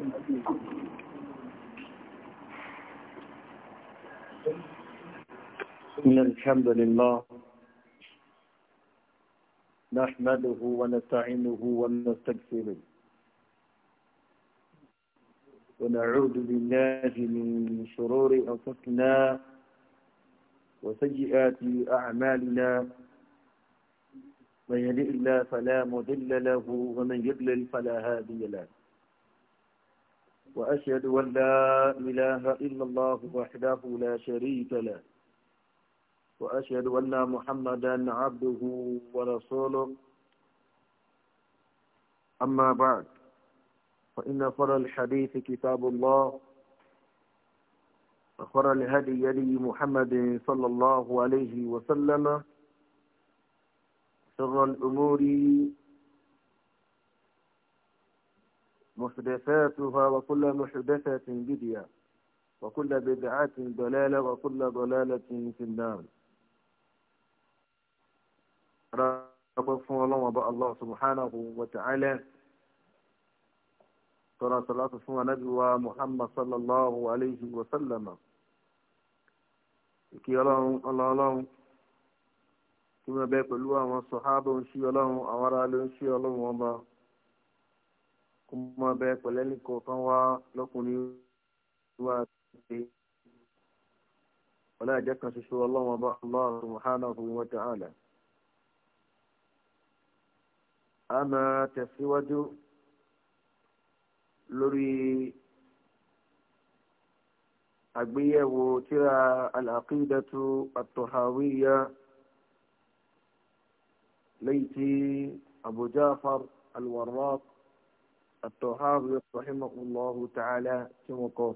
إن الحمد لله نحمده ونستعينه ونستغفره ونعوذ بالله من شرور أنفسنا وسيئات أعمالنا من يهدئ الله فلا مضل له ومن يضلل فلا هادي له وأشهد أن لا إله إلا الله وحده لا شريك له وأشهد أن محمدا عبده ورسوله أما بعد فإن فر الحديث كتاب الله وفر الهدي يدي محمد صلى الله عليه وسلم شر الأمور محدثاتها وكل محدثة بدعة وكل بدعة ضلالة وكل ضلالة في النار ربنا الله وبأ الله سبحانه وتعالى ترى صلاة سنة نبي محمد صلى الله عليه وسلم kí ọlọ́run ọlọ́run kí wọ́n bẹ́ pẹ̀lú àwọn sọ̀hábà ń ṣí ọlọ́run àwọn ará ń ṣí ọlọ́run ọba kó mọ abẹ pẹ̀lẹ́ nìkan kan wá lọ́kùnrin wá ṣe ọlá ìjẹ́ kan ṣoṣo ọlọ́run ọba Allah subhanahu wa ta'ala. a máa tẹ̀síwájú lórí àgbéyẹ̀wò tíra al-aqidatu at tí Abu Ja'far al àtọ̀háàrù ọ̀sọ̀hìmọ̀ ọlọ́hu tààlà tí wọ́n kọ́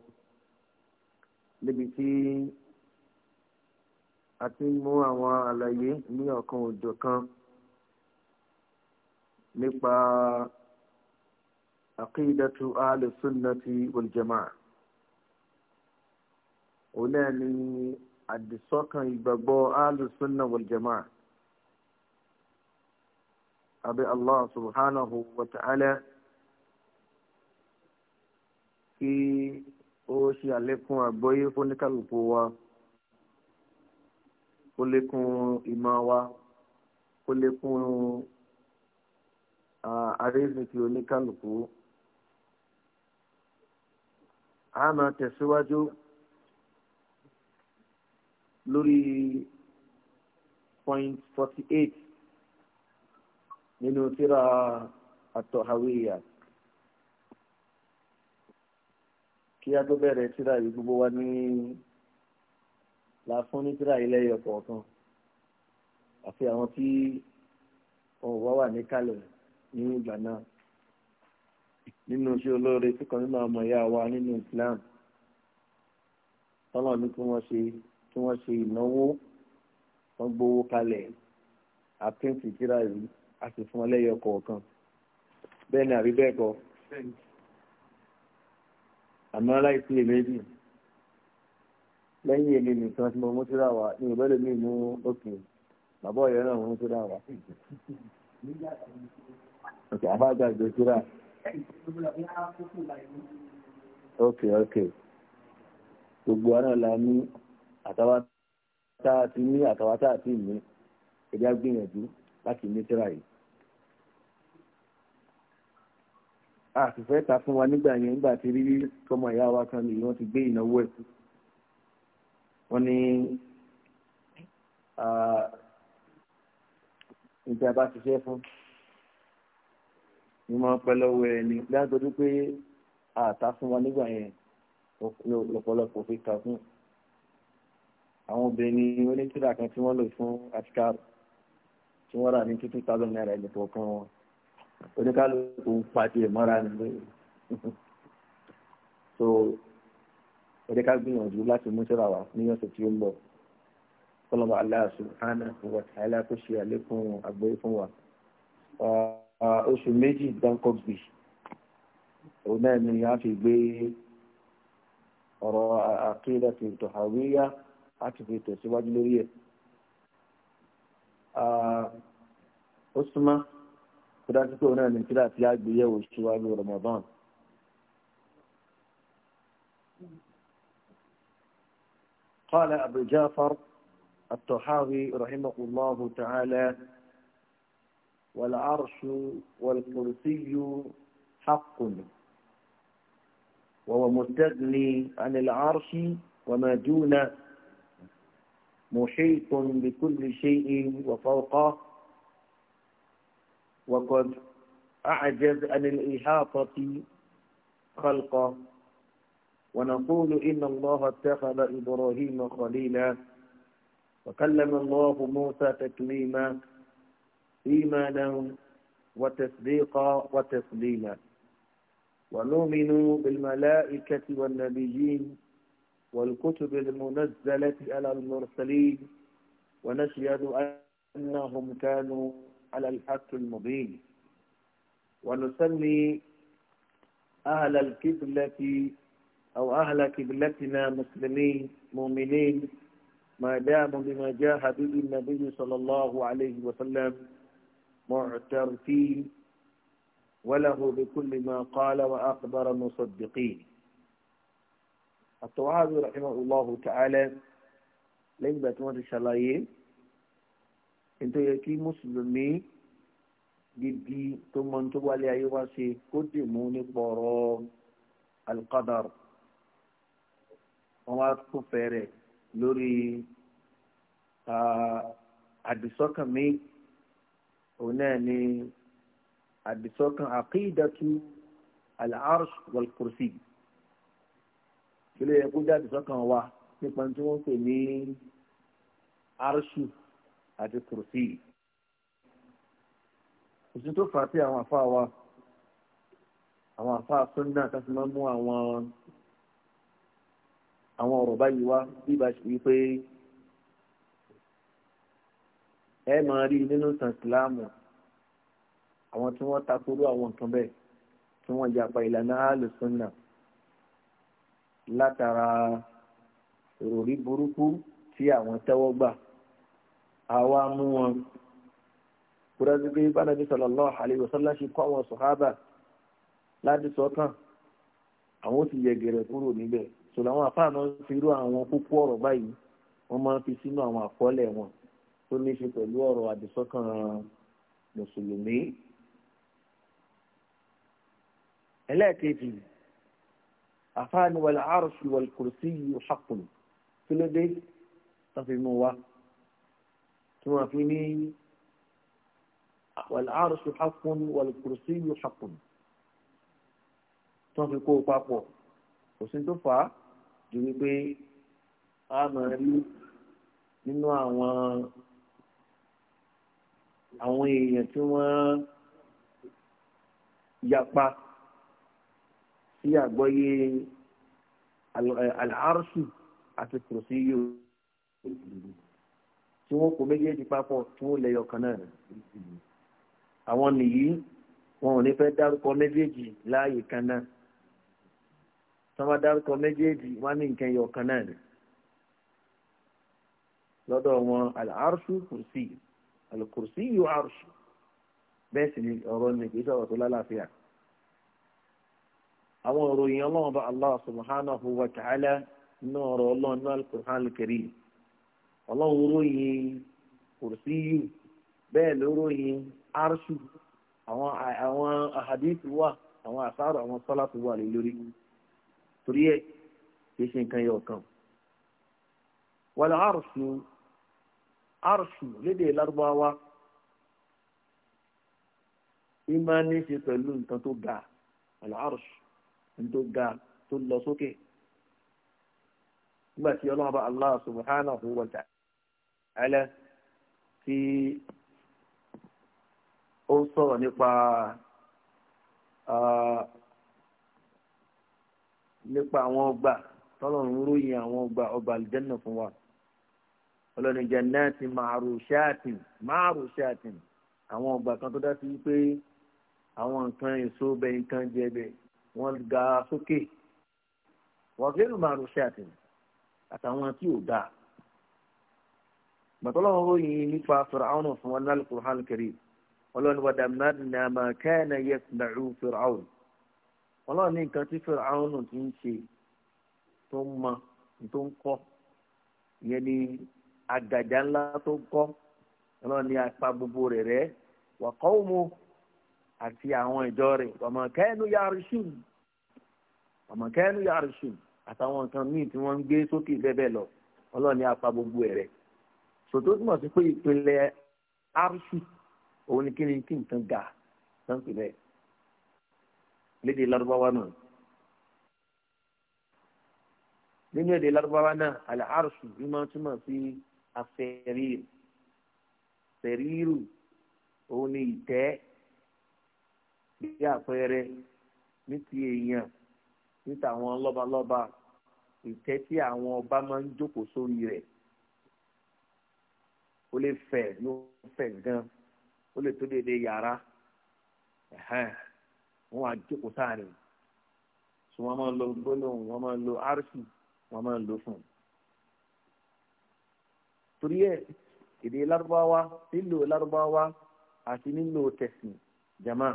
níbi tí a ti mú àwọn àlàyé ní ọ̀kan òjọ̀ kan nípa àkídàtú alùsùnnàtì wàlùjẹ̀mà òun náà ni àdìsọ́kàn ìgbàgbọ́ alùsùnnà wàlùjẹ̀mà abẹ́ allah subhanahu wa ta'ala kí ó ṣe àlékún àgbọ́yé fóníkàlùkù wa kó lékún ìmọ̀ wa kó lékún àrísìkí oníkàlùkù. a máa tẹ̀síwájú lórí point forty eight nínú tírà àtọ̀hàwíyà. kí a tó bẹ̀rẹ̀ tíra yìí gbogbo wa ní la fún ní tíra yìí lẹ́yìn ọ̀pọ̀ ọ̀kan àfi àwọn tí wọn wá wà níkàlẹ̀ ní ìgbà náà nínú iṣẹ́ olóore tí kan nínú ọmọ ìyá wa nínú Islam tọ́lọ̀ ní kí wọ́n ṣe kí wọ́n ṣe ìnáwó wọ́n gbowó kalẹ̀ àpéǹtì tíra yìí a sì fún ọ lẹ́yìn ọ̀pọ̀ bẹ́ẹ̀ ni àbí bẹ́ẹ̀ kọ́ àmọ́ láìsí ìrẹ́jì lẹ́yìn èmi nìkan tí mo mú síra wa ní ìbẹ́lẹ̀ mi mú òkè bàbá ọ̀yọ́ náà mú síra wa. òkè àbájá ìgbé síra. òkè òkè gbogbo àná la ní àtàwà tá a ti ní àtàwà tá a ti ní ẹ̀dá gbìyànjú láti ní síra yìí. àtìfẹ́ ta fún wa nígbà yẹn nígbà tí rírí tọmọ ìyá wa kan nìyí wọ́n ti gbé ìnáwó ẹ̀ wọ́n ní ìjà bá ṣiṣẹ́ fún ni máa ń pẹ́ lọ́wọ́ ẹ ní látọ̀dún pé àtà fún wa nígbà yẹn lọ́pọ̀lọpọ̀ fi kà fún àwọn obìnrin onítìrà kan tí wọ́n lò fún àtikáàrọ̀ tí wọ́n rà ní two thousand naira ẹ̀lẹ́kọ̀ọ̀kan wọn oníkálukú ń pàdé mọ́ra nílé so ẹ̀dẹ́ká gbìyànjú láti mú síra wa ní ọ̀sẹ̀ tí ó ń bọ̀ kọlọ́mọ Allah subhanahu wa ta'ala kó ṣe àlékún àgbóyé fún wa oṣù méjì dankọ́gbì òun náà ni a fi gbé ọ̀rọ̀ àkídà ti tọ̀hàwíyá láti fi tẹ̀síwájú lórí ẹ̀ ó súnmọ́ tó هنا من ثلاث náà ní kíra àti قال أبو جعفر الطحاوي رحمه الله تعالى والعرش والكرسي حق وهو مستغني عن العرش وما دونه محيط بكل شيء وفوقه وقد أعجز عن الإحاطة خلقه ونقول إن الله اتخذ إبراهيم خليلا وكلم الله موسى تكليما إيمانا وتصديقا وتسليما ونؤمن بالملائكة والنبيين والكتب المنزلة على المرسلين ونشهد أنهم كانوا على الحق المبين ونسمي أهل الكبلة أو أهل كبلتنا مسلمين مؤمنين ما داموا بما جاء به النبي صلى الله عليه وسلم معترفين وله بكل ما قال وأخبر مصدقين الطواب رحمه الله تعالى لما تمر شلايين nítorí yẹ kí mùsùlùmí gidi tó mọ tó wálé ayé wá ṣe kó dì mú nípa ọ̀rọ̀ alqadar wọn wá tún fẹ́rẹ̀ lórí àdìsọ́kàn mi òun náà ni àdìsọ́kàn àkídàtú al-arsh kí ló yẹ kó jáde sọ́kàn wa nípa tí wọ́n pè ní arshu àti kùrùsí òsì tó fà á sí àwọn àfa wa àwọn àfa sunna káfí máa ń mú àwọn àwọn ọ̀rọ̀ báyìí wá bí bá ṣe wípé ẹ máa rí nínú ìtàn ìsìláàmù àwọn tí wọ́n takorú àwọn nǹkan bẹ́ẹ̀ tí wọ́n yapa ìlànà àlùsùnà látara ìròrí burúkú tí àwọn tẹ́wọ́ gbà àwa mú wọn kúrẹ́ sí pé bánàbí sallallahu alaihi wasallam ṣe kọ́ àwọn sọ̀hábà láti sọ́kàn àwọn ó sì yẹgẹrẹ kúrò níbẹ̀ sọ̀rọ̀ àwọn àfáà máa ń fi irú àwọn kókó ọ̀rọ̀ báyìí wọ́n máa ń fi sínú àwọn àkọọ́lẹ̀ wọn tó ní í ṣe pẹ̀lú ọ̀rọ̀ àdìsọ́kàn mùsùlùmí. ẹlẹ́ẹ̀kejì àfáà ni wal arshi wal kursi haqqun kí ló tó fi mú wa tí wọ́n fi ní wàlárùsù hakun wàlùkùrùsíyù hakun tí wọ́n fi kó papọ̀ kò sí tó fà á ju wípé a máa rí nínú àwọn èèyàn tí wọ́n yapa sí àgbọ́yé alárùsù àti kùrùsíyù tí wọ́n kó méjèèjì papọ̀ tí wọ́n lẹ́yọ kan náà ni. àwọn nìyí wọn ò ní fẹ́ dárúkọ méjèèjì láàyè kan náà tí wọ́n bá dárúkọ méjèèjì wọ́n á ní nǹkan ẹyọ kan náà ni. lọ́dọ̀ wọn al-arshu kùrùsì al-kùrùsì yóò arshu bẹ́ẹ̀ sì ni ọ̀rọ̀ ni kì í sọ̀rọ̀ tó lálàáfíà àwọn ìròyìn ọlọ́run bá Allah subhanahu wa ta'ala nínú ọ̀rọ̀ ọlọ́run náà al-Qur'an ọlọ́run ròyìn kùrùsíyù bẹ́ẹ̀ ló ròyìn arṣù àwọn àwọn àhàdíìsì wà àwọn àṣàrò àwọn sọ́láàtì wà lé lórí torí ẹ̀ kìí ṣe nǹkan yọ̀ kan wàlẹ̀ arṣù arṣù lédè lárúbáwá ìmá ní ṣe pẹ̀lú nǹkan tó ga al-arsh nǹkan tó ga tó lọ sókè nígbà tí ọlọ́run bá Allah subhanahu wa ta'ala ẹlẹ tí ó sọ̀rọ̀ nípa nípa àwọn ọgbà tọ́lọ́run ròyìn àwọn ọgbà ọgbà àlùjẹ́nà fún wa ọlọ́ni jẹ̀nẹ́ẹ̀tì màrùṣáàtì màrùṣáàtì àwọn ọgbà kan tó dá sí pé àwọn nǹkan èso bẹ nǹkan jẹbẹ wọ́n ga sókè wọ́n fẹ́ràn màrùṣáàtì àtàwọn tí ò dáa gbàtọ́lọ́wọ́ ròyìn nípa fìràwọn fún wọn náà Al-Qur'an Al-Karim ọlọ́ni wa damnadna ma kana yasna'u fìràwọn ọlọ́ni nǹkan tí fìràwọn ti ń ṣe tó ń mọ tó ń kọ́ ìyẹn ni àgàjà ńlá tó ń kọ́ ọlọ́ni apá gbogbo rẹ̀ rẹ̀ wa qawmu àti àwọn ìjọ rẹ̀ ọmọ kẹ́nu yarishun ọmọ kẹ́nu yarishun àtàwọn nǹkan míì tí wọ́n ń gbé sókè bẹ́ẹ̀ bẹ́ẹ̀ lọ ọlọ́ni gbogbo rẹ̀ sòtó túmọ̀ sí pé ìpìlẹ̀ arṣu òun ni kí ni kí nǹkan ga náà pè bẹ́ẹ̀ lédè lárúbáwá náà nínú èdè lárúbáwá náà àlẹ́ arṣu bí máa túmọ̀ sí afẹ́rírù fẹ́rírù òun ni ìtẹ́ bí àpẹẹrẹ ní ti èèyàn ní tàwọn lọ́balọ́ba ìtẹ́ tí àwọn ọba máa ń jókòó sórí rẹ̀ ó lè fẹ̀ yóò fẹ̀ gan ó lè tó déédéé yàrá wọn wá jókòó sáàrin so wọn máa lo gbólóhùn wọn máa lo arsi wọn máa lo fún un torí ẹ èdè lárúbáwá nílò lárúbáwá àti nílò tẹ̀sìn jama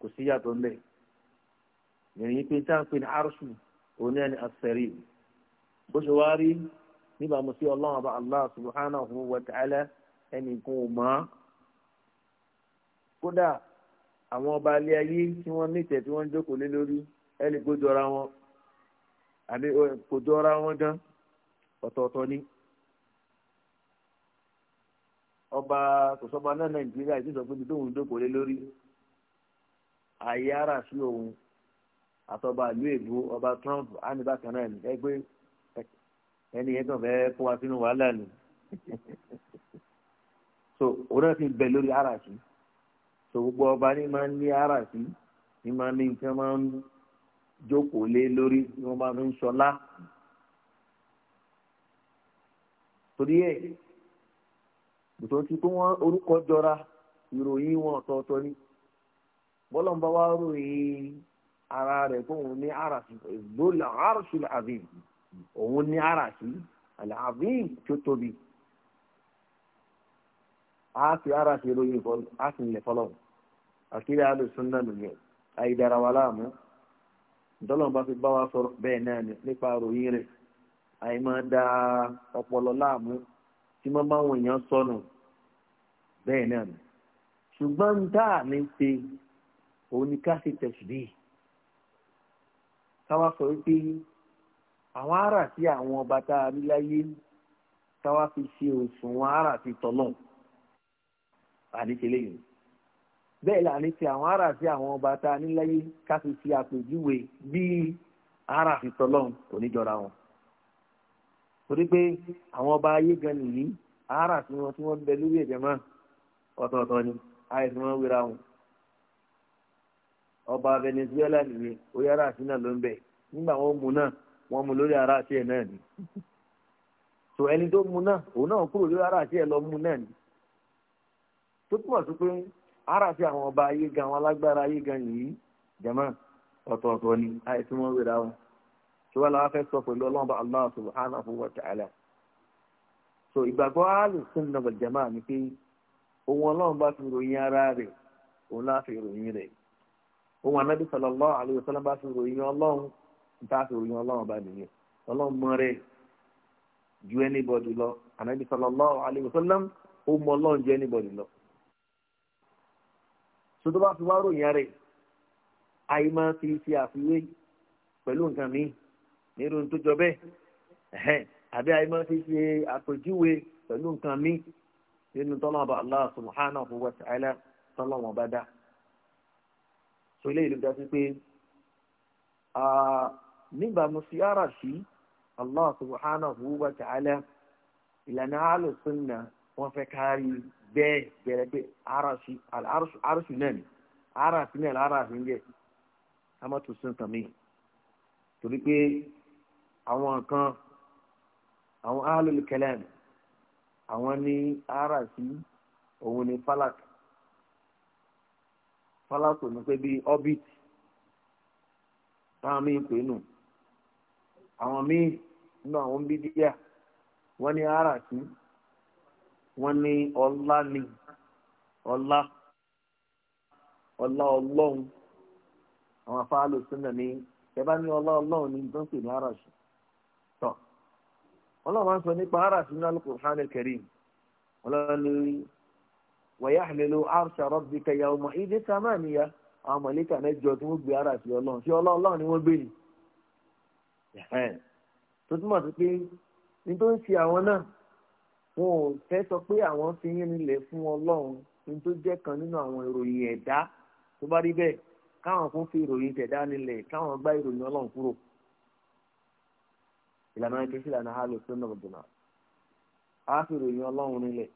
kò sí yàtọ̀ ńlẹ̀ yẹ̀yìn pé táwọn pe ní arsi òun náà ni àṣẹrí bó ṣe wá rí níbàámu sí ọlọ́run ọba allah subhanahu wa ta'ala ẹnìkan ò mọ́ kódà àwọn ọba alẹ́ ayé tí wọ́n nítẹ̀ tí wọ́n jókòó lé lórí ẹnì kó jọra wọn àbí kò jọra wọn gan ọ̀tọ̀ọ̀tọ̀ ni ọba kò sọ́ba náà nàìjíríà ìdí ìsọ̀kú ti tóun jókòó lé lórí ààyè ara sí òun àtọ́ba ìlú èbó ọba trump ánìbákan náà ẹgbẹ́ ẹni yẹn kàn fẹ́ kó wa sínú wàhálà ni so òun náà ti bẹ lórí àràsí so gbogbo ọba ní máa ń ní àràsí ní máa ń ní nǹkan máa ń jókòó lé lórí ní wọn bá fi ń sọlá torí ẹ bùtọ́ ti pé wọ́n orúkọ jọra ìròyìn wọn ọ̀tọ̀ọ̀tọ̀ ni bọ́lọ̀mbá wa ròyìn ara rẹ̀ fóun ní àràsí lórí àràsí àbí òun ní àràsí àlàáfíì tí ó tóbi a fi àràsí ròyìn àfihàn fọlọ àkírí àlùsùn náà nìyẹn àìdára wa láàmú dọ́lọ́n bá fi bá wa sọ̀rọ̀ bẹ́ẹ̀ náà ni nípa ròyìn rẹ̀ àìmọ́ da ọpọlọ láàmú tí wọ́n bá wọn èèyàn sọnù bẹ́ẹ̀ náà ni ṣùgbọ́n tá a ní ṣe òun ni ká ṣe tẹ̀síbí ká wá sọ wípé àwọn ara tí àwọn ọba tá a rí láyé táwa fi ṣe òṣùwọ̀n ara ti tọ̀nà àdìsílẹ̀ yìí bẹ́ẹ̀ là ní ti àwọn ara tí àwọn ọba tá a ní láyé ká fi ṣe àpèjúwe bíi ara ti tọ̀nà kò ní jọra wọn torí pé àwọn ọba ayé gan nìyí ara tí wọn tí wọn bẹ lórí ẹ̀jẹ̀ mọ́ ọ̀tọ̀ọ̀tọ̀ ni àìsàn wọn wéra wọn ọba Venezuela nìyẹn ó yára sí náà ló ń bẹ nígbà wọn mú náà wọ́n mú lórí ara àti ẹ̀ náà ni so ẹni tó mu náà òun náà kúrò lórí ara àti ẹ̀ lọ mu náà ni tó túmọ̀ sí pé ara àti àwọn ọba ayé gan àwọn alágbára ayé gan yìí jẹ̀mọ́ ọ̀tọ̀ọ̀tọ̀ ni àìsí wọn wéra wọn tí wọ́n làwọn fẹ́ sọ pẹ̀lú ọlọ́run bá Allah subhanahu wa ta'ala so ìgbàgbọ́ al-sunnah wal jama'ah ni pé ohun ọlọ́run bá fi ròyìn ara rẹ̀ òun láfi ròyìn rẹ̀ ohun anábì sallallahu alaihi wasallam bá fi ròyìn níta fi ròyìn ọlọ́run bá nìyẹn ọlọ́run mọ rẹ̀ ju anybody lọ ànábi sallallahu alaihi wasallam ó mọ ọlọ́run ju anybody lọ. tó tó bá fi wá ròyìn rẹ̀ àyè máa fi ṣe àfiwé pẹ̀lú nǹkan míì nínú tó jọ bẹ́ẹ̀ àbí àyè máa fi ṣe àpèjúwe pẹ̀lú nǹkan míì nínú tọ́lọ́mọba Allah subhanahu wa ta'ala tọ́lọ́mọba dá. so ilé ìlú dá sí pé níbàámu sí ara sí allah subhanahu wa ta'ala ìlànà alùsùnà wọn fẹ́ kárí bẹ́ẹ̀ bẹ̀rẹ̀ pé arásù náà ni arásù náà lárásù ń jẹ́ ká má tún sún tàmí torí pé àwọn nǹkan àwọn ahlul kalam àwọn ní arásù òun ni falak falak ò ní pé bí orbit táwọn míì pè nù àwọn míì nínú àwọn bídíà wọ́n ní ara sí wọ́n ní ọlá ni ọlá ọlá ọlọ́run àwọn afáàlù sínú ní ẹ̀bá ní ọlá ọlọ́run ní tó ń pè ní ara sí tọ́ ọlọ́run máa ń sọ nípa ara sí ní al-Qur'an al-Karim ọlọ́run ní wa yahmilu arsha rabbika yawma idin samaniya àwọn mọ̀lẹ́kà mẹ́jọ tí wọ́n gbé ara sí ọlọ́run sí ọlá ọlọ́run ni wọ́n gbé ni. tó túmọ̀ sí pé ní tó ń ṣe àwọn náà wọn ò fẹ́ sọ pé àwọn fi ń rinlẹ̀ fún ọlọ́run ní tó jẹ́ kan nínú àwọn ìròyìn ẹ̀dá tó bá rí bẹ́ẹ̀ káwọn fi ìròyìn tẹ̀dá nílẹ̀ káwọn gbá ìròyìn ọlọ́run kúrò ìlànà ẹ̀kẹ́ sí ìlànà hálò tó nà bùnà a fi ìròyìn ọlọ́run nílẹ̀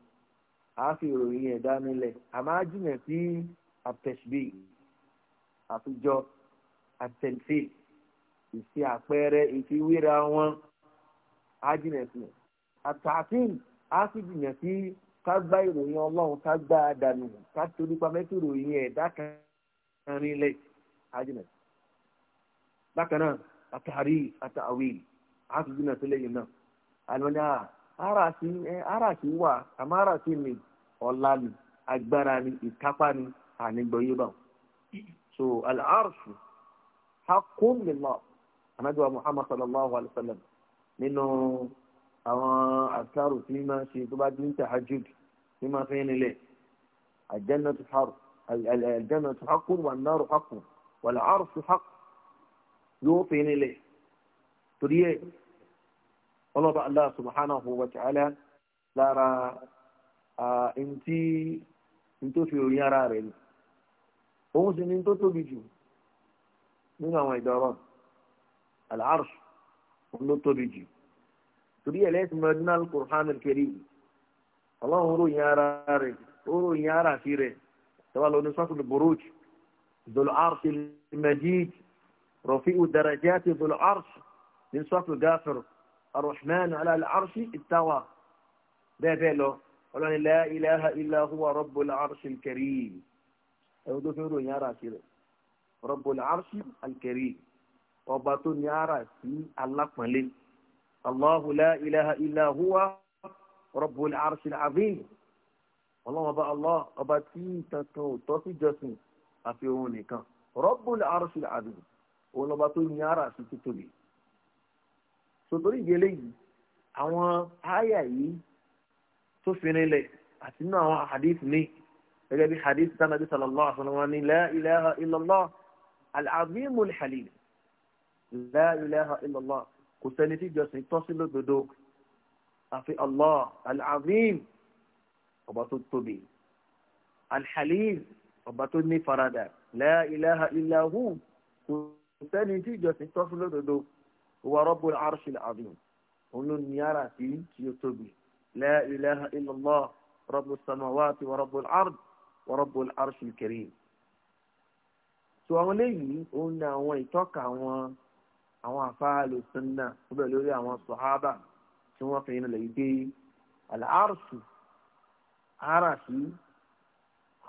a fi ìròyìn ẹ̀dá nílẹ̀ àmọ́ á jìnà sí àtẹ̀síbí àfijọ́ isi àpẹẹrẹ ìfiwéra wọn á sí àtàfin sí ká gbá ìròyìn ọlọ́run ká gbá a dànù ká torí pamẹ́tì ìròyìn ẹ̀dá kan rinlẹ̀ á sí. bákan náà àtàrí àtàwé á sì jìnà náà àlọ́ ah, ara sí wà àmọ́ ara sí mi ọ̀la mi agbára ni ìkápá ni ànígbọ̀yé bá so al-arshu haqqun anabi wa muhammad sallallahu alayhi wa sallam nínú àwọn àṣàrò tí máa ṣe tó bá dín tahajjud tí máa fi ń lẹ̀ aljannatu har aljannatu haqqun wa an-naru haqqun wa al-arshu haqq yóò fi ń lẹ̀ torí ẹ̀ ọlọ́ba allah subhanahu wa ta'ala lára ntí ntó fi òyìn ara rẹ̀ ni òun sì ni tó tóbi jù nínú àwọn ìdọ̀rọ̀. العرش ló tóbi jù torí ẹ̀ lẹ́sìn الكريم الله هو karim ọlọ́run هو ara rẹ̀ سواء لو نصف البروج ذو العرش المجيد sọ́tún رفيع درجات ذو العرش من صوت الغافر الرحمن على العرش التوى بابلو قال لا إله إلا هو رب العرش الكريم أو أيوة، دفعوا يا راسل رب العرش الكريم ọba tó ní ara sí alápọ̀nlé allahu la ilaha illa huwa rabbul arshil azim ọlọ́run ọba allah ọba tí kankan ò tọ́ sí jọ́sìn àfi òun nìkan rabbul arshil azim òun ọba tó ní ara sí títóbi sotori ìdílé yìí àwọn àyà yìí tó fi àti nínú àwọn hadith ní gẹ́gẹ́ bí hadith tánàbí sallallahu alaihi wa sallam ní la ilaha illallah al-azimul la ilaha illallah kò sẹ́ni tí ìjọsìn tọ́ sí lódodo àfi allah al-azim ọba tó tóbi al-halim ọba tó ní faradà la ilaha illahu kò sẹ́ni tí ìjọsìn tọ́ sí lódodo wa rabbul arshil azim òun ló ní ara sí tí ó tóbi la ilaha illallah samawati wa rabbul ard wa rabbul arshil karim. so òun ni àwọn ìtọ́ka àwọn àwọn àfáàlù sunna níbẹ̀ lórí àwọn sọ̀hábà tí wọ́n fi yìnbọn lẹ́yìn pé àlàárùsù àràsì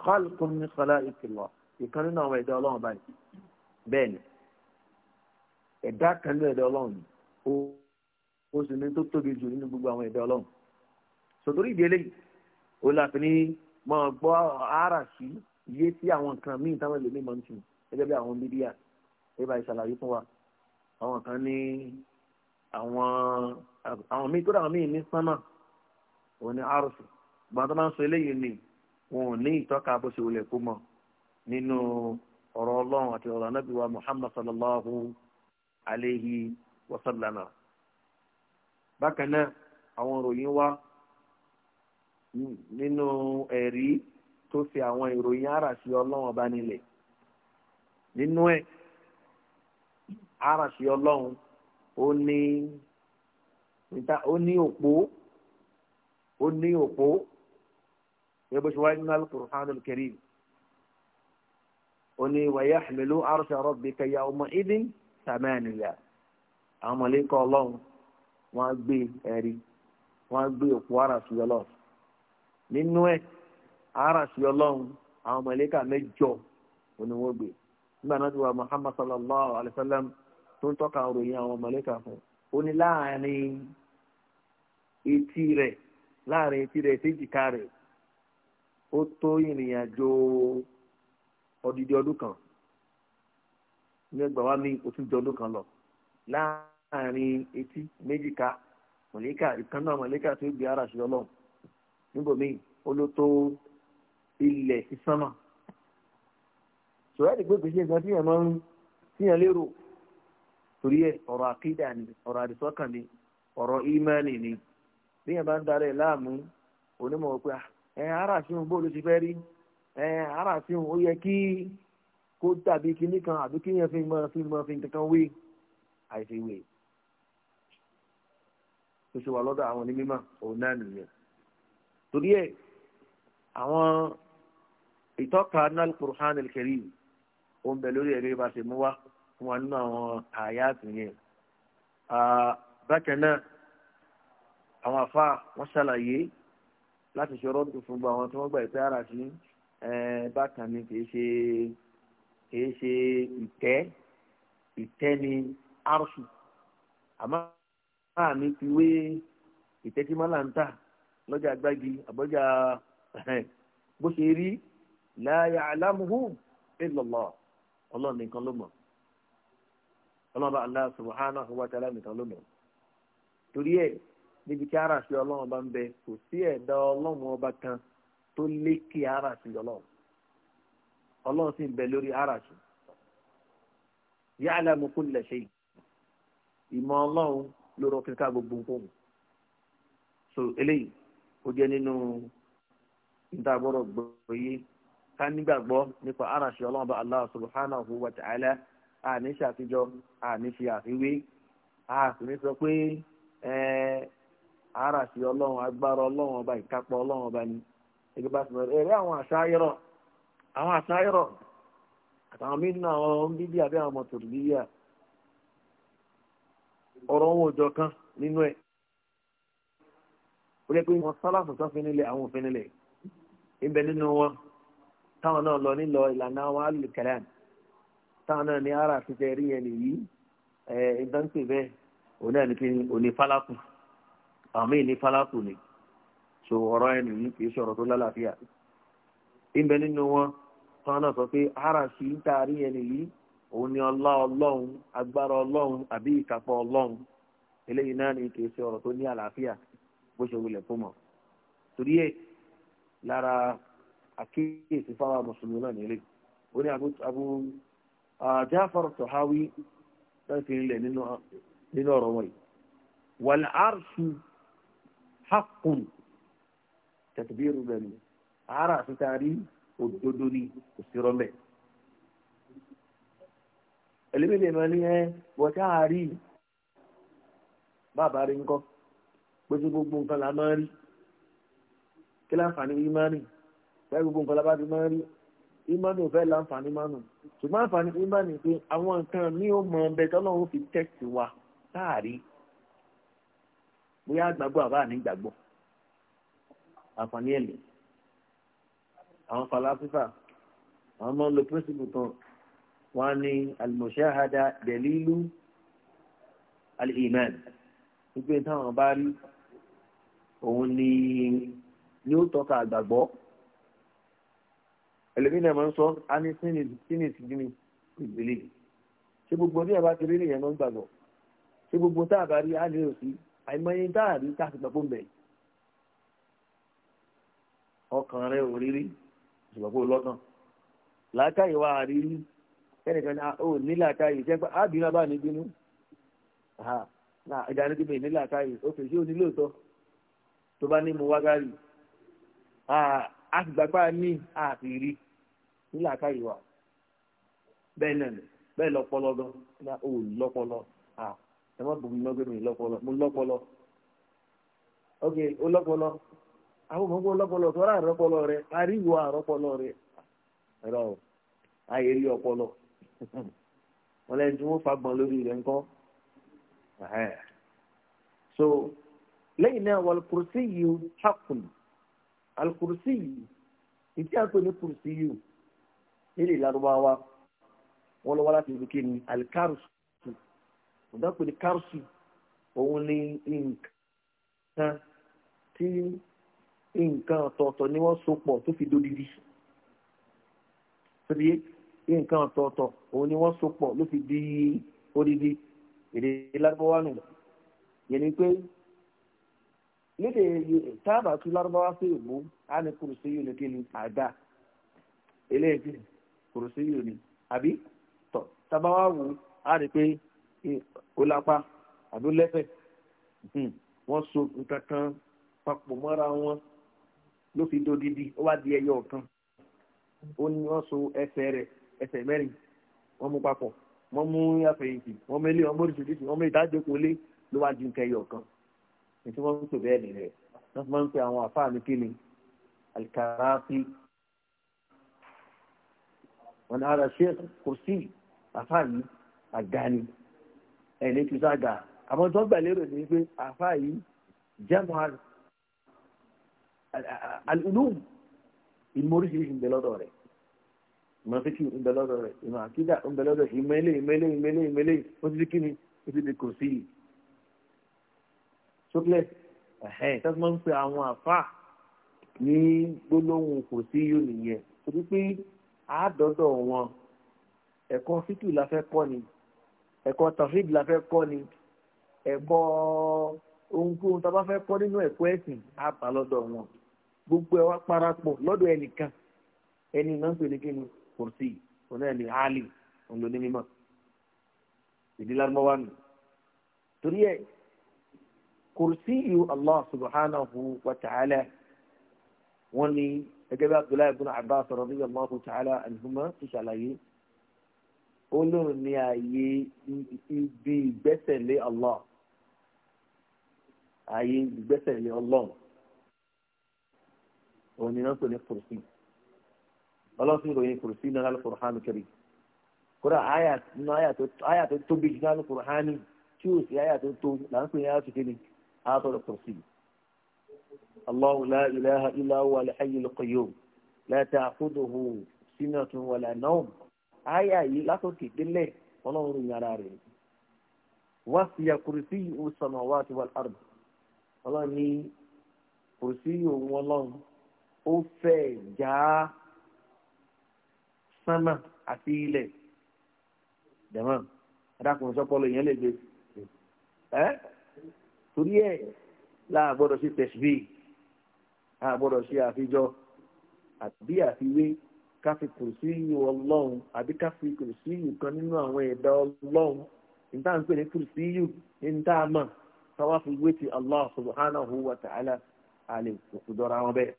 khalqun min khalaiqillah ìkan nínú àwọn ẹ̀dá ọlọ́run báyìí bẹ́ẹ̀ ni ẹ̀dá kan nínú ẹ̀dá ọlọ́run ni ó ó sì ní tó tóbi jù nínú gbogbo àwọn ẹ̀dá ọlọ́run sòtórí ìdílé ó láfi ní máa gbọ́ àràsì yé sí àwọn nǹkan míì táwọn èlò mímọ́ ń tì gẹ́gẹ́ bí àwọn mídíà ẹ̀ bá ìṣàlàyé fún wa àwọn kan ní àwọn àwọn míì tó dà àwọn míì ní sánmà òun ní arúsù gbọ́n tó máa ń sọ eléyìí ni wọn ò ní ìtọ́ka bó ṣe wọlé kú mọ́ nínú ọ̀rọ̀ ọlọ́run àti ọ̀rọ̀ anábì wa muhammad sallallahu alayhi wa sallam bákan náà àwọn ìròyìn wa nínú ẹ̀rí tó fi àwọn ìròyìn ara sí ọlọ́run ọba nílẹ̀ nínú ẹ̀ àràṣì ọlọ́run ó ní níta ó ní òpó ó ní òpó yẹ bó ṣe wáyé nínú al-Qur'anul Karim ó ní wa yahmilu arsha rabbika yawma idhin thamaniya àwọn mọ̀lẹ́kọ̀ ọlọ́run wọ́n á gbé ẹ̀rí wọ́n á gbé òpó àràṣì ọlọ́run nínú ẹ̀ àràṣì ọlọ́run àwọn mọ̀lẹ́kà mẹ́jọ oníwọ́gbé nígbà náà ti wà Muhammad sallallahu alayhi wa sallam. tó ń tọ́ka ròyìn àwọn mọ̀lẹ́kà fún ó ní láàrin etí rẹ̀ láàrin etí rẹ̀ séjìká rẹ̀ ó tó ìrìn àjò ọdidi ọdún kan ní ẹgbàá wa ní oṣù jọ ọdún kan lọ láàrin etí méjìká mọ̀lẹ́kà ìkan náà mọ̀lẹ́kà tó gbé ara ṣùgbọ́n lọ níbòmíì ó ilẹ̀ sísánmà sọ̀rọ̀ ẹ̀dẹ̀gbẹ́gbẹ́ ṣe nǹkan tí yẹn máa ń lérò torí ẹ ọ̀rọ̀ àkídà ni ọ̀rọ̀ àdìsọ́kàn ni ọ̀rọ̀ ìmánì ni bí yẹn bá ń darẹ̀ láàmú onímọ̀ pé ah, ẹ ara àfihàn bó ló ti fẹ́ rí ẹ ara àfihàn ó yẹ kí kó dàbí kinní kan àbí kí yẹn fi mọ fi mọ fi kankan wé àìsí wé tó ṣe wà lọ́dọ̀ àwọn onímọ̀ òun náà nìyẹn torí ẹ àwọn ìtọ́ka náà Al-Qur'an al lórí ẹ̀rí bá ṣe mú wá fún wa nínú àwọn àyàtì yẹn bákan náà àwọn àfa wọ́n ṣàlàyé láti ṣe ọ̀rọ̀ tó fún gbogbo àwọn tí wọ́n gbà ìpẹ́ ara sí bákan ni kì í ṣe kì í ṣe ìtẹ́ ìtẹ́ ni arṣù àmọ́ àmì ti wé ìtẹ́ tí mọ́là ń tà lọ́jà gbági àbọ́jà bó ṣe rí la ya'lamuhu illa Allah ọlọ́run nìkan ló mọ̀ ọlọ́ba Allah subhanahu wa ta'ala nìkan ló mọ̀ torí ẹ̀ níbi tí ara sí ọlọ́run ọba ń bẹ kò sí ẹ̀dá ọlọ́run ọba kan tó lékè ara sí ọlọ́run ọlọ́run sì ń bẹ lórí ara sí ya'lamu kulla shay ìmọ̀ ọlọ́run ló rọ kíkà gbogbo nǹkan so eléyìí ó jẹ́ nínú ìdágbọ́rọ̀ gbòòyè ká nígbàgbọ́ nípa ara sí ọlọ́run ọba Allah subhanahu wa ta'ala. àní ṣàtijọ́ àní ṣe àfiwé àtúní sọ pé ara sí ọlọ́run agbára ọlọ́run ọba ìkápá ọlọ́run ọba ni ẹgbẹ́ bá àwọn àwọn àtàwọn mínú àwọn àwọn ọmọ ọ̀rọ̀ wọn kan nínú ẹ̀ ó yẹ pé wọn sálàfù fi nílẹ̀ àwọn òfin nílẹ̀ ibẹ̀ nínú wọn táwọn náà lọ nílọ ìlànà àná táwọn náà ní ara àti tẹ̀rí yẹn nìyí ẹ̀ ìdáǹpẹ̀ bẹ́ẹ̀ òun náà ní kí òní fálákù àmì ní fálákù ni so ọ̀rọ̀ yẹn nìyí kì í ṣọ̀rọ̀ tó lálàáfíà ìbẹ̀ nínú wọn táwọn náà sọ pé ara sí tààrí yẹn nìyí òun ni ọlá ọlọ́run agbára ọlọ́run àbí ìkàpọ̀ ọlọ́run eléyìí náà ní kì í ṣe tó ní àlàáfíà bó ṣe wulẹ̀ fún mọ̀ torí ẹ̀ lára àkíyèsí fáwọn mùsùlùmí náà nílé ó ní abu Ah, Jafar Tahawi láti ilẹ̀ nínú ọ̀rọ̀ wọ̀nyí wal arshu haqqun tẹ̀tẹ̀bírù bẹ̀rù ara àti taari òdodo ni kò sí rọ́mẹ̀ ẹlẹ́mìnira máa ní ẹ wọ́tá àárí bàbá rí ńkọ́ pẹ̀sí gbogbo nǹkan la máa rí kí láǹfààní yìí máa rí báyìí gbogbo nǹkan la bá ti máa rí ìmánì ò fẹ́ láǹfààní mánù ṣùgbọ́n àǹfààní ìmánì pé àwọn nǹkan mi ò mọ ọbẹ̀ tọ́lọ́run fi tẹ́sì wa táàrí bóyá àgbàgbọ́ àbá àní gbàgbọ́ àǹfààní ẹ̀lẹ́ àwọn falasifa àwọn máa ń lo pírísìpù kan wọn á ní al-mushahada dalilu al táwọn bá rí òun ni ni ó tọ́ka àgbàgbọ́ ẹlòmíì náà máa ń sọ á ní sínú ìtìjú mi ìgbélé ṣé gbogbo ní ẹ̀bá ti rí nìyẹn máa ń gbàgbọ́ ṣé gbogbo tá a bá rí á lè rò sí àìmọye tá a rí tá a ti gbàgbọ́ mbẹ̀ ọkàn rẹ ò rírí ìṣùgbọ́n lọ́kàn làákàyè wa àrírí ẹnìkan ní ó nílà káyè ṣẹ́pẹ́ ábìnrin abá ní bínú ìdáni tí mi nílà káyè ó fèsì onílòótọ́ tó bá ní mo wá gárí a sì gbàgbá ní àṣírí nílà káyìí wa bẹ́ẹ̀ náà ni bẹ́ẹ̀ lọ́pọlọ gan ní o lọ́pọlọ à ẹ má bùnmi lọ́gbẹ́ mi lọ́pọlọ mo lọ́pọlọ ok o lọ́pọlọ àwọn ọmọ ọgbọ́n lọ́pọlọ tọ́ra àrọ́pọlọ rẹ ariwo àrọ́pọlọ rẹ ẹ̀rọ ayé rí ọpọlọ wọn lẹ́yìn tí wọ́n fagbọn lórí rẹ̀ ńkọ́ so lẹ́yìn náà wal kursiyyu haqqun alukurusi yìí ìdí àpò ní kurusi yìí nílẹ̀ ìlànàmọ́wá wọn lọ́wọ́ láti ìlú kí ni alikarusu ìdápò ní karusu òun ni nǹkan tí nǹkan ọ̀tọ̀ọ̀tọ̀ ni wọ́n so pọ̀ tó fi dódidi tóbi nǹkan ọ̀tọ̀ọ̀tọ̀ òun ni wọ́n so pọ̀ ló fi di odidi èdè lágbọ́wá nù yẹn ni pé lédè táàbà tún lárúbáwá sí ìbú á ní kùrùsí yìí ní kí ni àdá eléyìí kùrùsí yìí ni àbí tọ tábà wá wù á rí pé ó lápá àbí lẹ́fẹ̀ hmm, wọ́n so nǹkan kan papọ̀ mọ́ra wọn ló fi do didi ó wá di ẹyọ kan ó ní wọ́n so ẹsẹ̀ rẹ̀ ẹsẹ̀ mẹ́rin wọ́n mú papọ̀ wọ́n mú àfẹ̀yìntì wọ́n mú ilé wọ́n mú oríṣiríṣi wọ́n mú ìdájókòó lé ló wá di nǹkan ẹyọ kan ní tí wọ́n ń pè bẹ́ẹ̀ nìyẹn wọ́n fi máa ń pè àwọn àfáà ní kíni alikarafi wọn ni ara ṣe kò sí àfáà yìí àga ni ẹ̀ ní kí sága àmọ́ tó gbà lérò ní pé àfáà yìí jẹ́mu alùlùm ìmọ̀ oríṣiríṣi ń bẹ rẹ̀ ìmọ̀ fíkì ń bẹ lọ́dọ̀ rẹ̀ ìmọ̀ àkídà ń bẹ lọ́dọ̀ ìmọ̀ eléyìí ìmọ̀ eléyìí ìmọ̀ eléyìí ó ti di kíni ó ti di kò sí yìí ṣókílẹ̀ ẹ̀hẹ́n tẹ́sí máa ń pe àwọn àfáà ní gbólóhùn kò sí yóò nìyẹn torí pé àádọ́dọ̀ wọn ẹ̀kọ́ fíkì la fẹ́ kọ́ ni ẹ̀kọ́ tafid la fẹ́ kọ́ ni ẹ̀kọ́ ohunkóhun tá a bá fẹ́ kọ́ nínú ẹ̀kọ́ ẹ̀sìn á bá lọ́dọ̀ wọn gbogbo ẹ̀ wá parapọ̀ lọ́dọ̀ ẹnìkan ẹni náà ń pè ní kí ni kò sí òun náà ní áálì òun ló ní mímọ́ ìdílárúmọ́ wà nù torí ẹ̀ كرسي الله سبحانه وتعالى وني أجاب عبد الله بن عباس رضي الله تعالى عنهما تشعل أيه قولوا أني أي ببسل لله أي ببسل لله وني نصر الكرسي الله سبحانه وتعالى كرسي نال القرآن الكريم كرة آيات من آيات آيات تبجنا القرآن شو آيات تبجنا القرآن آثر الكرسي الله لا إله إلا هو الحي القيوم لا تأخذه سنة ولا نوم آية يلاتوكي دلي ولو يراري وفي كرسي السماوات والأرض الله ني كرسي والله أوفي جاء سما أتيلي تمام أراكم سأقول يلي بي torí ẹ̀ láàgbọ́dọ̀ sí tẹ̀síbí àgbọ́dọ̀ sí àfijọ́ àbí àfiwé ká fi kù sí iyì ọlọ́run àbí ká fi kù sí iyì kan nínú àwọn ẹ̀dá ọlọ́run níta ń pè ní kù sí iyì ní ta mọ̀ táwa fi wé ti allah subhanahu wa ta'ala àlè òkú dọ́ra wọn bẹ́ẹ̀.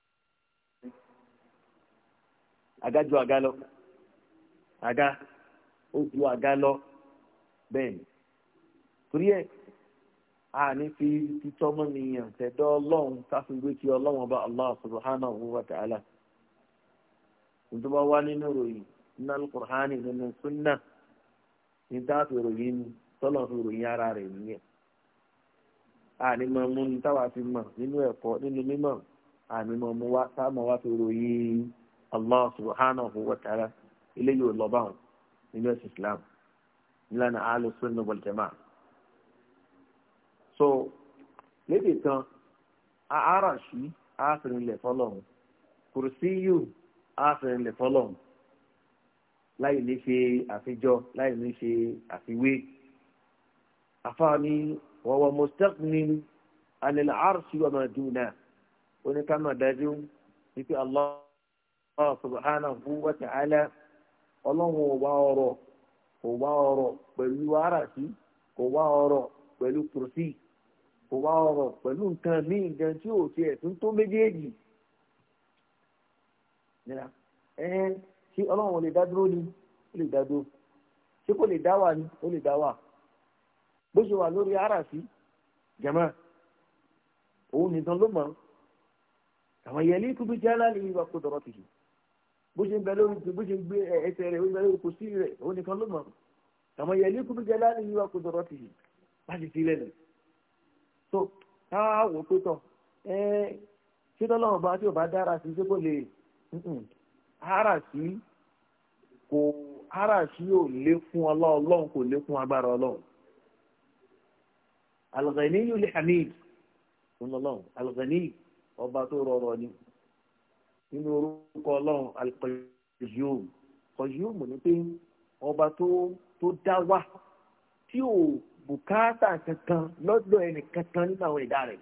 àga ju àga lọ àga ó ju àga lọ bẹ́ẹ̀ ni torí ẹ̀ a ní fi títọ́ mọ́ nìyàn tẹ̀dọ́ ọlọ́run káfíńgbé tí ọlọ́run ọba allah subhanahu wa ta'ala ìjọba wá nínú ìròyìn nínú alukur'ani nínú sunna ní táàfì ìròyìn tọ́lọ̀ fi ìròyìn ara rẹ̀ nìyẹn a ní mọ̀ mú ní táwa fi mọ̀ nínú ẹ̀kọ́ nínú mímọ̀ a ní mọ̀ mú wá táwọn wá fi ìròyìn allah subhanahu wa ta'ala eléyìí ò lọ báwọn nínú ẹ̀sìn islam nílànà alùsùn nàbọ̀lì jama'a so lédè kan àáràṣí àáfẹ̀rinlẹ̀ fọlọ́run kùrùsíyù àáfẹ̀rinlẹ̀ fọlọ́run láì ní ṣe àfijọ́ láì ní ṣe àfiwé àfààní wọ̀wọ̀ mustaqni anil arshi wa ma duna oníkàmà dájú wípé Allah subhanahu wa ta'ala ọlọ́run ò wá ọ̀rọ̀ kò wá ọ̀rọ̀ pẹ̀lú àáràṣí kò wá ọ̀rọ̀ pẹ̀lú kùrùsíyù kò wá ọ̀rọ̀ pẹ̀lú nǹkan míì gan tí ò tiẹ̀ tún tó méjèèjì nira ẹ̀ẹ́n tí ọlọ́run ò lè dá dúró ni ó lè dá dúró tí kò lè dá wà ni ó lè dá wà bó ṣe wà lórí àràsí jẹ̀mọ́ òun nìkan ló mọ̀ àwọn yẹn ní kúbi jálá lè yí wa kó dọ̀rọ̀ tìjú bó ṣe ń bẹ lórí bó ṣe ń gbé ẹsẹ̀ rẹ̀ ó ń bẹ lórí kò sí rẹ̀ òun nìkan ló mọ̀ àwọn yẹn ní kúbi jálá lè yí kó dọ̀rọ̀ tìjú bá ti ti lẹ́nu so ká wò pé tọ̀ ẹ ṣé tọ́lọ́run bá tí ò bá dára sí ṣé kò lè ara sí kò ara sí ò lé fún ọlọ́run kò lé fún agbára ọlọ́run alghaniyu li hamid fún ọlọ́run alghani ọba tó rọrọ ni nínú orúkọ ọlọ́run alqayyum qayyum ọba tó dá wà tí ò Bukata kankan lọ́dọ̀ ẹnì kankan nínú àwọn ẹ̀dá rẹ̀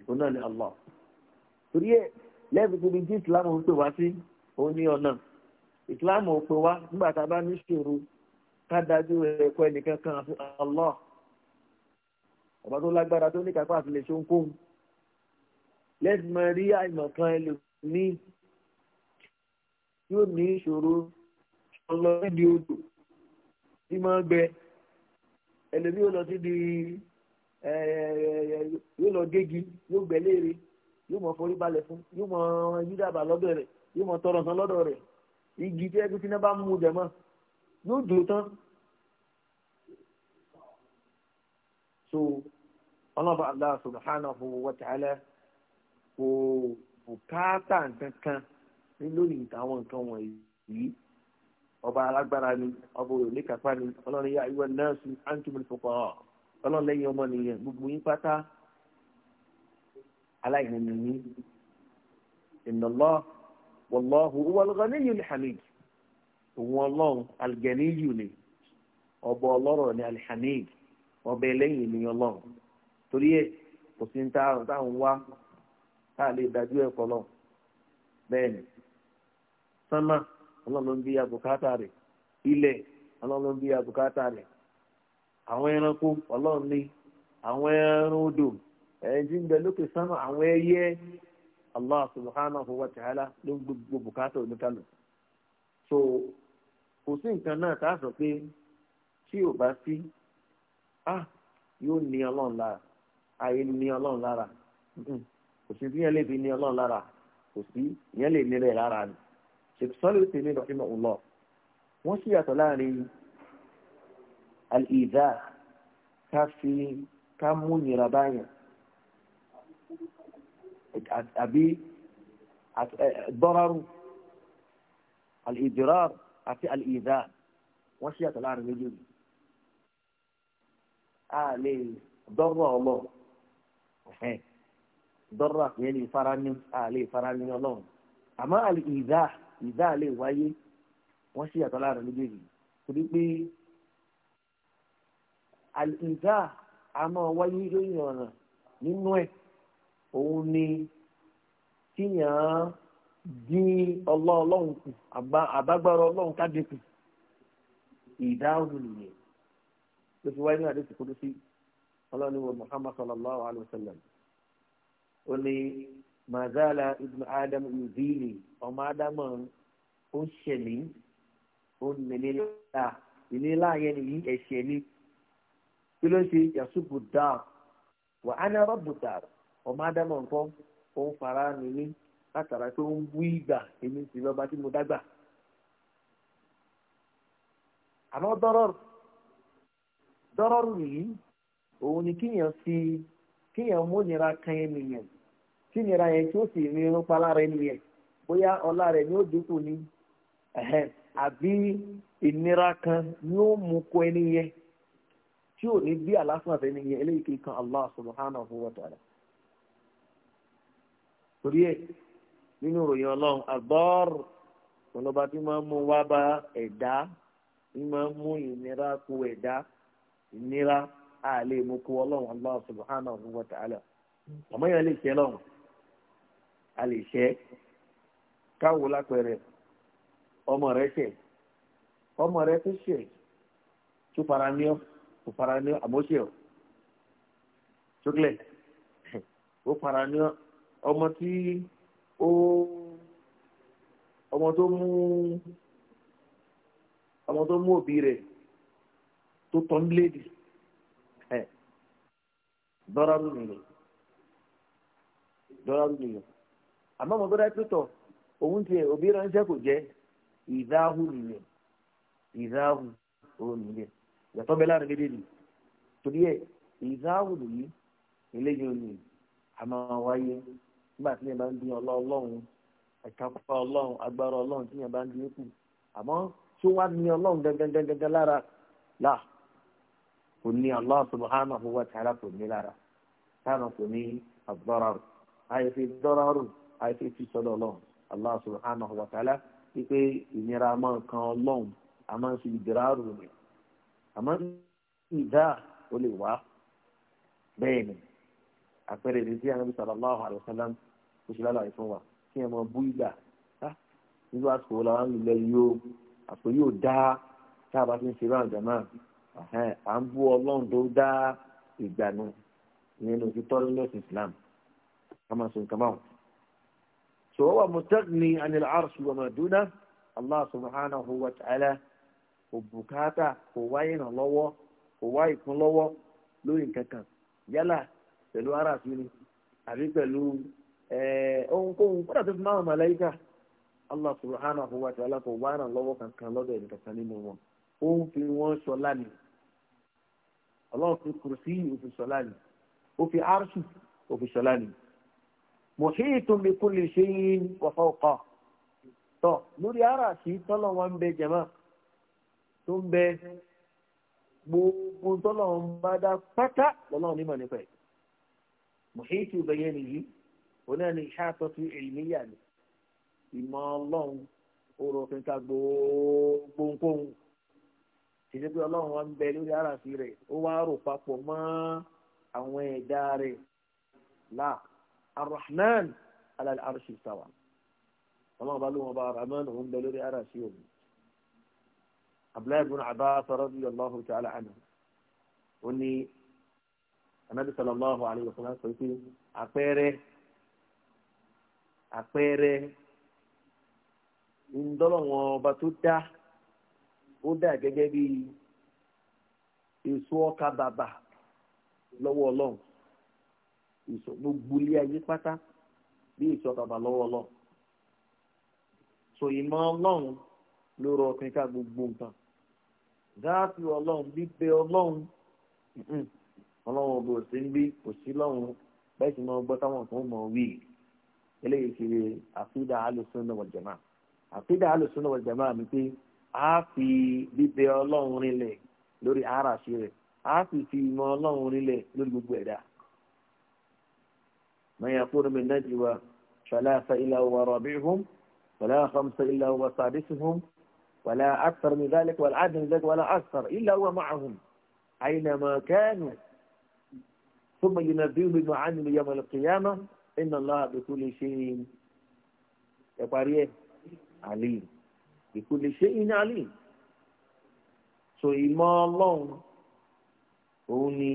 ìbò náà ni Allah torí ẹ lẹ́bi tó ní tí Islam ń pè wá sí òun ní ọ̀nà Islam ò pè wá nígbà tá a bá ní ṣòro ká dájú ẹ̀kọ́ ẹnì kankan àfi Allah ọba tó lágbára tó ní kápá àti lè ṣe ohunkóhun lẹ́sì mọ rí àìmọ̀kan ẹlòmíì yóò ní ìṣòro ọlọ́ọ̀dì odò tí máa ń gbẹ ẹlòmíì ó lọ síbi yóò lọ gégi yóò gbẹ́lẹ́rẹ́ yóò mọ forí balẹ̀ fún yóò mọ yídàbà lọ́dọ̀ rẹ̀ yóò mọ tọrọ tán lọ́dọ̀ rẹ̀ igi tí ẹgbẹ́ tíná bá mú jẹ̀mọ́ yóò dùn tán. so ọlọ́ba Allah subhanahu wa ta'ala kò bùkátà kankan lórí àwọn nǹkan wọ̀nyí ọba alágbára ni ọba òrùlé kápá ni ọlọ́run yá ìwé nọ́ọ̀sì antumul fuqara ọlọ́run lẹ́yìn ọmọ nìyẹn gbogbo yín pátá aláìní nìyí ìnàlọ́ wallahu huwal ghaniyyul hamid òun ọlọ́run alìgẹ̀níyù ni ọba ọlọ́rọ̀ ni alhamid ọba ẹlẹ́yìn ni ọlọ́run torí ẹ kò sí ní táwọn wá táà lè dájú ẹ̀kọ́ lọ bẹ́ẹ̀ ni sánmà. ọlọ́run ń bí abùkátà rẹ̀ ilẹ̀ ọlọ́run ń bí rẹ̀ àwọn ẹranko ọlọ́run àwọn ẹran odò ẹ̀yìn tí ń bẹ lókè àwọn ẹyẹ allah subhanahu wa ta'ala ló ń gbogbo bùkátà so kò sí nǹkan náà tá a sọ pé tí ò bá sí ah yóò ní ọlọ́run lára ayé ní ọlọ́run lára kò sí bí yẹn lè fi ní ọlọ́run lára kò sí yẹn lè lára ni. ṣèkì sọ́lẹ̀ òsè mi lọ́fíìmọ̀ ọ̀lọ́ wọ́n sì yàtọ̀ láàrin al-ìdá ká fi ká mú nira báyàn àbí dọ́rọ́rù al-ìdírá àti al-ìdá wọ́n sì yàtọ̀ láàrin méjèèjì a lè dọ́rọ̀ ọlọ́ dọ́rọ̀ àti ẹni ìfarani a lè farani ọlọ́run àmọ́ al-ìdá ìdá lè wáyé wọ́n sì yàtọ̀ láàrin méjèèjì torí pé ìdá a máa wáyé lórí ọ̀ràn nínú ẹ̀ òun ni kíyàn dín ọlọ́ ọlọ́run kù àbágbára ọlọ́run káde kù ìdá òun nìyẹn ló fi wáyé ní àdéhùn kúrú sí ọlọ́run ní sallallahu alayhi wa sallam ó ní mazala ibn adam yuzili ọmọ adamu ó ń ṣẹlẹ̀ ó ń nílá ni yìí ẹ̀ṣẹ̀ ni kí ló ń ṣe yasubu dáa wà á ní rọ́bù dáa ọmọ adamu nǹkan ó ń fara mi látara pé ń bú ìgbà èmi sì lọ́ba tí mo dágbà. àmọ́ dọ́rọ́rù dọ́rọ́rù yìí òun ni kíyàn fi kíyàn múnira kan ènìyàn kí yẹn tí ó sì rin irun pa lára ẹni yẹn bóyá ọlá rẹ ni ó dínkù ni àbí ìnira kan ni ó mú kó ẹni yẹn tí ò ní bí àlásùn àti ẹni yẹn eléyìí kì í kan Allah subhanahu wa ta'ala. torí ẹ nínú ìròyìn tí máa ń mú wá bá tí máa ń mú ìnira kó ìnira àlè mú kó Allah subhanahu wa ta'ala. yẹn lè ṣe a lè ṣẹ́ káwo lápẹẹrẹ ọmọ rẹ ṣẹ̀ ọmọ rẹ tó ṣẹ̀ tó fara ní ọ kò fara ní àmọ́ṣe ọ ṣókìlẹ̀ ó fara ní ọmọ tí ó ọmọ tó mú ọmọ tó mú òbí rẹ̀ tó tán léèdì ẹ dọ́rọ́rù nìyẹn dọ́rọ́rù nìyẹn àmọ́ mo gbọ́dọ̀ pé tọ̀ òun tiẹ̀ òbí ránṣẹ́ kò jẹ́ ìdáhù nìyẹn ìdáhù òun nìyẹn yàtọ̀ bẹ́ẹ̀ láàrin méjèèjì torí ẹ̀ ìdáhù nìyí eléyìí ò ní àmọ́ wáyé nígbà tí yẹn bá ń dín ọlọ́run ìkápá ọlọ́run agbára ọlọ́run tí yẹn bá ń dín kù àmọ́ tí wọ́n á ní ọlọ́run gẹ́gẹ́gẹ́gẹ́ lára là kò ní Allah subhanahu wa ta'ala kò ní lára táwọn kò ní àgbọ́ra rẹ̀ àyè fi dọ́ra àìsí ti sọ́dọ̀ ọlọ́run allah subhanahu wa ta'ala wípé ìnira máa kan ọlọ́run a máa ń fi ìdíra rò rẹ̀ àmọ́ ìdá ó lè wá bẹ́ẹ̀ ni àpẹẹrẹ ìdí tí anabi sallallahu alayhi wa sallam kò sí lálàyé fún wa kí ẹ máa bú ìgbà nígbà àsìkò wo làwọn ìlú lẹ́yìn yóò àpò yóò dá tá a bá ti ń ṣerú àjàmá à ń bú ọlọ́run tó dá ìgbà nu ìyẹn ní òfin tọ́lú lọ́sìn Islam ká máa sọ nǹkan فهو متغني عن العرش وما دونه الله سبحانه وتعالى وبكاتا هواين الله هواي كن الله لو إن كان يلا pẹ̀lú ara àfihàn àbí pẹ̀lú ohunkóhun kódà tó fi máa màláíkà Allah subhanahu wa ta'ala kò wá ràn lọ́wọ́ kankan lọ́dọ̀ ẹ̀dùn kankan nínú wọn ó ń fi wọ́n sọ lánìí Allah fi kùrùsí òfin sọ lánìí ó fi arṣù òfin sọ lánìí muhitun bi kulli shay'in wa fawqa tọ́ lórí ara si tọ́lọ̀ wọn ń bẹ jẹ̀mọ́ tó gbogbo tọ́lọ̀ ń muhitu ni ìṣàtọ́tù ni ìmọ̀ ọlọ́run orò kíkà gbogbo nkóhun wa ara o àwọn ẹ̀dá arrahman ala al-arshi istawa ọlọ́run bá ló wọn bá rahman òun bẹ lórí ara sí òun abdullahi ibn abbas radiyallahu ta'ala anhu ó ní anabi sallallahu alayhi wa sallam sọ pé àpẹẹrẹ àpẹẹrẹ ńdọ́lọ́wọ́n ọba tó dá ó dà gẹ́gẹ́ bí èso ọkà bàbà lọ́wọ́ ọlọ́run ìsọ gbogbo ilé ayé pátá bí ìsọ bàbá lọ́wọ́ lọ so ìmọ̀ ọlọ́run ló rọ ọkùnrin ká gbogbo nǹkan dáàbì ọlọ́run bíbẹ ọlọ́run ọlọ́run ọba òsì ń bí òsì lọ́run bẹ́ẹ̀ sì máa gbọ́ táwọn kan mọ̀ wí eléyìí kiri àfídà alùsùnà wal jamaa àfídà alùsùnà wal jamaa mi pé a fi bíbẹ ọlọ́run rinlẹ̀ lórí ara ṣe rẹ̀ a sì fi ìmọ̀ ọlọ́run rinlẹ̀ lórí gbogbo ẹ̀dá. من يقول من نجوى ثلاثة إلا هو رابعهم ولا خمسة إلا هو سادسهم ولا أكثر من ذلك ولا عدد من ذلك ولا أكثر إلا هو معهم أينما كانوا ثم ينبئهم بما يوم القيامة إن الله بكل شيء يقارئ عليم بكل شيء عليم so ìmọ̀ ọlọ́run òun ni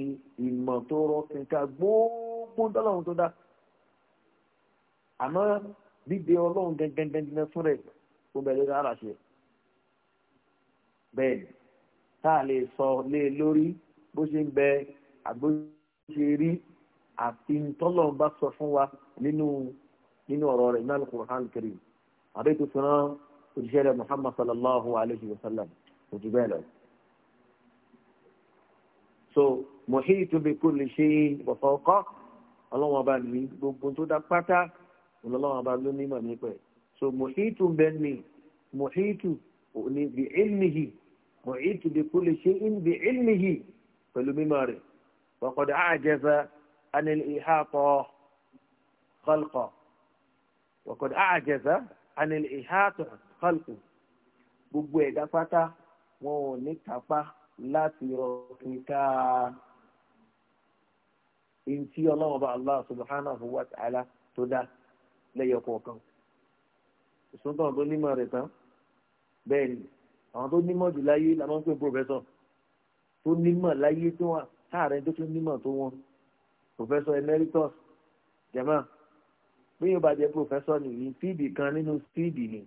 ìmọ̀ tó rọ kẹ̀kẹ́ gbogbo dọ́lọ́run tó àmọ́ gbígbé ọlọ́run gẹ́gẹ́gẹ́ fún rẹ̀ ó bẹ̀rẹ̀ rárá ṣe bẹ́ẹ̀ tá a lè sọ lé e lórí bó ṣe ń bẹ àgbóṣe rí àti ntọ́lọ́run bá sọ fún wa nínú nínú ọ̀rọ̀ rẹ̀ náà Al-Qur'an Al-Karim àbẹ́tò fún wọn òṣìṣẹ́ rẹ̀ Muhammad sallallahu alayhi wa sallam kò bẹ́ẹ̀ lọ. so muhitu bi kulli shay'in wa fawqa ọlọ́wọ́n bá mi gbogbo tó dá pátá ọlọ́wọ́n bá ló nímọ̀ nípa ẹ̀ so mọ̀hítù bẹ́ẹ̀ ni mọ̀hítù ni bí ilmihi mọ̀hítù bí kúlè ṣe ń bí ilmihi pẹ̀lú mímọ̀ rẹ̀ wàkọ̀dà àjẹsà anil ìhàpọ̀ kọlkọ̀ wàkọ̀dà àjẹsà anil ìhàpọ̀ kọlkọ̀ gbogbo ẹ̀dá pátá wọn ò ní kápá láti rọ kíkà ntí ọlọ́wọ́n bá Allah subhanahu wa ta'ala tó dá lẹ́yọ kọ̀ọ̀kan ìsúntàn tó nímọ̀ rẹ̀ tán bẹ́ẹ̀ ni àwọn tó nímọ̀ jù láyé la máa ń pè pòfẹ́sọ̀ tó nímọ̀ láyé tó wà káàrẹ́ tó tún nímọ̀ tó wọn pòfẹ́sọ̀ emeritus jẹ̀mọ́ bí yóò bá jẹ́ pòfẹ́sọ̀ nìyí fíìdì kan nínú fíìdì ni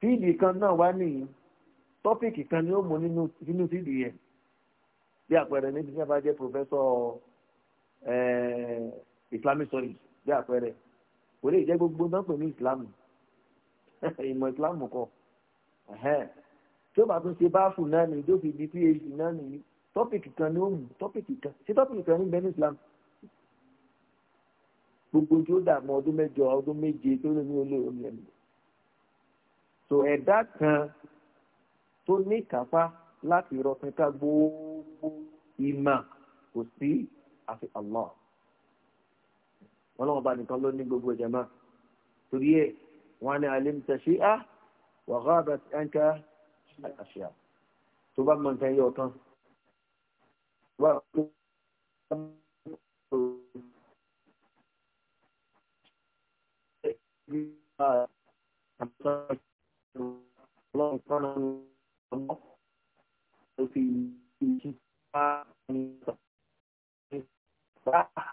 fíìdì kan náà wá nìyí tọ́pìkì kan ni ó mú nínú fíìdì yẹn bí àpẹẹrẹ níbi tí wọ́n bá jẹ́ pòfẹ́sọ̀ eh, Islamic bí àpẹẹrẹ kò lè jẹ́ gbogbo náà pè ní ìsìlámù ìmọ̀ ìsìlámù kọ tí ó bá tún ṣe báàfù náà ni tó fi phd náà ni tọ́pìkì kan ni ó mú tọ́pìkì kan ṣé tọ́pìkì kan ní bẹ́ẹ̀ ní ìsìlámù gbogbo tí ó dààmú ọdún mẹ́jọ ọdún méje tó lè ní olóòrò ní ẹnu so ẹ̀dá kan tó ní kápá láti rọpin ká gbogbo ìmọ̀ kò sí àfi Allah wọn lọ́wọ́ bá nìkan ló ní gbogbo ìjàmbá torí ẹ̀ wọn ní alim tẹ̀sí á wà á bá ẹnka àṣà tó bá mọ nǹkan yẹ ọ̀kan wà á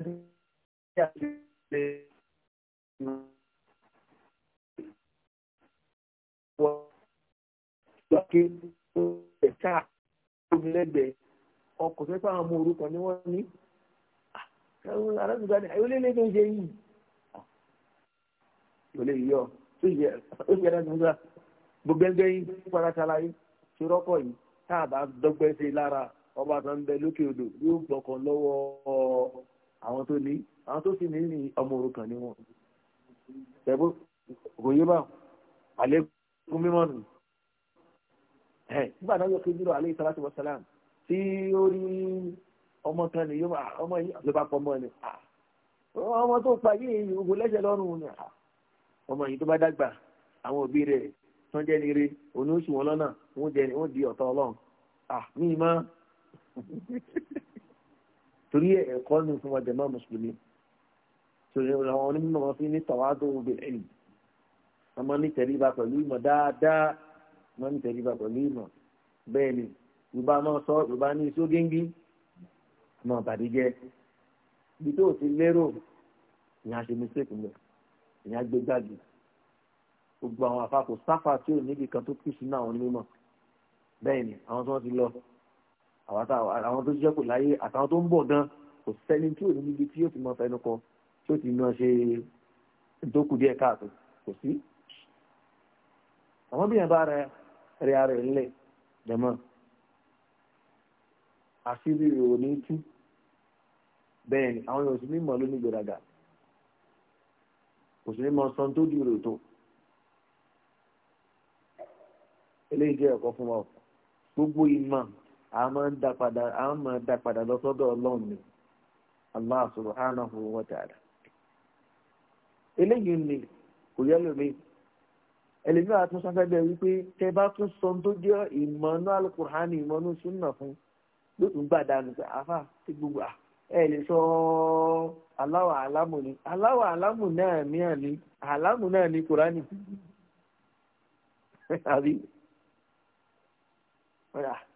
ẹ̀ka lẹ́gbẹ̀ẹ́ ọkùnrin fún àwọn ọmọ orúkọ ni wọ́n ní àwọn arábìnrin ní ayọ́lé lé méje yìí kò lè yọ tó yẹ ó yẹ láti mú sá gbogbo yín pàtàkì aláyé tó rọ́pò yìí tá a bá dọ́gbẹ́ sí i lára ọba tó ń bẹ lókè odò yóò gbọ́kàn lọ́wọ́ àwọn tó ní àwọn tó sì ní ọmọ òrukàn ni wọn ṣẹ̀bú kò yé bá àlékún mímọ́ nù ẹ̀ nígbà náà yọ kéjìlọ alẹ́ ìsàlátì wọ sàlám tí ó rí ọmọ kan ní yóò máa ọmọ yìí ló bá pọ̀ mọ́ ni ọmọ tó pa yìí ogun lẹ́sẹ̀ lọ́rùn ni ọmọ yìí tó bá dàgbà àwọn òbí rẹ̀ tán jẹ́ ni re òní oṣù wọn lọ́nà wọ́n di ọ̀tọ̀ ọlọ́run à mí torí ẹ̀kọ́ ní fún wa jẹ̀mọ́ mùsùlùmí torí àwọn onímọ̀ wọn fi ní tọ̀wádùn obìnrin ẹ̀yìn wọn máa ní tẹ̀ríba pẹ̀lú ìmọ̀ dáadáa wọn ní tẹ̀ríba pẹ̀lú ìmọ̀ bẹ́ẹ̀ ni yorùbá máa sọ yorùbá ní iṣó géńgí máa bàdíjẹ́ ibi tó ti lérò ìyẹn aṣe mistake mọ̀ ìyẹn agbégbájú gbogbo àwọn àfàkù sáfà tí ò níbi kan tó kù sínú àwọn onímọ̀ bẹ́ẹ̀ ni àwọn tí wọ́n ti lọ àwọn tó jẹ́ kò láyé àtàwọn tó ń bọ̀ gan kò sẹ́ni tí ò ní níbi tí yóò ti mọ fẹnu kọ tí ó ti mọ ṣe tó kù díẹ̀ káàtó kò sí. àwọn bí yẹn bá rẹ rẹ ara ẹ̀ ńlẹ̀ jẹ̀mọ́ àṣírí rẹ̀ ò ní tú bẹ́ẹ̀ ni àwọn yòòsùn mímọ́ ló ní gbèdàgà kò sí ní mọ san tó di rò tó eléyìí jẹ́ ẹ̀kọ́ fún wa gbogbo ìmọ̀. a ma da padà lọ sọ́dọ̀ ọlọ́run ni Allah eléyìí ni kò yẹ lómi ẹlẹ́mìí àtún sáfẹ́ bẹ́ẹ̀ wípé tẹ bá tún sọ tó jẹ́ ìmọ̀nú alukur'an ìmọ̀nú sunna fún ló tún gbà dànù pé àfà tí gbogbo à ẹ lè sọ aláwọ̀ alámù ni aláwọ̀ kurani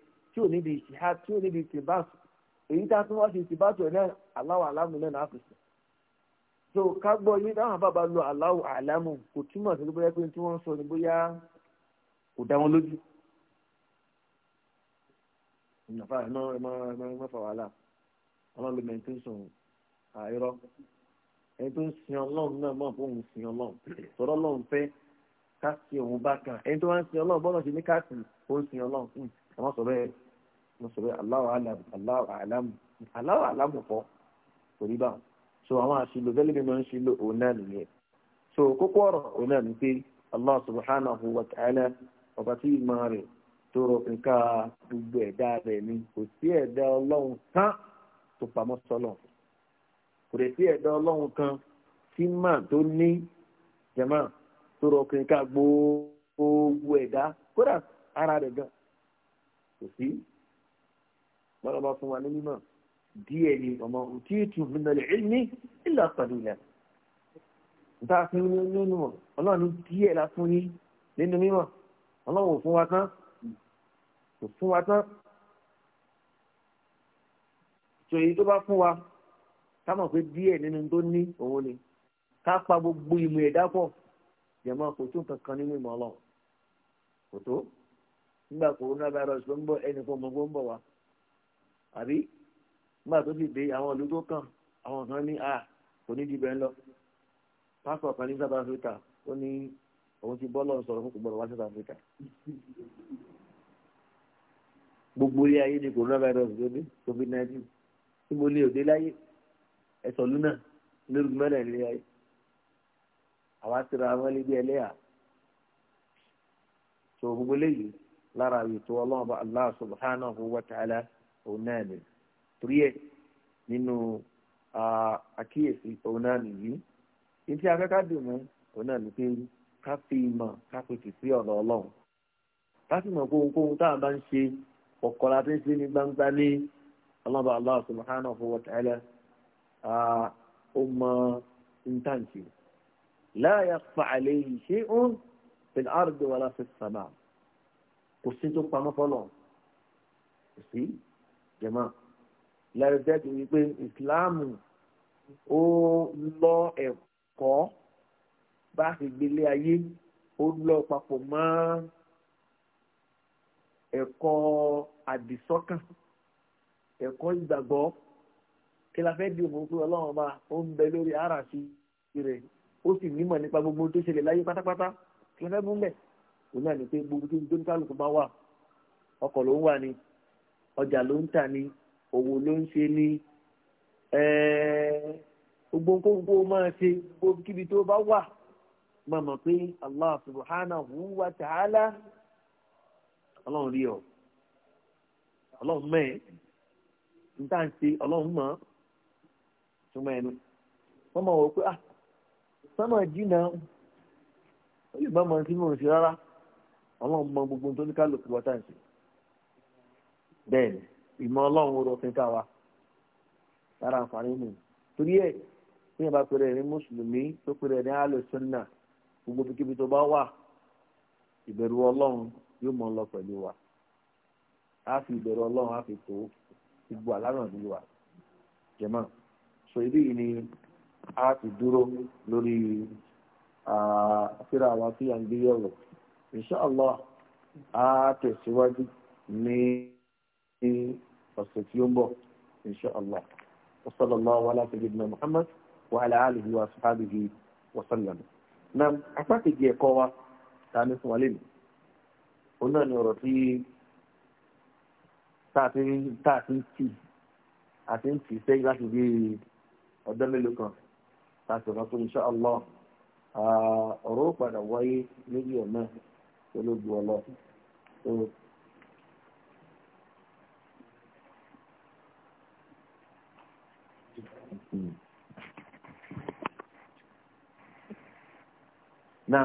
tí ò níbi ìṣìhá tí ò níbi tìbáàtù èyí tá a tún wá ṣe tìbáàtù ẹ̀ náà aláwọ̀ alámù náà náà fèsì. so ká gbọ́ yín táwọn bàbá lo aláwọ̀ alámù kò túmọ̀ sí bóyá pé tí wọ́n ń sọ ni bóyá kò dá wọn lójú. ìnàfà ẹ̀ mọ́ ẹ̀ mọ́ ẹ̀ mọ́ fà wàhálà ọlọ́run ló mẹ́rin tó ń sùn àìrọ́ ẹni tó ń sin ọlọ́run náà mọ̀ fún òun sin ọlọ́run sọ̀rọ̀ ọlọ́run fẹ́ ká sin òun bá ẹni tó wá ń sin ọlọ́run bọ́lá ṣe ní ká sin òun sin ọlọ́run ẹ má sọ bẹ́ẹ̀ mo sọ bẹ́ẹ̀ Allahu alam Allahu alam Allahu alam kọ́ kò rí bá wọn so àwọn àṣìlò tẹ́lẹ̀ mi máa ń ṣìlò òun náà nìyẹn so kókó ọ̀rọ̀ òun náà ni pé Allah subhanahu wa ta'ala ọba tí ìmọ̀ rẹ̀ tó rọ nǹka gbogbo ẹ̀dá rẹ̀ ni kò sí ẹ̀dá ọlọ́run kan tó pamọ́ sọ́lọ̀ kò dẹ̀ sí ẹ̀dá ọlọ́run kan tí mà tó ní jẹ̀mọ́ tó rọ nǹka gbogbo ẹ̀dá kódà ara rẹ̀ gan-an kò sí bọ́lá bá fún wa ní mímọ̀ díẹ̀ ni ọmọ òtí ètò ìmọ̀lẹ̀ ilmi ìlà pàdé ilẹ̀ níta fún ní nínú ọlọ́run díẹ̀ la fún yín nínú mímọ̀ ọlọ́run ò fún wa tán kò fún wa tán tó tó bá fún wa ká mọ̀ pé díẹ̀ nínú tó ní òun ni ká pa gbogbo ìmọ̀ ẹ̀dá pọ̀ jẹ̀mọ́ kò tó kankan nínú ìmọ̀ ọlọ́run kò tó nígbà corona virus ló ń bọ̀ ẹnì kan gbogbo ń bọ̀ wá àbí nígbà tó sì dé àwọn ìlú tó kàn àwọn kan ní a kò ní dìbẹ̀ ń lọ pásítọ̀ kan ní South Africa ó ní òun ti bọ́ lọ́rùn sọ̀rọ̀ fún kò wá South Africa gbogbo ilé ayé ni corona virus ló dé covid nineteen tí mo lé òde láyé ẹ̀sọ̀ lúnà lórúkọ mẹ́rin ilé ayé àwa tẹ̀ra wọn lé bí ẹlẹ́yà tó gbogbo léyìí lára ètò ọlọ́run bá Allah subhanahu wa ta'ala òun náà ni torí ẹ̀ nínú àkíyèsí òun náà nìyí ní tí afẹ́ká dùn mọ́ òun náà ní pé ká fi ìmọ̀ ká fèsì sí ọ̀dọ̀ ọlọ́run ká sì mọ̀ pé ohunkóhun tá a bá ń ṣe ọ̀kọ́ la ti ń ṣe ní gbangba ní ọlọ́run bá Allah subhanahu wa ta'ala ó mọ intanṣe la yakhfa alayhi shay'un fil ardi wala fis samaa kò sí tó pamọ́ fọlọ́ kò sí jẹ̀mọ́ lẹ́rù dẹ́tù wípé ìsìláàmù ó lọ ẹ̀kọ́ bá a sì gbélé ayé ó lọ papọ̀ mọ́ ẹ̀kọ́ àdìsọ́kàn ẹ̀kọ́ ìgbàgbọ́ kí la fẹ́ di òun pé ọlọ́run ọba ó ń bẹ lórí ara sí rẹ̀ ó sì nímọ̀ nípa gbogbo tó ṣẹlẹ̀ láyé pátápátá kí la fẹ́ mú mẹ́ẹ̀ òun náà ni pé gbogbo tó ń tó ń kálukú bá wà ọkọ̀ ló ń wà ní ọjà ló ń tà ní òwò ló ń ṣe ní gbogbo gbogbo máa ṣe gbogbo kíbi tó bá wà máa mọ̀ pé Allah subhanahu wa ta'ala ọlọ́run rí ọ ọlọ́run mẹ́ẹ̀ n tá à ń ṣe ọlọ́run mọ̀ túmọ̀ ẹnu wọ́n mọ̀ wọ́n pé ah sọ́mọ̀ jìnnà ó lè bá mọ̀ sí mò ń ṣe rárá ọlọ́run mọ gbogbo tó ní kálukú wọ́tà ń sè bẹ́ẹ̀ ni ìmọ̀ ọlọ́run ó rọ fi wa lára àǹfààní nù torí ẹ̀ bí yẹn bá pèrè ní mùsùlùmí tó pèrè ní alùsùnà gbogbo kíbi tó bá wà ìbẹ̀rù ọlọ́run yóò mọ̀ lọ pẹ̀lú wa á fi ìbẹ̀rù ọlọ́run á fi tó gbogbo àlànà bí wa jẹ̀mọ́ so ibi yìí ni a ti dúró lórí síra tí à ń gbé yẹ̀wò insha Allah á tẹ̀síwájú ní ọ̀sẹ̀ tí ó ń bọ̀ insha Allah wa sallallahu ala sayyidina Muhammad wa ala alihi wa sahbihi wa sallam na apá kejì ẹ̀kọ́ wa ta ní fún wa lẹ́nu òun náà ni ọ̀rọ̀ tí tá a ti ń tì àti ń tì sẹ́yìn láti bí ọ̀dọ́ mélòó kan tá a sọ̀rọ̀ pé ọ̀rọ̀ padà wáyé lórí ọ̀nà ológun ọlọ tó náà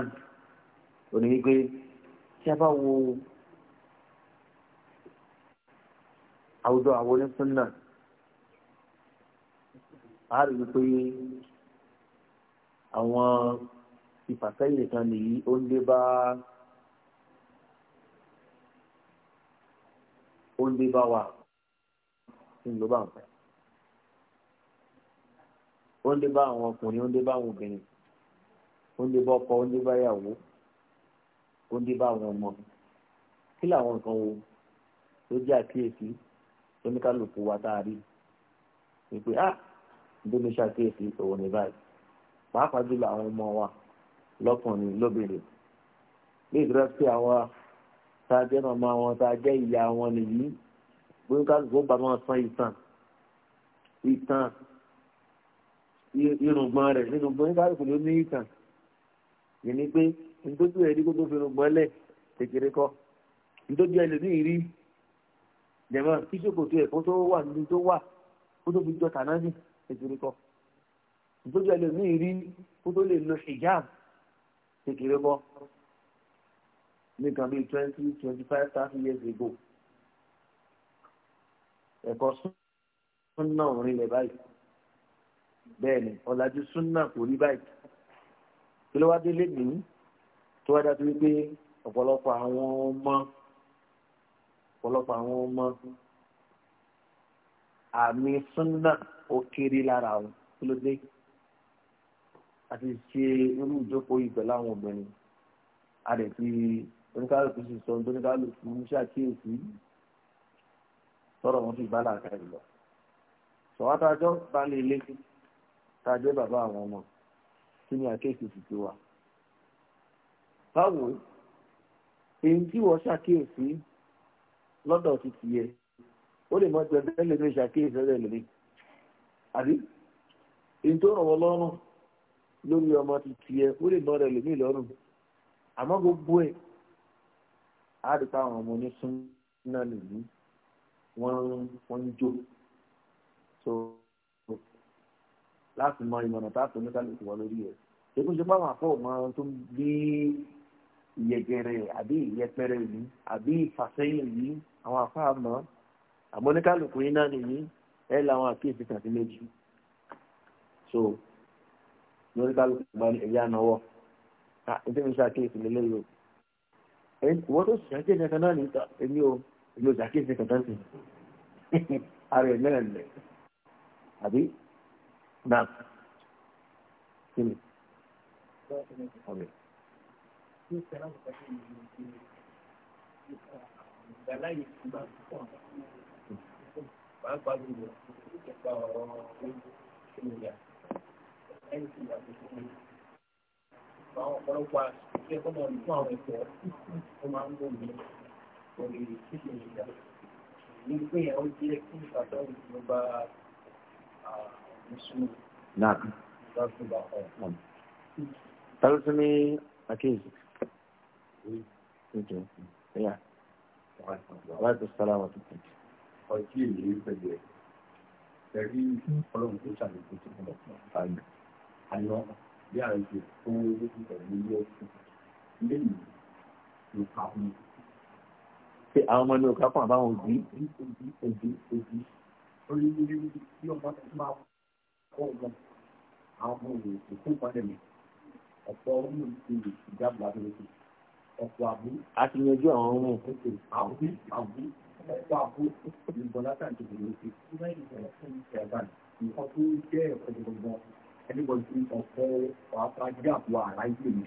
ò ní wípé tí a bá wo àwùjọ àwọn onísúnnà a rí wípé àwọn ìfàsẹ́yìn kan nìyí ó ń dé bá. ó ń bá wa ń ló bá wọn ó ń dé bá àwọn ọkùnrin ó ń dé bá àwọn obìnrin ó ń dé bá ọkọ ó ń dé bá ìyàwó ó ń dé bá àwọn ọmọ kí làwọn nǹkan wo ló jẹ́ àkíyèsí oníkálukú wa tá a rí i pé ah ìdómi ṣàkíyèsí òun ní báyìí pàápàá jùlọ àwọn ọmọ wa lọ́kùnrin lóbìnrin bí ìdúrà sí àwa tá a jẹ́ màmá wọn tá a jẹ́ ìyá wọn nìyí gbóńkálùkù bá máa san ìtàn ìtàn irùngbọ̀n rẹ̀ nínú gbóńkálùkù ló ní ìtàn yìí ni pé ntójú ẹ̀rí kó tó fi irùngbọ̀n lẹ̀ kékeré kọ́ ntójú ẹlòmíì rí jẹ̀mọ́ kí ṣòkòtò ẹ̀kọ́ tó wà nínú tó wà kó tó fi jọ tànáàbì kékeré kọ́ ntójú ẹlòmíì rí kó tó lè lo hijab kékeré kọ́ nìkan bíi twenty twenty five thirty years ago ẹ̀kọ́ súnà ò rinlẹ̀ báyìí bẹ́ẹ̀ ni ọ̀làjú súnà kò rí báyìí kí ló wá dé lẹ́gbẹ̀ẹ́ tó wá dájú wípé ọ̀pọ̀lọpọ̀ àwọn ọmọ ọ̀pọ̀lọpọ̀ àwọn ọmọ àmì súnà ó kéré lára wọn kí ló dé àti ṣe irú ìjókòó yìí pẹ̀lú àwọn obìnrin a lè fi oníkálukú sì sọ nítorí kálukú ṣàkíyèsí sọ̀rọ̀ wọn fi bá làákàyè lọ sọ̀wátájọ́ bá lè lé tàjẹ́ bàbá àwọn ọmọ tí ní àkéèsì sì ti wà báwo èyí tí wọ́n ṣàkíyèsí lọ́dọ̀ ti ti yẹ ó lè mọ ẹgbẹ́ bẹ́ẹ̀ lè ní ṣàkíyèsí ẹ̀rẹ́ lè ní àbí èyí tó rọ̀wọ́ lọ́rùn lórí ọmọ ti ti yẹ ó lè mọ ẹ̀rẹ́ lè ní ìlọ́rùn àmọ́ gbogbo ẹ̀ á rí pé àwọn ọmọ onísún náà nìyí wọ́n ń jó so láti mọ ìmọ̀nà tá a tó oníkálukú wọ lórí ẹ̀ èkó ṣe báwọn àfọ ọmọ tó ń gbé ìyẹgẹrẹ àbí ìyẹpẹrẹ yìí àbí ìfàsẹ́yìn yìí àwọn àfọ àmọ́ àmọ́ oníkálukú yìí náà nìyí ẹ làwọn àkíyèsí kàtí méjì so lóníkálukú bá ní ẹ̀yà náwó ah ìdí mi ṣe àkíyèsí lélẹ́yìí o ìwọ́n tó sì ṣàkíyèsí ẹ̀kan náà níta èmi ò èmi ò ṣàkíyèsí ẹ̀kan tó sì ara ẹ̀ náà lẹ̀ àbí náà kí ni. ọ̀bẹ. Thank you pé kó máa fún àwọn ẹ̀kọ́ tó máa ń lò ní orí títí ìgbà ní pé ẹ̀ ó jẹ́ kí ìfàtọ́ ìlú bá mùsùlùmí. Náà. Ta ló tún ní àkíyèsí? Aláìsàn sára wà tó tẹ̀lé. Ọjí èyí ń pẹ̀lú ẹ̀. Ẹ̀rí ọlọ́run tó ṣàlùkù tó kọ̀ lọ́pọ̀. Àná bí àrùn tó tó pẹ̀lú ilé ọ̀sùn lẹ́yìn ló kà fún mi. pé àwọn ọmọ ní òkà fún àbáwọn òbí òbí òbí òbí orí ní orí bí ọmọ tó máa kọ́ ọmọ àwọn ọmọ òwò òkú padà mi ọ̀pọ̀ ọmọ ìṣèlú ìjábọ̀ abẹ́rẹ́ ọ̀pọ̀ àbú. a ti yanjú àwọn ọmọ òkú àbú àbú ọ̀pọ̀ àbú ìbọn látàkì ìbò lókè nǹkan tó jẹ́ ẹ̀kọ́ gbọ̀ngàn ẹni gbọ̀ngàn ọ̀pọ̀ ọ̀pá jáàbù àráyé mi.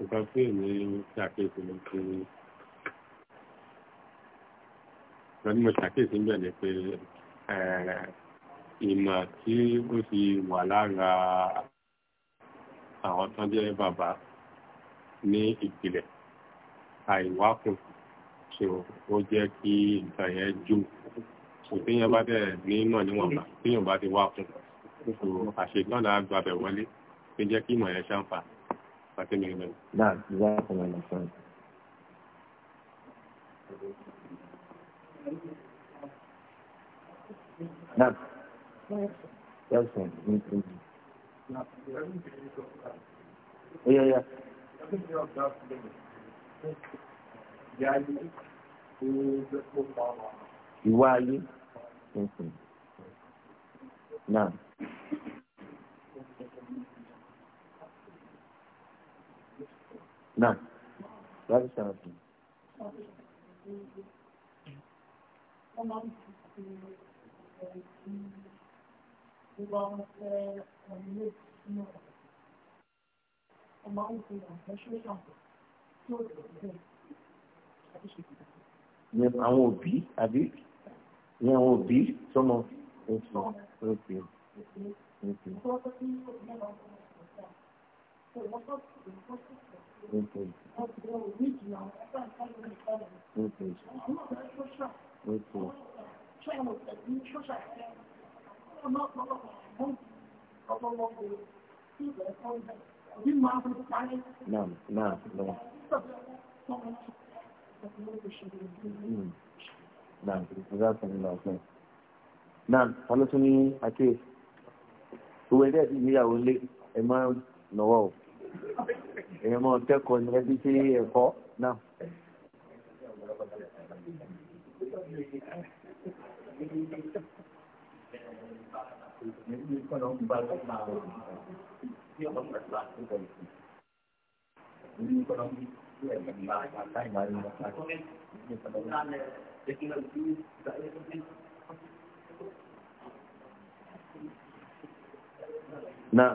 nǹkan tí èmi ṣàkíyèsí ni pé lọ́dún mo ṣàkíyèsí ń bẹ̀ ni pé eh, ìmọ̀ tí ó fi wà lára àwọn tó jẹ́ bàbá ní ìpìlẹ̀ àìwákùn so ó jẹ́ kí nǹkan yẹn jù kò bá dẹ̀ nímọ̀ níwọ̀nba téèyàn bá ti wákùn so àṣetán là gbàbẹ̀ wọlé tó jẹ́ kí ìmọ̀ yẹn ṣàǹfààní. فاتم يمن نعم جزاكم الله خيرا نعم يوسف يا يا ìwà ayé náà náà láti ṣàfihàn. Ní àwọn òbí àbí ní àwọn òbí sọmọ ẹ̀sùn ẹ̀sùn ẹ̀sùn. Okay. Okay. Okay. نعم نعم نعم نعم جزاكم الله خير náà wọn ló tún ní àkíyèsí gbogbo ẹgbẹ́ ìdíyàwó ńlé ẹ máa ń nọwọ́ o èèyàn máa kẹ́kọ̀ọ́ ní ẹbí sí ẹ̀kọ́ náà. Náà,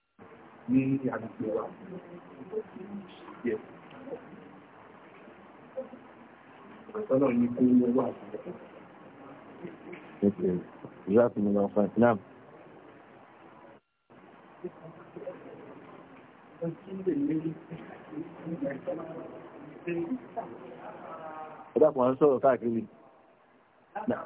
ní àgbègbè wa. Àtọ́nà ní kó wọ́n wà fún Ìjáàfin ìlànà fún Islam. Ẹ̀dá kan ń sọ̀rọ̀ káàkiri. Náà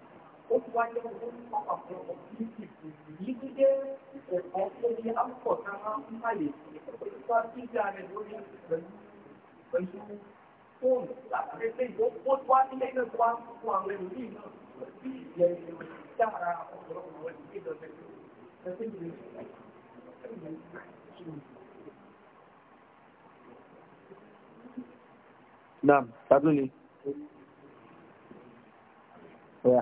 ó ti wá jẹ́ owó nípa àwọn ọ̀pọ̀lọpọ̀ yìí ti jẹ́ ẹ̀kọ́ tó ní àpò tá a ń fàyè nípa gíga rẹ̀ lórí pẹ̀lú pẹ̀lú fóònù láti ṣe ìwọ́ ó wá nílé náà tó fún àwọn ẹlòmíì bí ìjẹ́ dára ọ̀pọ̀lọpọ̀ àwọn ẹ̀kọ́ ìjọba Nam, sadly. Yeah.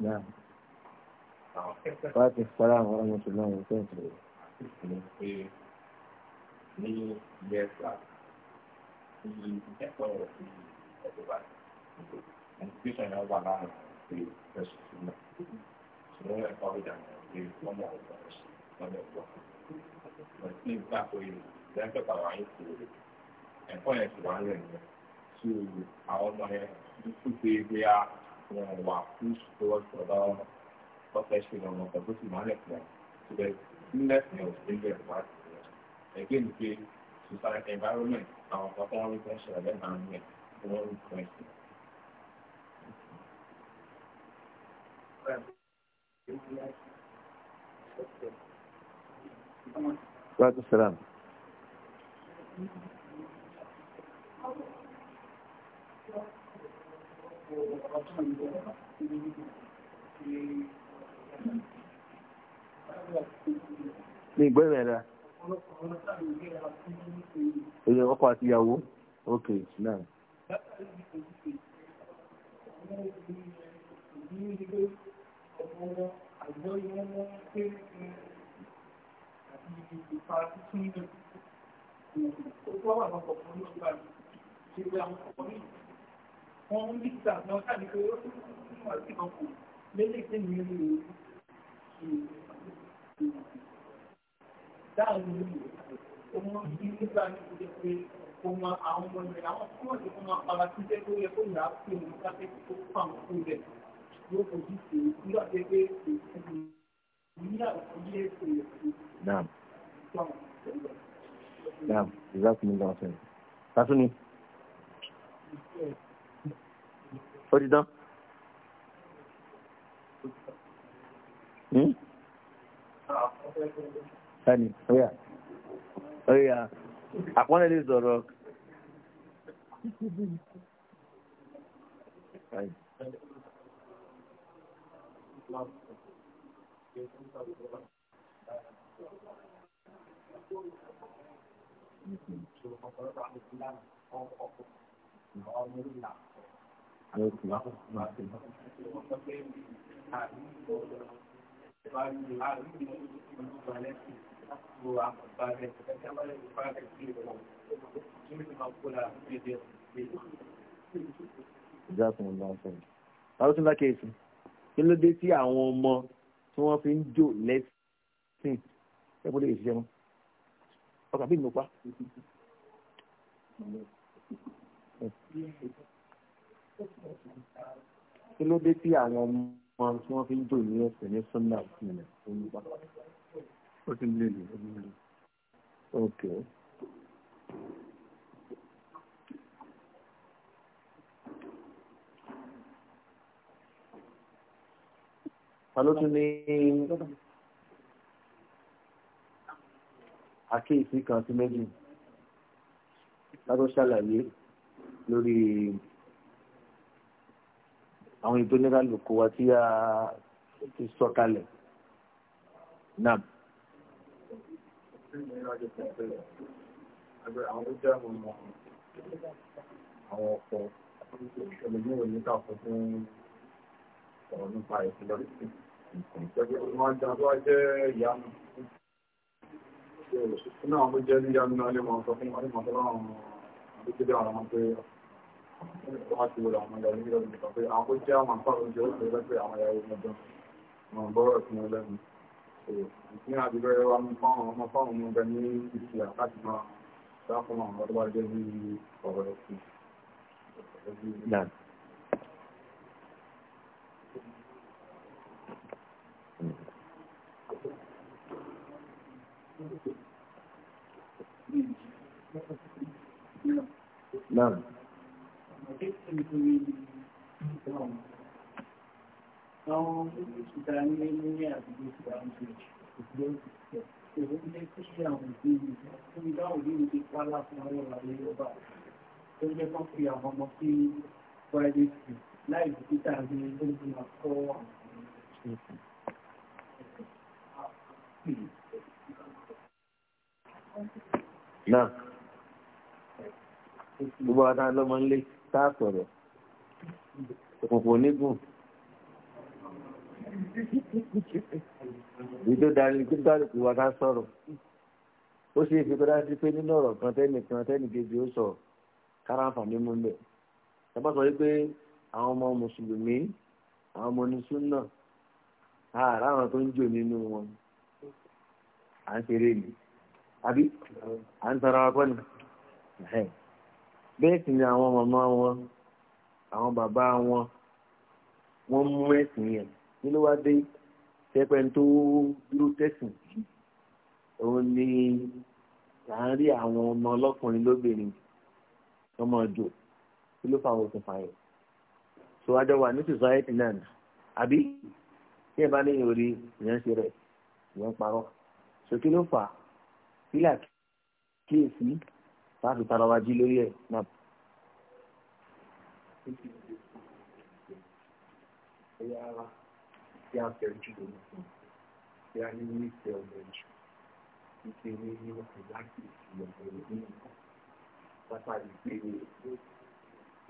نعم وعليكم السلام ورحمة الله وبركاته ní ilé ẹ̀ka ní ìkẹ́kọ̀ọ́ ti ẹ̀dọ́gba ẹ̀dọ́gbẹ́sọ̀ yẹn wà láàrin pé ẹ̀sùn fún mi ṣùgbọ́n ẹ̀kọ́ ọ̀gbẹ́dà pé wọ́n mọ̀ ọ̀gbọ́n ẹ̀sùn lọ́dọ̀ ẹ̀kọ́ wọ́n ti gbà pé lẹ́ńpẹ̀pà wà ní ìṣòro ẹ̀kọ́ yẹn ti wà ń wọn wà fún ìṣòro ọ̀dọ́ ọ̀fẹ́ ṣe lọ́wọ́ ọ̀dọ́ tó sì máa lẹ̀ fún ẹ̀ ṣùgbọ́n nílẹ̀ ẹ̀ ò sí ilé ẹ̀wà ẹgbẹ́ ní pé society environment àwọn ọ̀pọ̀ tó ń rí fẹ́ ṣẹlẹ̀ lẹ́nu àwọn ẹ̀ wọ́n ń kọ́ ẹ̀sìn. Gracias, Serán. ní ìgbẹ́ rẹ̀ rà èyí àti ìyàwó ok náà. Thank you wọ́n ń bí ìgbà náà sáà ní pé ó ń wà sí kan kù lélẹ̀ tí mi rí o dáhùn ní o mọ bí nígbà ní kò jẹ́ pé kò àwọn ọmọ rẹ̀ àwọn tí wọ́n ti kó máa para sí jẹ́ tó yẹ kó yà á pè ní káfẹ́ tó fà ń kú rẹ̀ yóò fojú sí i nígbà tó yẹ pé èsì ní àwòkọ́ yẹ kó yẹ kó. Naam. Naam, ìzákùnrin lọ́sẹ̀. Tátúni ó ti dán. ẹni ọ̀yà ọ̀yà àpọ́nlẹ̀ lè sọ̀rọ̀. Thank you. Àwọn tó ń lákèésí, kí ló dé tí àwọn ọmọ tí wọ́n fi ń jò lẹ́sìn ẹ̀kọ́ lè ṣiṣẹ́ wọn? Ọkà bí ìnùpá kí ló dé tí àwọn ọmọ tí wọ́n fi ń dò ní ẹ̀sẹ̀ ní sunday àfihàn olùbá. ó ti lè lè lè. ok. ta ní àkíyèsí kan sí méjì látó ṣàlàyé lórí àwọn ètò oníkàlùkù wa tí a ti sọ kalẹ̀ náà. àwọn tó jẹ́ àwọn ọmọ àwọn ọ̀pọ̀ ẹlòmíì ò ní káàkó fún ọ̀rọ̀ nípa ìfilọ́lẹ́sì ìjọba wọn á jẹ́ àwọn jẹ́ ìyanu nínú àwọn tó jẹ́ níyanu náà lè mọ̀ sọ fún wọn ní mọ̀ sọ́lá àwọn àdókòdé àwọn ọmọ pé wọ́n ti wọlé àwọn ọmọdé nílò nípa pé àwọn tó jẹ́ àwọn àpá oúnjẹ ó fẹ́ pé àwọn ìyàwó ọmọdé wọn bọ́rọ̀ sí wọn lẹ́nu ní àdúgbò wa mú fáwọn ọmọ fáwọn ọmọ ọgbẹ nítorí ìtọ́wọ̀n. Àwọn ìṣúta ní ní àdúgbò ti wà ní ìṣòro ìṣòro ní kí ṣe àwọn òbí mi fún ìdá òbí mi ti pa láti àwọn ọ̀rọ̀ ayé ọba tó jẹ́ kán fi àwọn ọmọ sí Friday school láì bìkítà ní ojú àkọ́ àwọn náà gbogbo àtàlọ́mọ ń lé. tá sọ̀rọ̀ òkùnkùn onígùn ìjọ darí kí kálukú wa ká sọ̀rọ̀ ó ṣe fi kọ́dá sí pé nínú ọ̀rọ̀ kan ó sọ ẹ bá sọ wípé àwọn ọmọ mùsùlùmí àwọn ọmọ ààrẹ àwọn tó ń jò bẹ́ẹ̀ sì ni àwọn màmá wọn àwọn bàbá wọn wọ́n mú ẹ̀sìn yẹn nínú wá dé tẹ́pẹ́ tó dúró tẹ̀sìn òun ni à ń rí àwọn ọmọ ọlọ́kùnrin lóbìnrin ọmọ ọjọ́ kí ló fa òkun fààyè tó wájọ wà ní society náà àbí tí ẹ bá ní ìròrí ìyẹn ṣe rẹ ìyẹn parọ́ so kí ló fà á kílà kíyèsí láti tara wa jí lórí ẹ̀ náà. bí a fẹ́ jù lọ nìkan bí a ní ní ìfẹ́ ọmọ jù ìfẹ́ ní ní ọ̀sẹ̀ láti ìfẹ́ ọmọ ìlú nìkan látàrí pé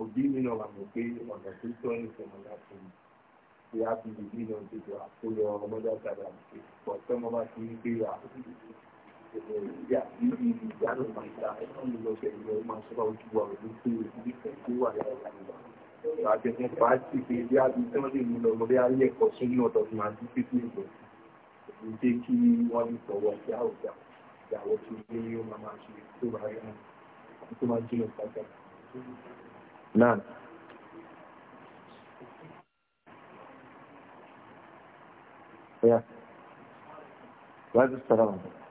òbí mi náà wà mọ̀ pé ọ̀nà tó tọ́ ní ìfẹ́ ọmọ mi bí a fi lè bí náà tètè àkóyọ ọmọdé àtàrà àti pọ̀ tọ́mọ bá ti ń gbé àkókò Àjẹ̀kùn pàtí pé bí a ti tán lè nílọ ọmọdé ayé ẹ̀kọ́ sí ní ọ̀dọ̀ tí máa ti pípé ìgbẹ̀. Èyí jẹ́ kí wọ́n ní sọ̀rọ̀ sí àwùjá ìyàwó tí ó ní ó máa ṣe tó bá rí wọn tó máa jìnà pàtàkì. Náà. Yeah. Why is this around?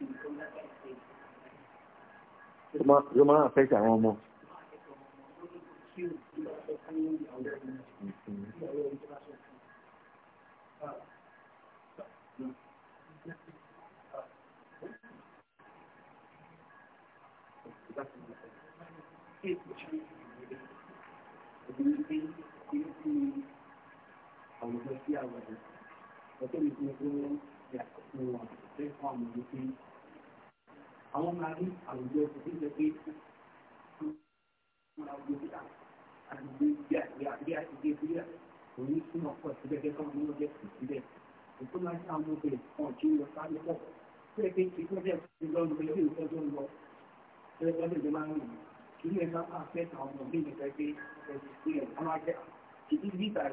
ló máa ń àwọn ọmọ. Thank you àwọn máa ní àwùjọ tó jẹ́ pé máa gbé àdúgbò bí àgbé àtijọ́ ìpínlẹ̀ òní súnmọ́ pọ̀ síbẹ̀ gẹ́gẹ́ bí wọ́n jẹ́ sí síbẹ̀ ètò máa ń ṣe àwọn obìnrin kan tí wọ́n sáré pọ̀ bẹ́ẹ̀ pé kí wọ́n jẹ́ sí lọ́nu ilé ìfẹ́ tó ń lọ bẹ́ẹ̀ wọ́n lè máa ń rìn kí ilé ẹ̀ka máa fẹ́ àwọn ọmọ mi nìkan pé ẹ̀sìn sí ẹ̀ wọ́n máa jẹ́ kí bí bíbá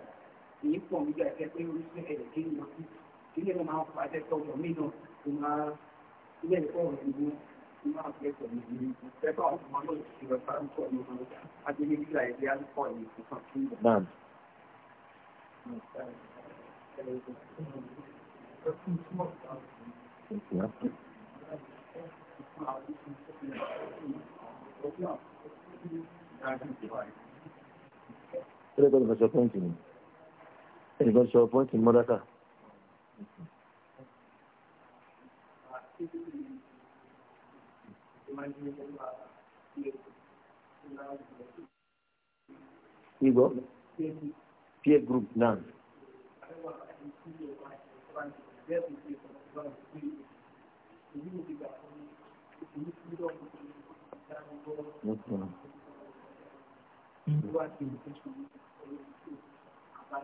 èyí pọ̀ nígbà ẹ̀kẹ́ pé oríṣi ẹ̀rẹ̀ kí ilé wọn máa ń fa ẹ̀kọ́ ọ̀dọ̀ mí náà tó máa ilé ẹ̀kọ́ ọ̀rọ̀ ìlú tó máa fi ẹ̀kọ́ mi ní ẹ̀kọ́ àwọn ọmọ náà ti rẹ̀ fara ń pọ̀ ní ọmọ adélé nígbà ẹ̀dẹ́ alùpọ̀ ní ìfúnfà fún ìgbà. Tẹ́lẹ̀ gbọ́dọ̀ fẹ́ sọ pọ́ǹtì ni. Ẹnì kan sọ pọ́ǹtì mọ́dákà. Igbo? Peer group náà.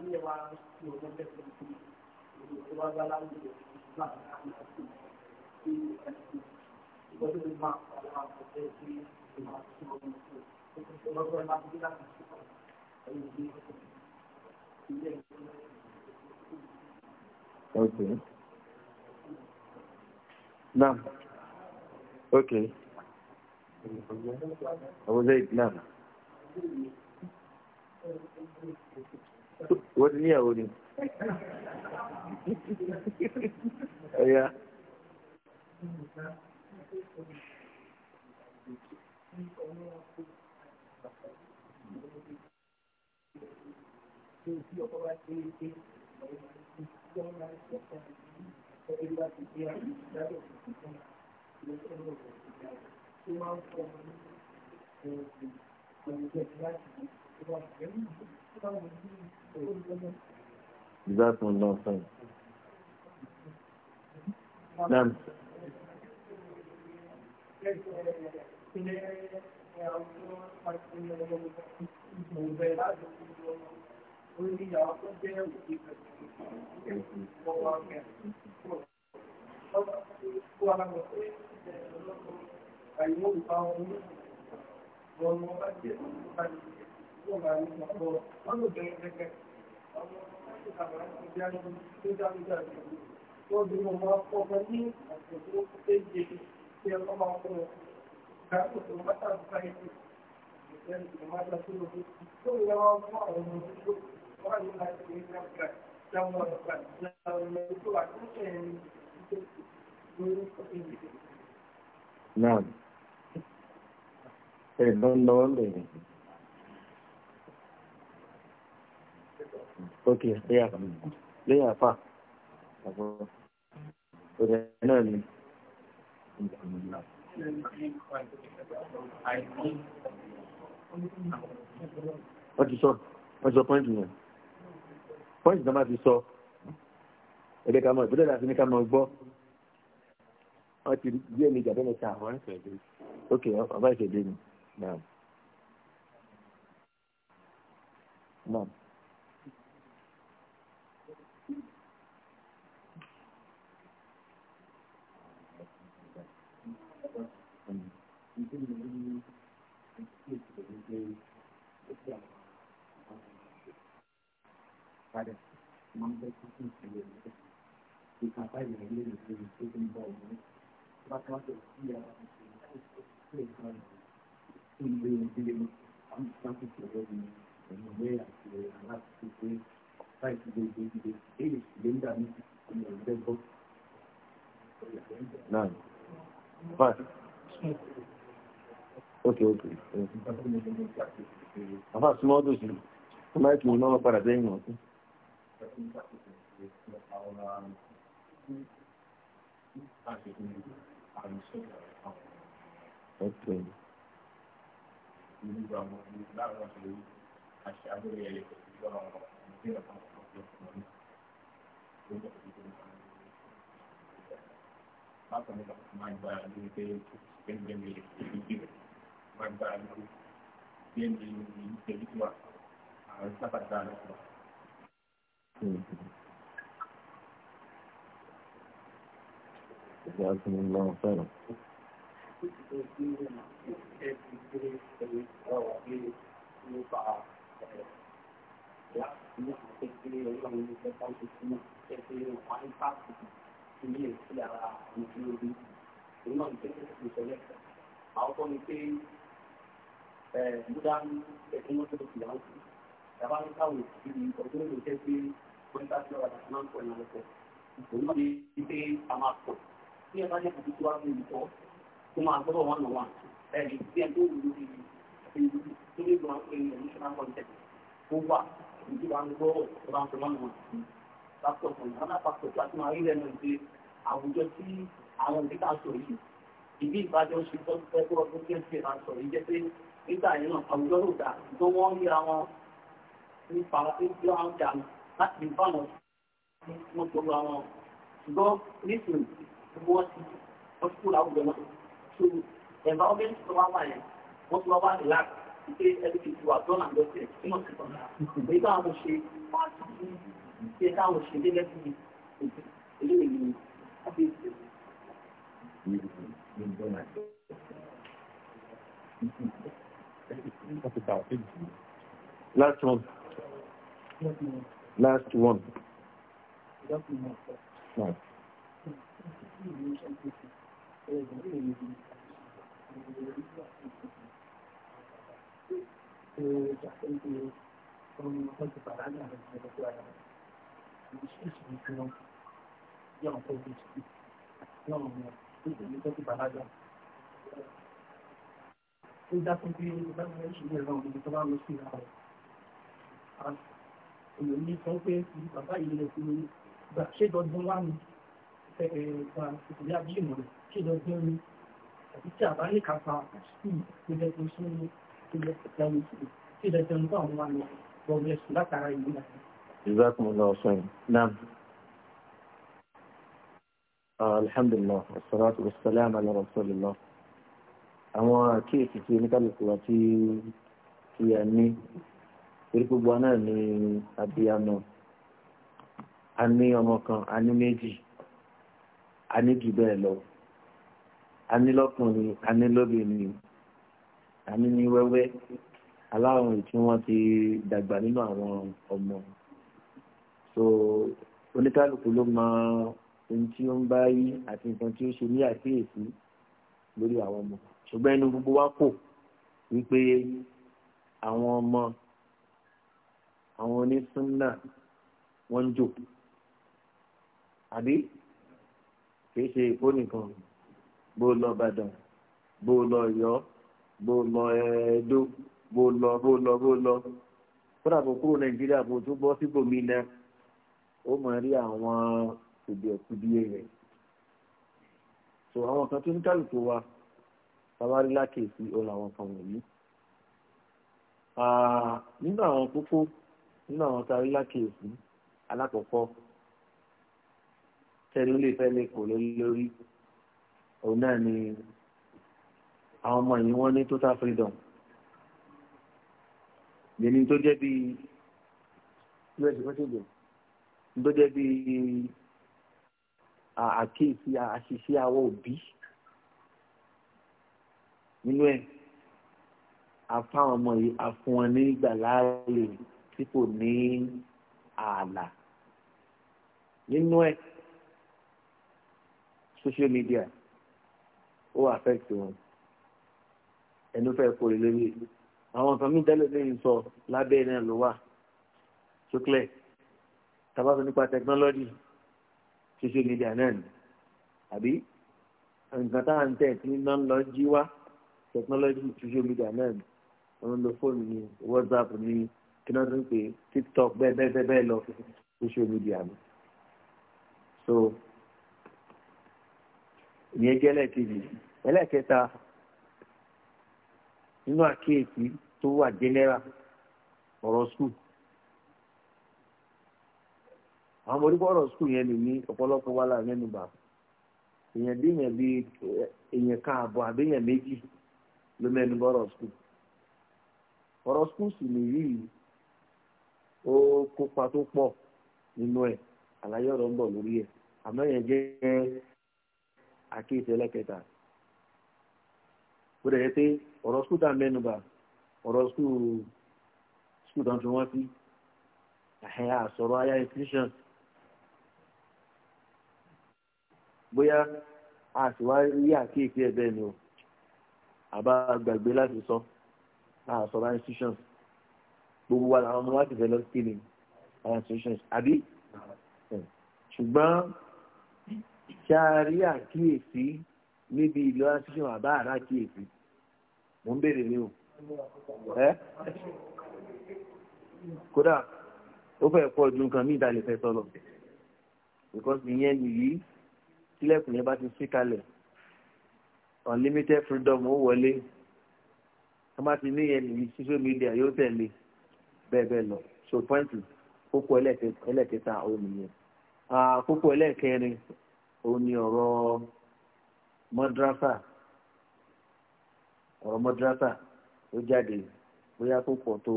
mm hmm Okay. Now. Okay. Abu Zaid, now. What do you need? ẹ̀yà. Oh, Thank you. جزاكم الله خير نعم Thank you. Naam. Ṣé ìdánlọ́wọ́ lè rìn? ok lẹ́yà lẹ́yà fà àbọ̀ òde náà ni. wọ́n ti sọ wọ́n ti sọ pọ́ìntì yẹn pọ́ìntì náà máa ti sọ ẹ̀dẹ̀ ká mọ̀ ìbílẹ̀ láti ní ká mọ̀ gbọ́ ti bí ẹni ìjà bẹ́ẹ̀ ta àwọn ìṣẹ̀lẹ̀ ok ọba ìṣẹ̀lẹ̀ ni. Naam. Naam. rapaz da igreja fez um feito no balcão, bateu tá uma torcida, ela fez um feito, a gente está com o problema de mulher, a raça que foi, vai se ver, eles lindamente, como eu devo. Não. Vai. Ok, ok. Avance modo de. Como é que o nome parabéns, irmão? Thank you. Okay. جزاكم الله خيرا Thank you bí ẹ ní kòtò tó wá sí tó máa gbọ́dọ̀ wọn lọ wà ẹ̀rí bí tó wù lórí ìlú tó lè gbọ́n pé ẹ̀rí ṣe máa ń kọ́ńtẹ̀ ó wà ní tí ń gbọ́ ọ̀rọ̀ àwọn ọ̀rọ̀ wọn pásítọ̀ kan náà pásítọ̀ tó a ti máa rí lẹ́nu ìgbé àwùjọ tí àwọn òbí ká sọ yìí ìbí ìbájọ́ ṣe tọ́ fẹ́ tó ọdún tí ẹ ti máa sọ yìí jẹ́ pé nígbà yẹn náà àwùjọ ló dà tó wọ́n ríra wọn nípa ìjọ àwọn jà láti bá wọn ṣùgbọ́n nísìnyí wọ́ọ̀tì wọ́n ti kó láwùjọ náà so environment tó wá wà yẹn wọ́n ti wá wà relax pé everything ti wà done and dusted nínú ìtàn náà èyí tó àwọn ṣe fáàtì yìí ṣe táwọn Last one. Last one. Last one ó dá fún bí báwọn wá ni ìpìlẹ̀ abílìmọ̀ kí lọ gbé orí àti tí àbá ní kápá sí ìpìlẹ̀ tó sún ní ìpìlẹ̀ ìpìlẹ̀ tí ìlẹ̀ tó ń bá àwọn àmì Alhamdulillah, wassalatu wassalamu ala rasulillah. Àwọn àkíyèsí tí oníkálukú wa tí tí ní, orí gbogbo náà ni àbíyá náà. A ní ọmọ kan, a ní méjì a ní jù bẹ́ẹ̀ lọ a ní lọ́kùnrin a ní lóbìnrin a ní ní wẹ́wẹ́ aláwọn èyí tí wọ́n ti dàgbà nínú àwọn ọmọ so oníkálukú ló máa ohun tí ó ń bá yí àti nǹkan tí ó ṣe ní àkíyèsí lórí àwọn ọmọ ṣùgbọ́n inú gbogbo wa kò wípé àwọn ọmọ àwọn onísúnnà wọ́n ń jò àbí kì í ṣe èkó nìkan bó lọ Ìbàdàn bó lọ Ọ̀yọ́ bó lọ Ẹdó bó lọ bó lọ bó lọ kódà bó kúrò Nàìjíríà bó tún bọ́ síbòmí náà ó mọ rí àwọn kùdìẹ̀kùdìẹ̀ rẹ̀ so àwọn kan tó ń kálukú wa tabari lákèsí ó làwọn kan wọ̀nyí ah, nínú àwọn kókó nínú àwọn tabari lákèsí alákọ̀ọ́kọ́ tẹ́lẹ̀ ó lè fẹ́ lè kò lórí òun náà ni àwọn ọmọ yìí wọ́n ní total freedom yẹni tó jẹ́ bí us president tó jẹ́ bí àkíyèsí àṣìṣe àwọn òbí nínú ẹ̀ afáwọn ọmọ yìí afún wọn ní ìgbàláàyè tí kò ní ààlà nínú ẹ̀ social media ó affect wọn ẹnu fẹ́ kórè lórí àwọn nǹkan mí tẹ́lẹ̀ lẹ́yìn sọ lábẹ́ náà ló wà sókè tabaso nípa technology social media náà ni àbí nǹkan tá à ń tẹ̀ tí iná ń lọ jí wá technology social media náà ni wọ́n ń lo fóònù ní whatsapp ní kí wọ́n ti ń pè tiktok bẹ́ẹ̀ bẹ́ẹ̀ bẹ́ẹ̀ lọ social media ni so. ìyẹn jẹ́ ẹlẹ́ẹ̀kejì ẹlẹ́ẹ̀kẹta nínú àkíyèsí tó wà jẹ́nẹ́rà ọ̀rọ̀ skul àwọn ọmọdé bọ́ọ̀rọ̀ skul yẹn lè ní ọ̀pọ̀lọpọ̀ wàhálà mẹ́nuba èèyàn bí èèyàn bí èèyàn àbí èèyàn méjì ló mẹ́nu skul ọ̀rọ̀ skul sì nìyí ó kópa tó pọ̀ nínú ẹ̀ àlàyé ọ̀rọ̀ ń bọ̀ àkíyèsí ẹlẹ́kẹta ó dẹ̀ yẹ pé ọ̀rọ̀ skul tá a mẹ́nuba ọ̀rọ̀ skul skul tó ń fi wọ́n sí ẹ̀hìn àsọ̀rọ̀ aya institution bóyá a sì wá rí àkíyèsí ẹ̀ bẹ́ẹ̀ ni o àbá gbàgbé láti sọ àsọ̀rọ̀ institution gbogbo wa làwọn ọmọ wa ti fẹ́ lọ sí kíni institutions àbí ṣùgbọ́n. ṣé a rí àkíyèsí níbi ìlú asíṣàn àbá àrà àkíyèsí mò ń o ẹ kódà ó fẹ́ pọ̀ ju nǹkan mí ìdálẹ́ fẹ́ sọ because ìyẹn nìyí tílẹ̀kùn yẹn unlimited freedom ó wọlé wọ́n bá ti ní nìyí social media yóò tẹ̀lé bẹ́ẹ̀ bẹ́ẹ̀ lọ so point kókó ẹlẹ́kẹta ó nìyẹn ah, kókó ẹlẹ́kẹrin òun ni ọ̀rọ̀ mọ́dúrásà ọ̀rọ̀ mọ́dúrásà ó jáde bóyá tó pọ̀ tó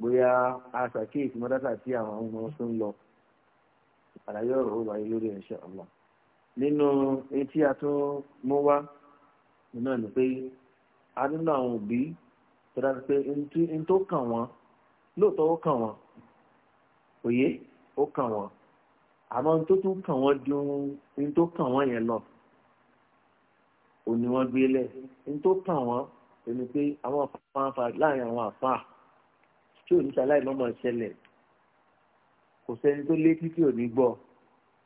bóyá a ṣàkíyèsí mọ́dúrásà tí àwọn ọmọ tó ń lọ àlàyé ọ̀rọ̀ ó wáyé lórí ẹ̀ṣẹ̀ ọ̀la nínú etí a tún mú wá náà ni pé a nínú àwọn òbí tó dájú pé n tó kàn wọ́n lóòótọ́ ó kàn wọ́n òye ó kàn wọ́n àmọ́ tó tún kàn wọ́n ju ní tó kàn wọ́n yẹn lọ òní wọ́n gbé lẹ̀ ní tó kàn wọ́n ẹni pé àwọn afáfá láàrin àwọn àfá tí ò ní sáláì mọ́mọ́ ṣẹlẹ̀ kò sẹ́ni tó létí tí ò ní gbọ́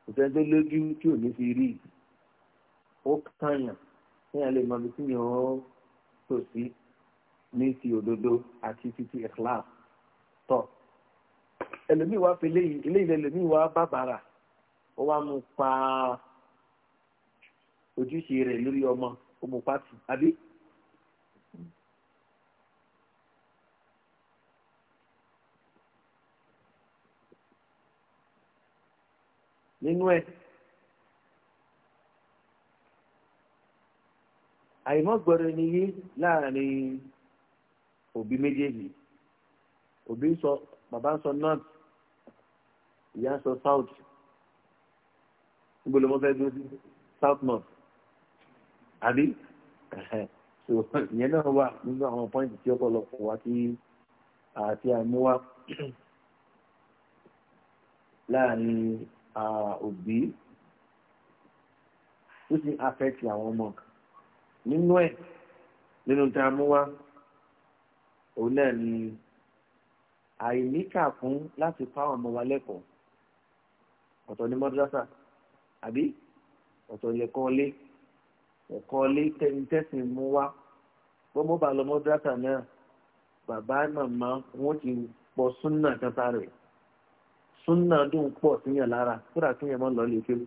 kò sẹ́ni tó lójú tí ò ní fi rí ó kàyàn kéèyàn lè mọ tí yàn ó tò sí ní ti òdodo àti títí ẹ̀kláà tọ̀ ẹlòmíì wá fi eléyìí eléyìí lẹ́lòmíì wá bàbàrà ó wá mú pa ojúṣe rẹ̀ lórí ọmọ ó mú pa tì àbí. nínú ẹ àìmọ́gbọ̀rọ̀ ni yé láàrin òbí méjèèjì òbí ń sọ bàbá ń sọ north ìyá ń sọ south níbo ló mọ́ fẹ́ dúró sí south north àbí ìyẹn náà wà nínú àwọn pọ́ìntì tí ọ̀pọ̀lọpọ̀ wa tí àti àmúwá láàrin òbí tó sì afẹ́tì àwọn ọmọ nínú ẹ̀ nínú tá a mú wá òun náà ni àìníkà fún láti fáwọn ọmọ wa lẹ́kọ̀ọ́ ọ̀tọ̀ ní mọ́dúrásà àbí ọ̀tọ̀ yẹ kọ́lé ẹ̀kọ́lé tẹ́sìn mú wá bọ́mọ́ bá lọ mọ́dúrátà náà bàbá màmá wọn ti pọ̀ súnà kẹta rẹ̀ súnà dùn pọ̀ síyàn lára kódà kíyàn mọ́ lọ́ọ́ lè kéwú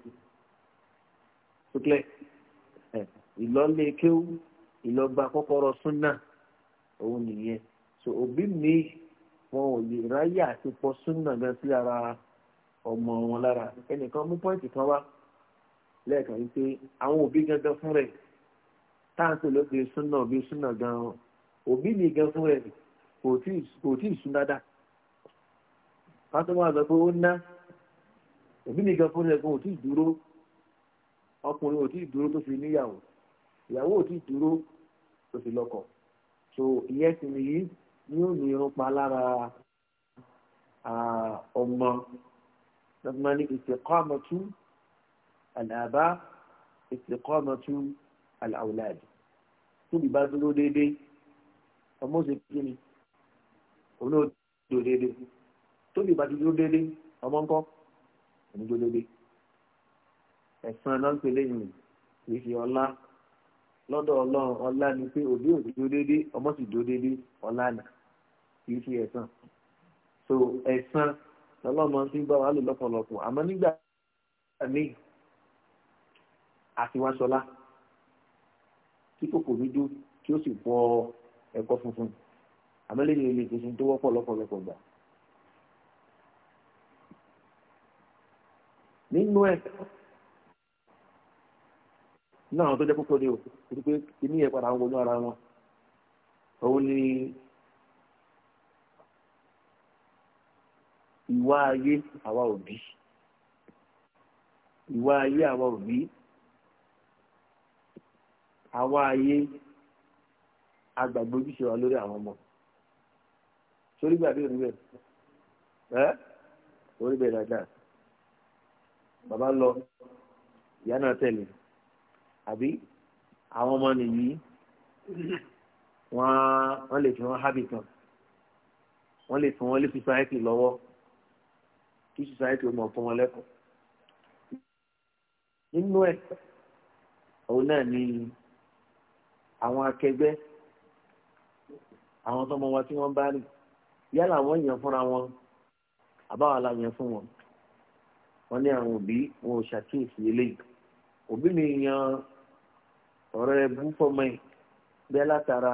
sókè ìlọ́lé kéwú ìlọ́gba kọ́kọ́rọ́ súnà òun nìyẹn so òbí mi wọn ò lè ráyè àti pọ̀ súnà gan sí ara ọmọ wọn lára ẹnìkan mú pọ́ìntì kan wá lẹ́ẹ̀kan yìí pé àwọn òbí gangan fún rẹ̀ táǹkì ló pe súnà bí súnà gan òbí mi gan fún rẹ̀ kò tí ì sún dáadáa pátó máa lọ pé ó ná òbí mi gan fún rẹ̀ kò tí ì dúró ọkùnrin ò tí ì dúró tó fi níyàwó ìyàwó ò tí ì dúró tó fi lọ́kọ so ìyẹn sì nìyí ni ó ní irun pa lára ọmọ lọ́gbọ́n ní ìsìnkọ́ àmọ́tún. الآباء ìtìkọ́mọ̀tú الأولاد. كل bá dúró déédéé ọmọ òsè kí ni òun náà dúró déédéé tóbi bá dúró déédéé ọmọ ńkọ́ òun dúró déédéé ẹ̀sán náà ń pè lẹ́yìn kì í ṣe ọlá lọ́dọ̀ ọlọ́run ọlá ni pé òbí òbí dúró déédéé ọmọ sì dúró déédéé ọlá nà kì í ẹ̀sán so ẹ̀sán lọ́lọ́mọ tí ń bá wa lò lọ́pọ̀lọpọ̀ àmọ́ nígbà míì àti wá sọlá kí kòkòrò jó kí ó sì bọ ẹ̀kọ funfun àmọ́lẹ́yìn ilé ìgbésí tó wọ́pọ̀ lọ́pọ̀lọpọ̀ gbà. nínú ẹ̀ náà tó jẹ́ púpọ̀ ní o torí pé kíní ẹ̀ padà ń wọnú ara wọn òun ni ìwà ayé àwa òbí ìwà ayé àwa òbí àwa ayé agbàgbé ojúṣe wa lórí àwọn ọmọ sórí gbàgbé òní bẹ ẹ orí bẹ dáadáa bàbá lọ ìyá náà tẹ̀lé àbí àwọn ọmọ nìyí wọ́n lè fi wọ́n hábì kan wọ́n lè fi wọ́n lé society lọ́wọ́ kí society ó mọ̀ fún wọn lẹ́kọ̀ọ́ nínú ẹ̀ òun náà ní àwọn akẹgbẹ́ àwọn tọmọ wa tí wọ́n bá rí yálà wọ́n yàn fúnra wọn àbáwá la yàn fún wọn wọ́n ní àwọn òbí wọn ò ṣàkíyèsí eléyìí òbí mi yan ọ̀rẹ́ bú fọmọ ẹ̀ bẹ́ẹ̀ látara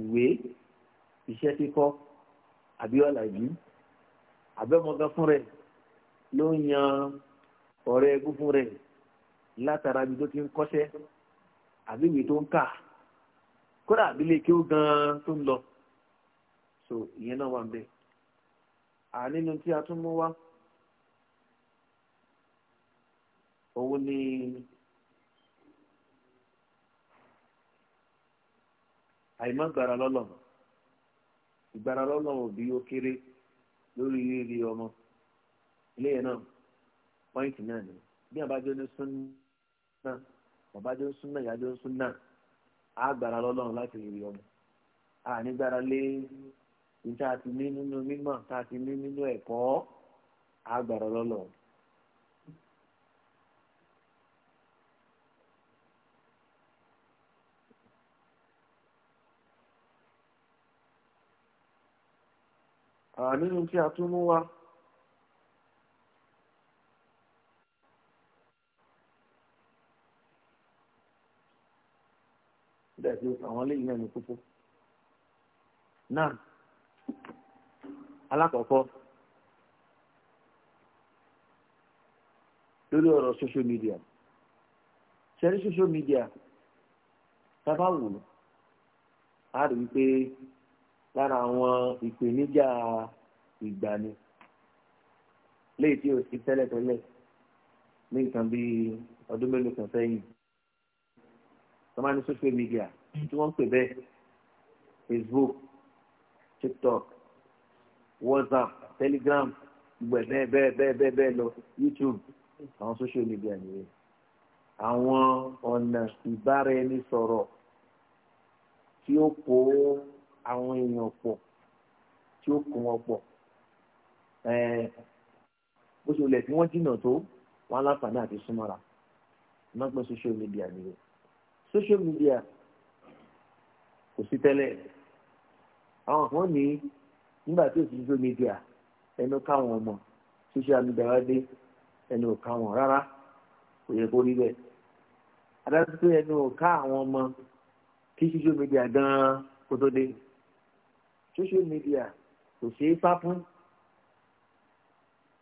ìwé iṣẹ́ kíkọ́ àbí ọ̀làjú àbẹ́mọ̀gá fún rẹ̀ ló ń yan ọ̀rẹ́ bú fún rẹ̀ látara ibi tó ti ń kọ́ṣẹ́ àbíwì tó ń kà kódà àbílẹ̀ kí ó gan-an tó ń lọ so ìyẹn náà wà ń bẹ à tí a tún mú wá òun ni àìmọ́ gbàrà lọ́lọ́mọ ìgbàrà lọ́lọ́mọ òbí ó kéré lórí rírí ọmọ ilé yẹn náà pọ́ìntì náà ni bí àbájọ ní sún náà bàbá jọ ń súnà ìyá jọ ń súnà á gbára lọ́lọ́run láti rí ọmọ a ní gbára lé níta ti ní nínú mímọ̀ tá a ti ní nínú ẹ̀kọ́ á lọ́lọ́run. nínú tí a tún mú wá dàbí àwọn eléyìí náà ní púpọ̀ náà alákọ̀ọ́kọ́ lórí ọ̀rọ̀ social media ṣẹ́rí social media sábà wù ú a rí i pé lára àwọn ìpèníjà ìgbani léyìí tí o ti tẹ́lẹ̀tẹ́lẹ̀ ní nǹkan bíi ọdún mélòó kan sẹ́yìn sọmọ ní social media tí wọ́n ń pè bẹ́ẹ̀ facebook tiktok whatsapp telegram gbogbo ẹ̀ bẹ́ẹ̀ bẹ́ẹ̀ bẹ́ẹ̀ bẹ́ẹ̀ lọ youtube àwọn social media nìyẹn àwọn ọ̀nà ìbáraẹnisọ̀rọ̀ tí ó kó àwọn èèyàn pọ̀ tí ó kó wọn pọ̀ bó ṣe lẹ̀ tí wọ́n jìnnà tó wọn aláǹfààní àti súnmọ́ra náà pé social media nìyẹn social media kò sí tẹ́lẹ̀ àwọn kan ní nígbà tí òsì social media ẹnu káwọn ọmọ social media wá dé ẹnu ò káwọn rárá kò yẹ kó rí bẹ́ẹ̀ adájọ́ pé ẹnu ká àwọn ọmọ kí social media gan-an kó tó dé social media kò ṣeé sá fún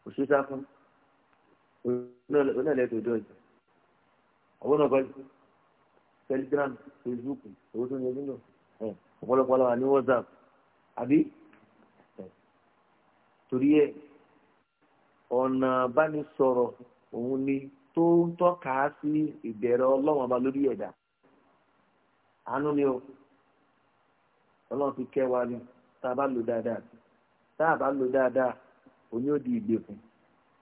kò ṣeé sá fún onílẹ̀ tó dọ̀jọ́ àwọn náà kọ́ telegram facebook owó tó ń yọjú náà ọ̀pọ̀lọpọ̀ la wà ní whatsapp àbí torí ẹ̀ ọ̀nà bánisọ̀rọ̀ òun ni tó ń tọ́ka sí ìbẹ̀rẹ̀ ọlọ́wọ́n ọba lórí ẹ̀dá àánú ni o ọlọ́run ti kẹ́ wa ni tá a bá lò dáadáa tá a bá lò dáadáa òní ó di ìgbèkùn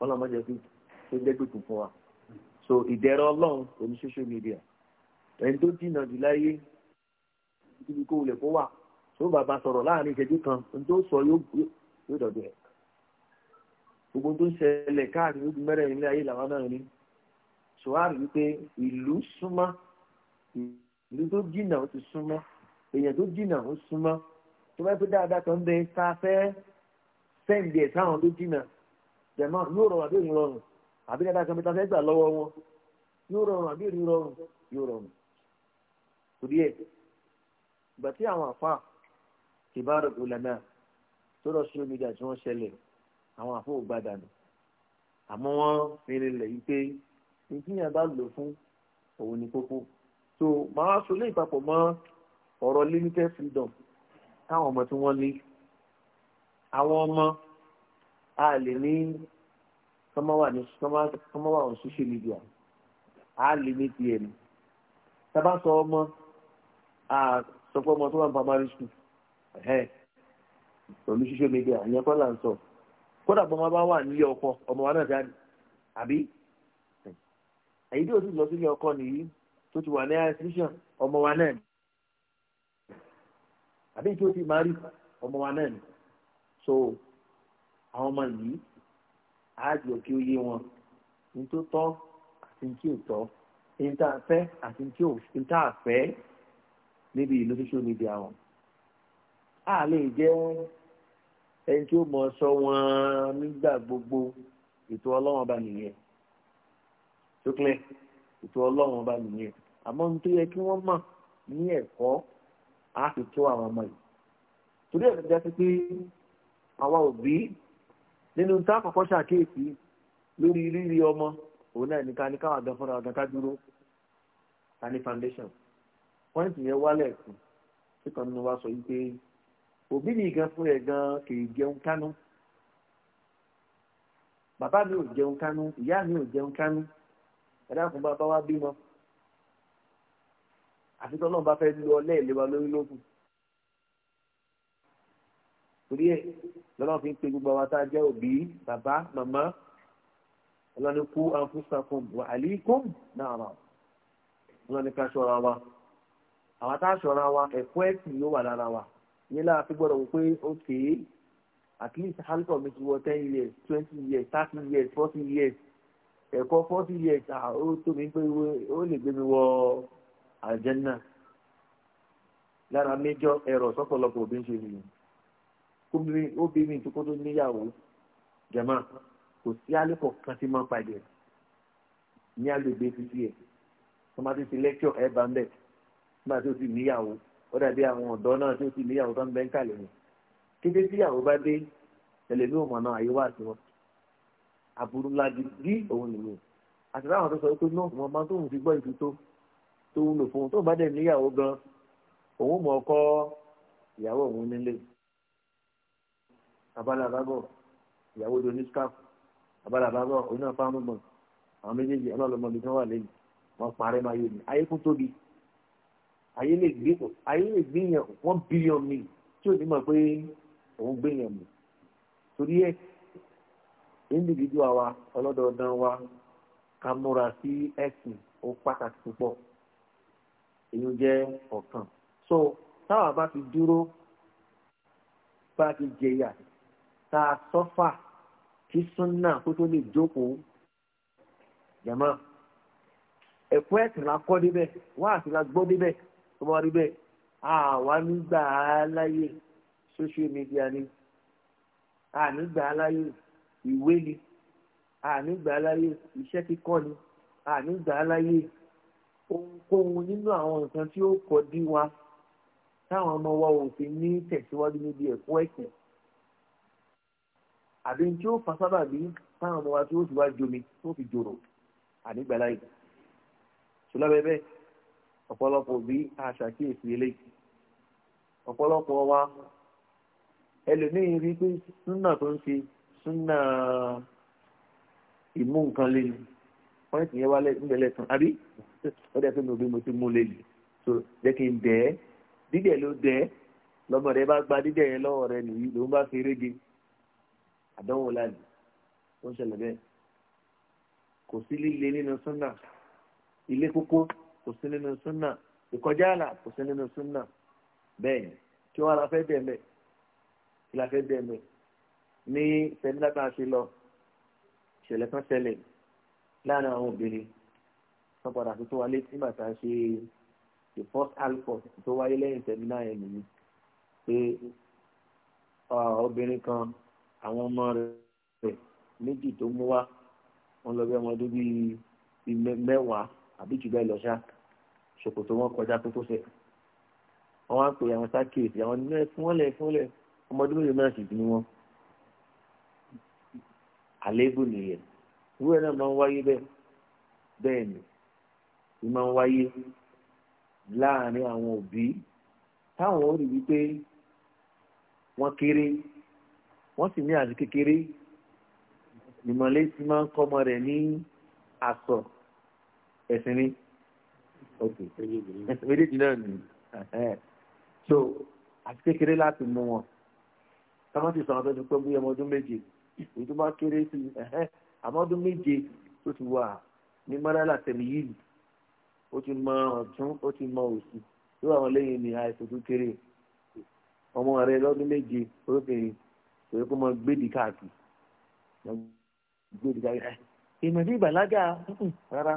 ọlọ́run má jẹ́ kí ó jẹ́ fún wa so ìdẹ̀rẹ̀ ọlọ́run oní media ẹni tó jìnnà jù láyé níbi kó wulẹ̀ kó wà tó bàbá sọ̀rọ̀ láàrin ìṣẹ́jú kan ohun tó sọ yóò dọ̀dọ̀ ẹ̀ gbogbo tó ń ṣẹlẹ̀ káàkiri ó di mẹ́rẹ̀ẹ̀rin ilé ayé làwọn náà ní ṣùgbọ́n wípé ìlú súnmọ́ ìlú tó jìnnà ó ti súnmọ́ èèyàn tó jìnnà ó súnmọ́ tó bá pẹ́ dáadáa kan bẹ ká fẹ́ sẹ́ǹdì ẹ̀ sáwọn tó jìnnà jẹ̀mọ́ yóò rọrùn àbí òní rọrùn àbí dáadáa kan bẹ ká fẹ́ gbà lọ́wọ́ wọn yóò rọrùn àbí òní rọrùn yóò rọrùn torí ẹ̀ ìgbà tí àwọn àfa kìbáàrò ulama tó lọ sí omi ìjà tí wọ́n ṣẹlẹ̀ àwọn àfa ò gbàdà nù àmọ́ wọ́n fi rinlẹ̀ yìí pé ìpínyà bá lò fún òun ní kókó so màá so lé ìpapọ̀ mọ́ ọ̀rọ̀ limited freedom táwọn ọmọ tí wọ́n ní àwọn ọmọ a lè ní kọ́mọ́wà ní kọ́mọ́wà on social media a lè ní tiẹ̀ ní tá sọ ọmọ sọ fún ọmọ tó wà ní primary school pẹ̀lú social media ìyẹn kọ́ là ń sọ kódà bọ́n máa bá wà nílé ọkọ ọmọ wa náà jáde àbí èyí tí o sì lọ sílé ọkọ nìyí tó ti wà ní institution ọmọ wa náà ni àbí tí o ti máa rí ọmọ wa náà ni so àwọn ọmọ yìí á jọ kí ó yé wọn ní tó tọ́ àti ní tí ò tọ́ ní tá a fẹ́ àti ní tí ò fẹ́ níbi ìlú social media wọn a lè jẹ́ ẹni tí ó mọ̀ sọ wọn nígbà gbogbo ètò ọlọ́wọ́n bá nìyẹn tókìlẹ̀ ètò ọlọ́wọ́n bá nìyẹn àmọ́ ní tó yẹ kí wọ́n mọ̀ ní ẹ̀kọ́ á fi tó àwọn ọmọ yìí torí ẹ̀rọ jẹ́ pé àwa òbí nínú tá àkọ́kọ́ ṣàkíyèsí lórí rírí ọmọ òun náà ní ká ní káwọn àgbà fúnra dúró ká ní foundation pọ́ìntì yẹn wálẹ̀ kù tí kan nínú wa sọ yìí pé òbí mi gan fún ẹ gan kìí jẹun kánú bàbá mi ò jẹun kánú ìyá mi ò jẹun kánú ẹ̀dá fún bàbá wa bímọ àfi tí ọlọ́run bá fẹ́ lu ọlẹ́ ìlera lórí lókun torí ẹ lọ́nà fi ń pe gbogbo àwọn tá òbí bàbá màmá ọlọ́ni kú anfusakum wa alikum náà ọlọ́ni ká ṣọ́ra wa àwọn tá a ṣọ́ra wa ẹ̀kọ́ ẹ̀sìn ló wà lára wa yẹn lára fi gbọ́dọ̀ wò pé ok at least halkọ mi ti wọ ten years twenty years thirty years forty years ẹ̀kọ́ forty years ó tó mi pé ó lè gbé mi wọ àjẹ́nà lára méjọ ẹ̀rọ sọ́pọ̀lọpọ̀ òbí ń ṣe nìyẹn ó bí mi ìtukọ́ tó níyàwó jẹ̀mọ́ kò sí alẹ́kọ̀ọ́ kan tí máa ń pàdé ní agbègbè títí ẹ̀ tọ́mátì ti lẹ́kṣọ̀ ẹ̀ bá ń bẹ̀ nígbà tó ti níyàwó ó dàbí àwọn ọ̀dọ́ náà tó ti níyàwó tó ń bẹ́ ń kàlẹ̀ wọn kété tíyàwó bá dé ẹlẹ́mí ò mọ̀ náà àyè wà sí wọn aburú ńlá gidi òun nìyẹn àti láwọn tó sọ pé náà mo máa tóun ti gbọ́ ìtútó tó wúlò fún un tóun bá dẹ̀ níyàwó gan òun mọ̀ ọkọ ìyàwó òun nílé abalabagọ ìyàwó do ní scarf oní àfáàmùgbọn àwọn méjèèjì ọlọ́ọ̀lọ́mọbi tí wọ́n wà lẹ́yìn wọ́n parẹ́ máa yé mi ayé kún tóbi ayé lè gbé ayé lè gbé yàn one billion mil tí ò ní mọ̀ pé òun gbé yàn mì torí ẹ̀ individual wa ọlọ́dọọdán wa ká múra sí ẹ̀sìn ó pàtàkì púpọ̀ èyí jẹ́ ọ̀kan so táwa bá ti dúró bá ti jẹyà tá a sọ́fà kí súnà kó tó lè jókòó jàmọ́ ẹ̀kọ́ ẹ̀sìn la kọ́ débẹ̀ wáàsí la gbọ́ débẹ̀ tó bá rí bẹ́ẹ̀ àwa nígbà aláyè social media ni ànígbà aláyè ìwé ni ànígbà aláyè iṣẹ́ kíkọ́ ni ànígbà aláyè ohunkóhun nínú àwọn nǹkan tí ó kọ dí wa táwọn ọmọ wa ò fi ní tẹ̀síwájú níbi ẹ̀kọ́ ẹ̀kọ́ àbí tí ó fa sábà bí táwọn ọmọ wa tí ó ti wá jomi tó fi jòrò ànígbà aláyè ṣùgbọ́n bẹ́ẹ̀ bẹ́ẹ̀ ọ̀pọ̀lọpọ̀ òbí àṣàkíyèsí eléyìí ọ̀pọ̀lọpọ̀ wa ẹlòmíín rí pé súnà tó ń ṣe súnà ìmú nǹkan lé ni wọ́n ti yẹn wá nílẹ̀ tán àbí ó dẹ́ pé mi ò bí mo ti mú lé yìí so jẹ́ kí n dẹ́ ẹ́ dídẹ̀ ló dẹ́ ẹ́ lọ́mọ rẹ bá gba dídẹ̀ yẹn lọ́wọ́ rẹ nìyí ló ń bá fi rége àdánwò láàyè ó ń ṣẹlẹ̀ bẹ́ẹ̀ kò sí líle nínú súnà ilé kókó kò sí nínú súnà ìkọjá àlà kò sí nínú súnà bẹ́ẹ̀ ni kí wọ́n la fẹ́ bẹ̀ mẹ́ kí la fẹ́ bẹ̀ mẹ́ ní sẹ́mílátà ṣe lọ ìṣẹ̀lẹ̀ kan ṣẹlẹ̀ láàrin àwọn obìnrin wọ́n padà tó wa létí màtá ṣe the first alcohol tó wáyé lẹ́yìn sẹ́mínà yẹn nìyí pé obìnrin kan àwọn ọmọ rẹ̀ méjì tó mú wá wọ́n lọ bí ọmọ ọdún bíi àbí jù bẹ́ẹ̀ lọ ṣá ṣòkòtò wọn kọjá tó tó sẹ̀ wọ́n wá ń pè àwọn sákèèsì àwọn nínú ẹ̀ fúnlẹ̀ fúnlẹ̀ ọmọdún mélòó náà sì ní wọn àléébù nìyẹn ìwé náà máa ń wáyé bẹ́ẹ̀ bẹ́ẹ̀ ni ì máa ń wáyé láàárín àwọn òbí táwọn ó rí wípé wọ́n kéré wọ́n sì ní àti kékeré ìmọ̀lẹ́sí máa ń kọ́ ọmọ rẹ̀ ní àsọ̀ ẹ̀sìn ni ok ẹ̀sìn méjèèjì náà nì so àti kékeré láti mú wọn támátì sọ̀rọ̀ tó ti pẹ́ bí ọmọ ọdún méje èyí tó bá kéré sí àmọ́ ọdún méje tó ti wà ní mọ́dálà tẹ̀lé yìí ó ti mọ ọ̀tún ó ti mọ òsì irú àwọn lẹ́yìn ní àìsàn tó kéré ọmọ rẹ lọ́dún méje olóbìnrin kò yẹ kó mọ gbèdì káàkiri gbèdì káàkiri ìmọ̀ sí ìgbàlágà rárá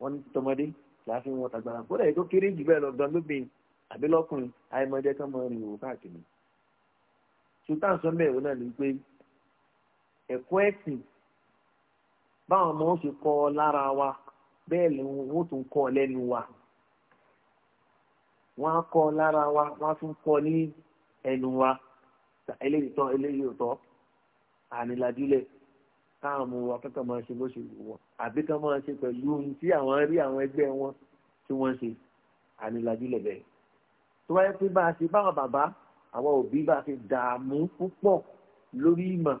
wọ́n ní tọmọdé láti wọn tàgbàrà kó ego tó kéré jù bẹ́ẹ̀ lọ lóbìn àbí àìmọ̀jẹ́ kan mọ rìn òwò káàkiri sultan sọ mẹ́rin náà báwọn ọmọ wọn lára wa bẹ́ẹ̀ ni wọ́n tún kọ́ lẹ́nu wa wọ́n á kọ́ lára wa wọ́n á táwọn ọmọ wa kọ́kọ́ máa ṣe bó ṣe wù wọ́n àbí kán máa ṣe pẹ̀lú ohun tí àwọn rí àwọn ẹgbẹ́ wọn tí wọ́n ṣe ànilájúlẹ̀ bẹ́ẹ̀. tó wáyé pé bá a ṣe báwọn bàbá àwọn òbí bá a ṣe dààmú púpọ̀ lórí ìmọ̀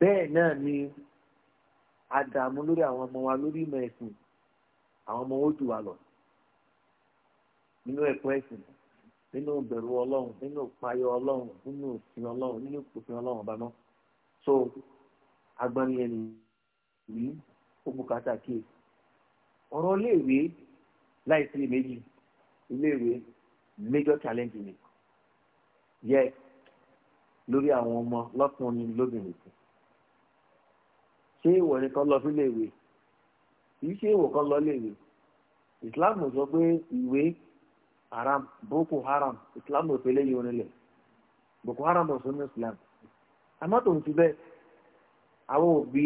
bẹ́ẹ̀ náà ni a dààmú lórí àwọn ọmọ wa lórí ìmọ̀ ẹ̀sìn àwọn ọmọ ó jù wá lọ nínú ẹ̀kọ́ ẹ̀sìn nínú ìbẹ̀rù ọlọ́run nínú ìpayọ ọlọ́run nínú òfin ọlọ́run nínú ìpòfin ọlọ́run ọba náà so agbọ́nrí ẹni rí ó bùkátà kíyè ọ̀rọ̀ iléèwé láìsí méjì iléèwé major challenge ni yẹ lórí àwọn ọmọ lọ́kùnrin lóbìnrin kù ṣé ìwọ ni lọ sí iléèwé kì í ṣe ìwọ kán lọ iléèwé Islam sọ pé ìwé haram Boko Haram Islam ò fẹlẹ́ yìí onílẹ̀ Boko Haram ò ní Islam àmọ́ tòun ti bẹ́ẹ̀ àwọn òbí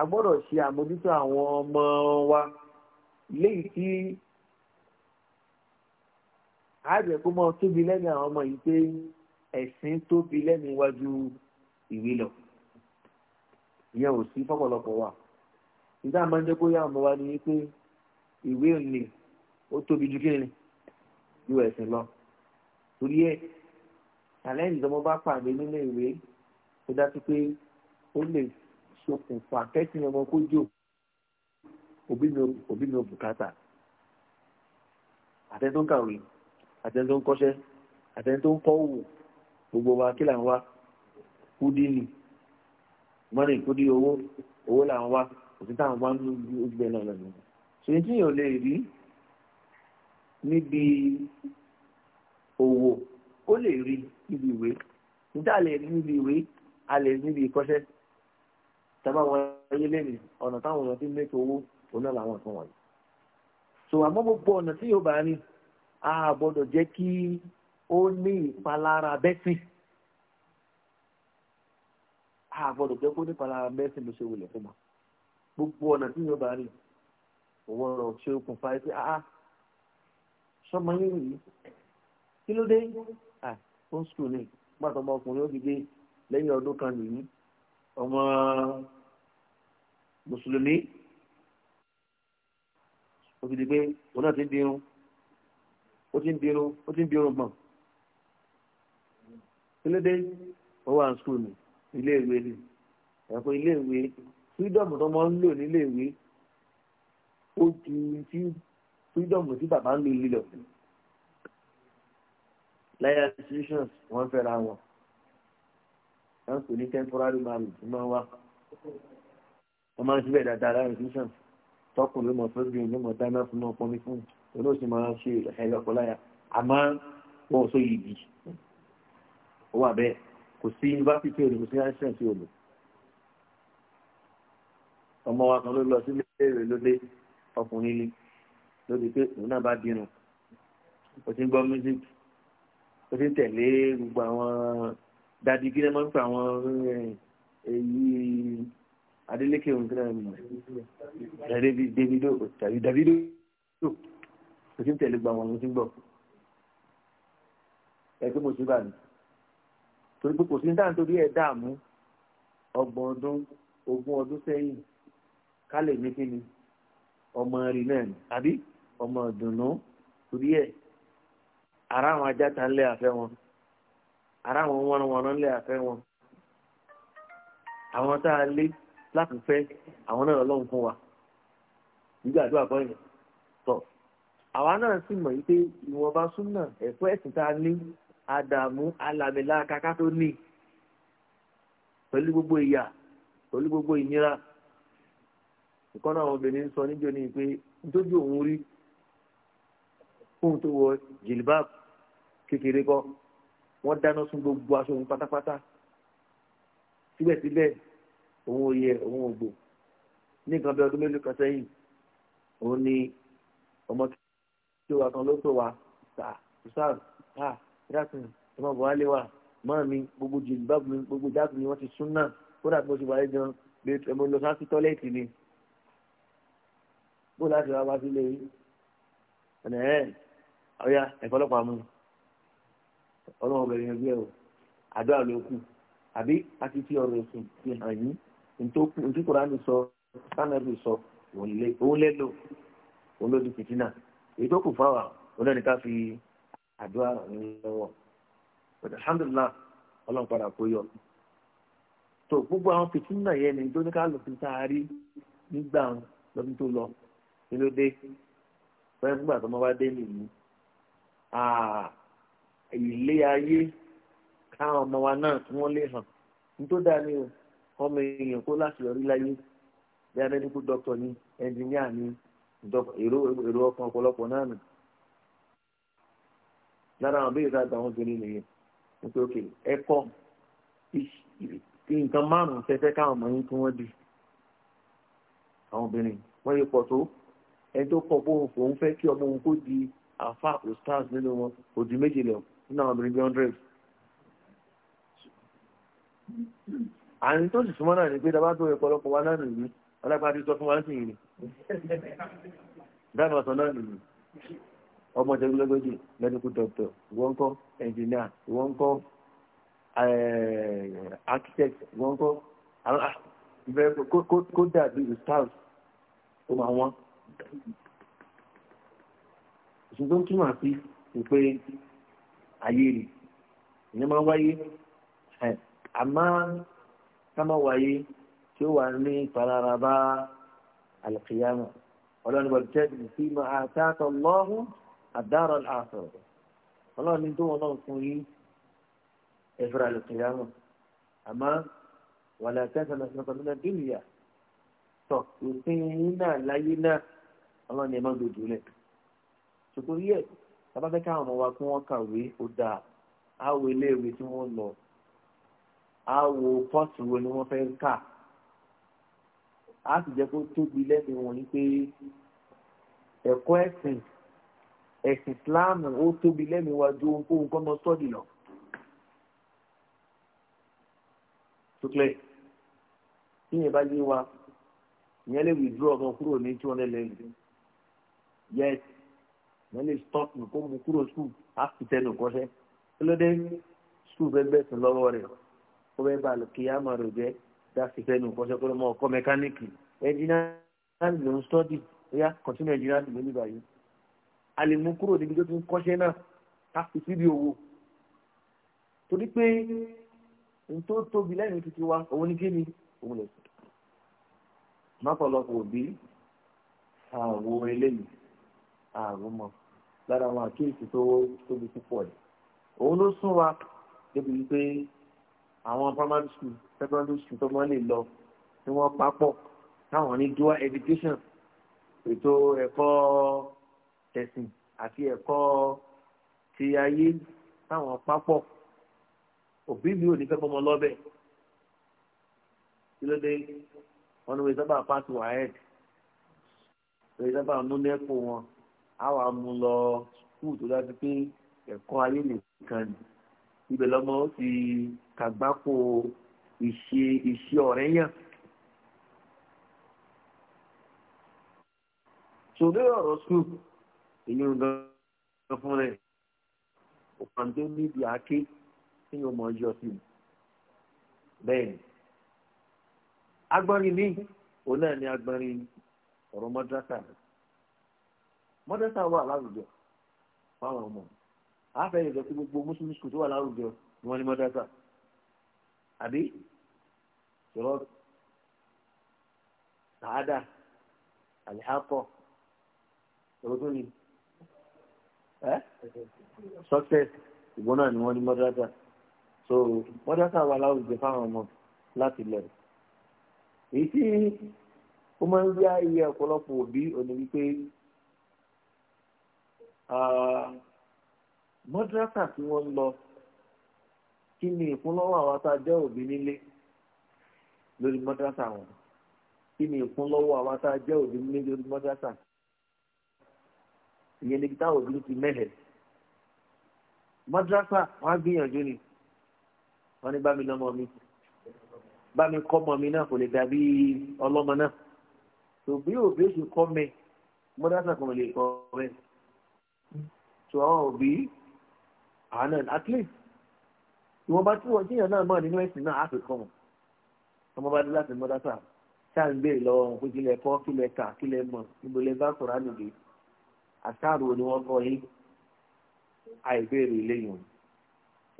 a gbọ́dọ̀ ṣe àmójútó àwọn ọmọ wa léyìí tí àjẹ kó mọ tóbi lẹ́nu àwọn ọmọ yìí pé ẹ̀sìn tóbi lẹ́nu iwájú ìwé lọ ìyẹn ò sí fọ́pọ̀lọpọ̀ wa ìdá máa ń jẹ́ kó yá ọmọ wa ni pé ìwé òní ó tóbi ju kíni ju ẹ̀sìn lọ torí ẹ̀ àlẹ́ ìdánwò bá pàdé nílé ìwé tó dá pé ó lè ṣokùnfà kẹ́sìn ọmọ kó jò òbí mi ò bùkátà àtẹ́ntó ń kàwé àtẹ́ntó ń kọ́ṣẹ́ àtẹ́ntó ń kọ́ òwò gbogbo wa kí là ń wá kúdí ni mọ́nì kúdí owó owó là ń wá òtún táwọn wá ní ojúbẹ náà lọ́nà ṣèyí tí yóò lè rí níbi òwò ó lè rí níbi ìwé níta lè rí níbi ìwé a lè rí níbi ìkọ́ṣẹ́ tẹ́bá wọn ayé lẹ́nu ọ̀nà táwọn èèyàn ti ń mẹ́tò owó oná làwọn nǹkan wọ̀nyí. so àmọ́ gbogbo ọ̀nà tí yóò bá ní a gbọ́dọ̀ jẹ́ kí ó ní ìpalára bẹ́sìn a gbọ́dọ̀ jẹ́ kó ní ìpalára bẹ́sìn ló ṣe wulẹ̀ fún wa gbogbo ọ̀nà tí yóò bá ní òwò ọ̀rọ̀ ṣe okùnfà ẹ pé a ah, sọmọ ah, yín rèé kí ló dé à ó ní gbàtọ́ ọmọkùnrin ó fi dé lẹ́yìn ọdún kan nìyí ọmọ mùsùlùmí ó ti di pé òun náà ti ń dirun ó ti ń dirun ó ti ń dirun gbọ̀n kílódé ó wà ní skul ní iléèwé ni ẹ̀kọ́ iléèwé fídọ̀mù tó máa ń lò níléèwé ó ju tí fídọ̀mù tí bàbá ń lò lílọ láyé institutions wọ́n fẹ́ra wọn wọ́n pè ní temporary marriage máa wá wọ́n máa ń síbẹ̀ dáadáa láàrin tuition tọkùn ló mọ̀ fẹ́ẹ́ ló mọ̀ dáná fún náà pọ́nmi fún òun ó sì máa ṣe ẹlọ́pọ̀ láyà àmọ́ wọn ò sọ yìí bì ó wà bẹ́ẹ̀ kò sí yunifásitì òní kò sí àìsàn tí o lò ọmọ wa kan ló lọ sílé ìwé lóde ọkùnrin ni lóde pé òun náà bá dirun ó ti ń gbọ́ music ó ti ń tẹ̀lé gbogbo àwọn dadi kí ni wọ́n ń pa àwọn eh, èyí. Adeleke òǹkìlá mi Davido tàbí Davido kò sí tẹ̀lé gba wọn lọ́sí gbọ́ ẹgbẹ́ mo ṣe bá mi torí pé kò sí dáhùn torí ẹ̀ dààmú ọgbọ̀n ọdún ogún ọdún sẹ́yìn ká lè ní kíni ọmọ rí náà ni àbí ọmọ ìdùnnú torí ẹ̀ ara àwọn ajá ta ń lé àfẹ́ wọn ara àwọn wọnranwọnran ń lé àfẹ́ wọn àwọn tá a lé láti fẹ́ àwọn náà lọ́n fún wa gbígbàdúrà kọ́ yẹn tọ̀ àwa náà sì mọ̀ wípé ìwọ̀nba súnà ẹ̀kọ́ ẹ̀sìn tá a ní àdààmú alàmìlàkà ká tó ní pẹ̀lú gbogbo ìyà pẹ̀lú gbogbo ìnira ìkọ́nà àwọn obìnrin sọ níjọ́ ni pé nítorí òun rí fóun tó wọ jìlìbáàbù kékeré kọ́ wọ́n dáná sun gbogbo aṣọ òun pátápátá síbẹ̀síbẹ̀ òun òye òun ògbò ní nǹkan bí ọdún mélòó kan sẹ́yìn òun ni ọmọ tí ó wà kan ló pè wá sà sà sà yàtọ̀ ọmọ buhari wà mọ́ mi gbogbo jìnnì báàbù mi gbogbo jáàbù mi wọ́n ti sún náà kódà bí mo ti wáyé gan bí mo lọ sáà tọ́lẹ́ẹ̀tì ni bó láti wá wá sílé yìí ọ̀nà ẹ̀ ọ̀ya ẹ̀fọ́lọ́pàá mú ọlọ́run ọbẹ̀ yẹn bí ẹ̀ o àdó àlòkù àbí àti tí ọ̀rọ̀ òsùn fi hàn yín ntí kùránì sọ sanabi sọ òun lẹ́lò òun ló di fìtínà èyí tó kù fáwà òun náà ní ká fi àdúrà ràn lọ́wọ́ alhamdulilah ọlọ́run padà kó yọ tó gbogbo àwọn fìtínà yẹn ni tó ní ká lò fún taari nígbà lọ́dún tó lọ kí ló dé fẹ́ẹ́ fúgbà tó máa wá dé nìyí ilé ayé káwọn ọmọ wa náà tí wọ́n lè hàn ní tó dáa ní o ọmọ èèyàn kó láti yọrí láyé bí amẹ́díkù dọ́kítọ̀ ni ẹnjìníà ni èrò ọkàn ọ̀pọ̀lọpọ̀ náà nù. lára àwọn béèrè àgbà wọn gbẹ̀rẹ̀ nìyẹn nípa òkè ẹ̀kọ́ nǹkan márùn-ún tẹ́tẹ́ káwọn ọmọ yín kí wọ́n di àwọn obìnrin wọ́n yẹ pọ̀ tó ẹni tó pọ̀ bóun kò ń fẹ́ kí ọmọ òun kó di àfa ostars nínú wọn kò di méjì lọ nínú àwọn obìnrin bíi àní tó sì súnmọ́ náà ni pé dábàá tó ọ̀pọ̀lọpọ̀ wa náà nìyí ọlágbádé sọ fún wa sí ìrìn dáná ọ̀sán náà nìyí ọmọ tẹgbẹlẹgbẹjì medical doctor ìwọ ńkọ́ engineer ìwọ ńkọ́ eh, architect ìwọ ńkọ́ ah, kó dàbí stars ó máa wọ́n òsùn tó ń túmọ̀ sí pé ayé rẹ̀ ìyẹn máa ń wáyé eh, àmọ́ sábà wáyé tí ó wà ní ìpalára bá àlùkìyàmù ọlọ́run bọ̀ jẹ́ ìsí ma àtàtọ̀ lọ́hùn àdárọ̀ àtọ̀rọ̀ ọlọ́run ní tó wọn náà fún yín ẹ̀fọ́ra àlùkìyàmù àmọ́ wàlẹ̀ àtẹ́sán náà sọ̀tọ̀ nínú dúnìyà tọ̀ òfin yín náà láyé náà ọlọ́run ẹ̀ má gbòdò rẹ̀ tòkòrí ẹ̀ tábàfẹ́ káwọn ọmọ wa kí wọ́n kàwé ó dáa áwọ iléèwé tí wọ́n lọ á wo pọ́ọ̀tù wo ni wọ́n fẹ́ kà á sì jẹ́ kó tóbi lẹ́nu wọn ni pé ẹ̀kọ́ ẹ̀sìn ẹ̀sìn Islam ó tóbi lẹ́nu wa ju ohunkóhun kọ́ mọ́ sọ́ọ̀dì lọ. tókẹ́ tíyẹn bá yé wa ìyẹn lè withdraw ọmọ kúrò ní two hundred level yes ìyẹn lè stop nǹkan mú kúrò school a fi tẹnu kọ́ṣẹ́ kí ló dé school fẹ́ bẹ̀sùn lọ́wọ́ rẹ̀ o ó fẹ́ bá àlùkìyàmọ̀ rẹ̀ jẹ́ dáàsì fẹ́nu fọṣọ pé ọmọ ọkọ mẹkáníìkì ẹnjìníràn ló ń stọ́dì bóyá kọ̀tún ẹnjìníràn ló ní báyìí a lè mú kúrò níbi tó ti ń kọ́ṣẹ́ náà ká fi síbi òwò torí pé n tó tóbi lẹ́yìn títí wa òun ní kíni òun lè sùn mọ́pọ̀lọpọ̀ òbí àwo eléyìí àrùn mọ́ lára àwọn àkíyèsí tó tóbi púpọ̀ yìí òun ló sún wa débi wípé àwọn primary school secondary school tó wọ́n lè lọ tí wọ́n papọ̀ táwọn ní dual education ètò ẹ̀kọ́ tẹ̀sìn àti ẹ̀kọ́ ti ayé táwọn papọ̀ òbí mi ò ní fẹ́ bọ́mọ lọ́bẹ̀ kí ló dé wọn ni wọ́n sábà pass waec wọ́n sábà mú nẹ́pọ̀ wọn á wàá mú lọ skul tó dájú pé ẹ̀kọ́ ayé nìkan ni ibẹ̀ lọ́mọ ó ti kàgbákò ìṣe ìṣe ọ̀rẹ́ yàn. sòdé ọ̀rọ̀ skul èyí ń gan fún rẹ̀ òpàn tó níbi àáké tí yóò mọ ọjọ́ sí i bẹ́ẹ̀ ni agbọ́nrin mi òun náà ni agbọ́nrin ọ̀rọ̀ mọ́dásà mọ́dásà wà láwùjọ fáwọn ọmọ mi àfẹ́yìn sọ pé gbogbo mùsùlùmí skul tó wà láwùjọ ni wọ́n ní mọ́dásà àbí sọ̀rọ̀ sàádà àlìhákọ̀ sọ̀rọ̀ tó ní ẹ́ success ìgbọ́n náà ni wọ́n ní mọ́dásà so mọ́dásà wà láwùjọ fáwọn ọmọ láti lẹ̀ èyí tí ó máa ń yá iye ọ̀pọ̀lọpọ̀ òbí òní wípé mọ́dúrásà tí wọ́n ń lọ kí ni ìkúnlọ́wọ́ àwọn tá a jẹ́ òbí nílé lórí mọ́dúrásà wọn kí ni ìkúnlọ́wọ́ àwọn tá òbí nílé lórí mọ́dúrásà ìyẹn ni táwọn òbí ti mẹ́lẹ̀ mọ́dúrásà wọ́n á gbìyànjú ni wọ́n ní bá mi lọ́mọ mi bá mi kọ́ ọmọ mi náà kò lè dàbí ọlọ́mọ náà tòbí òbí ó sì kọ́ mi mọ́dúrásà kò lè kọ́ mi tòun àwọn òbí àánà at least ìwọ̀nba tí wọ́n tíyàn náà mọ̀ nínú ẹ̀sìn náà á fi kọ́ wọn ọmọ bá dé láti mọ́dásà ṣáà ń béèrè lọ́wọ́ wọn pé kí lẹ kọ́ kí lẹ kà kí lẹ mọ̀ níbo lẹ bá sọ̀rọ̀ ànìdè àṣàrò ni wọ́n kọ́ yín àìbéèrè lẹ́yìn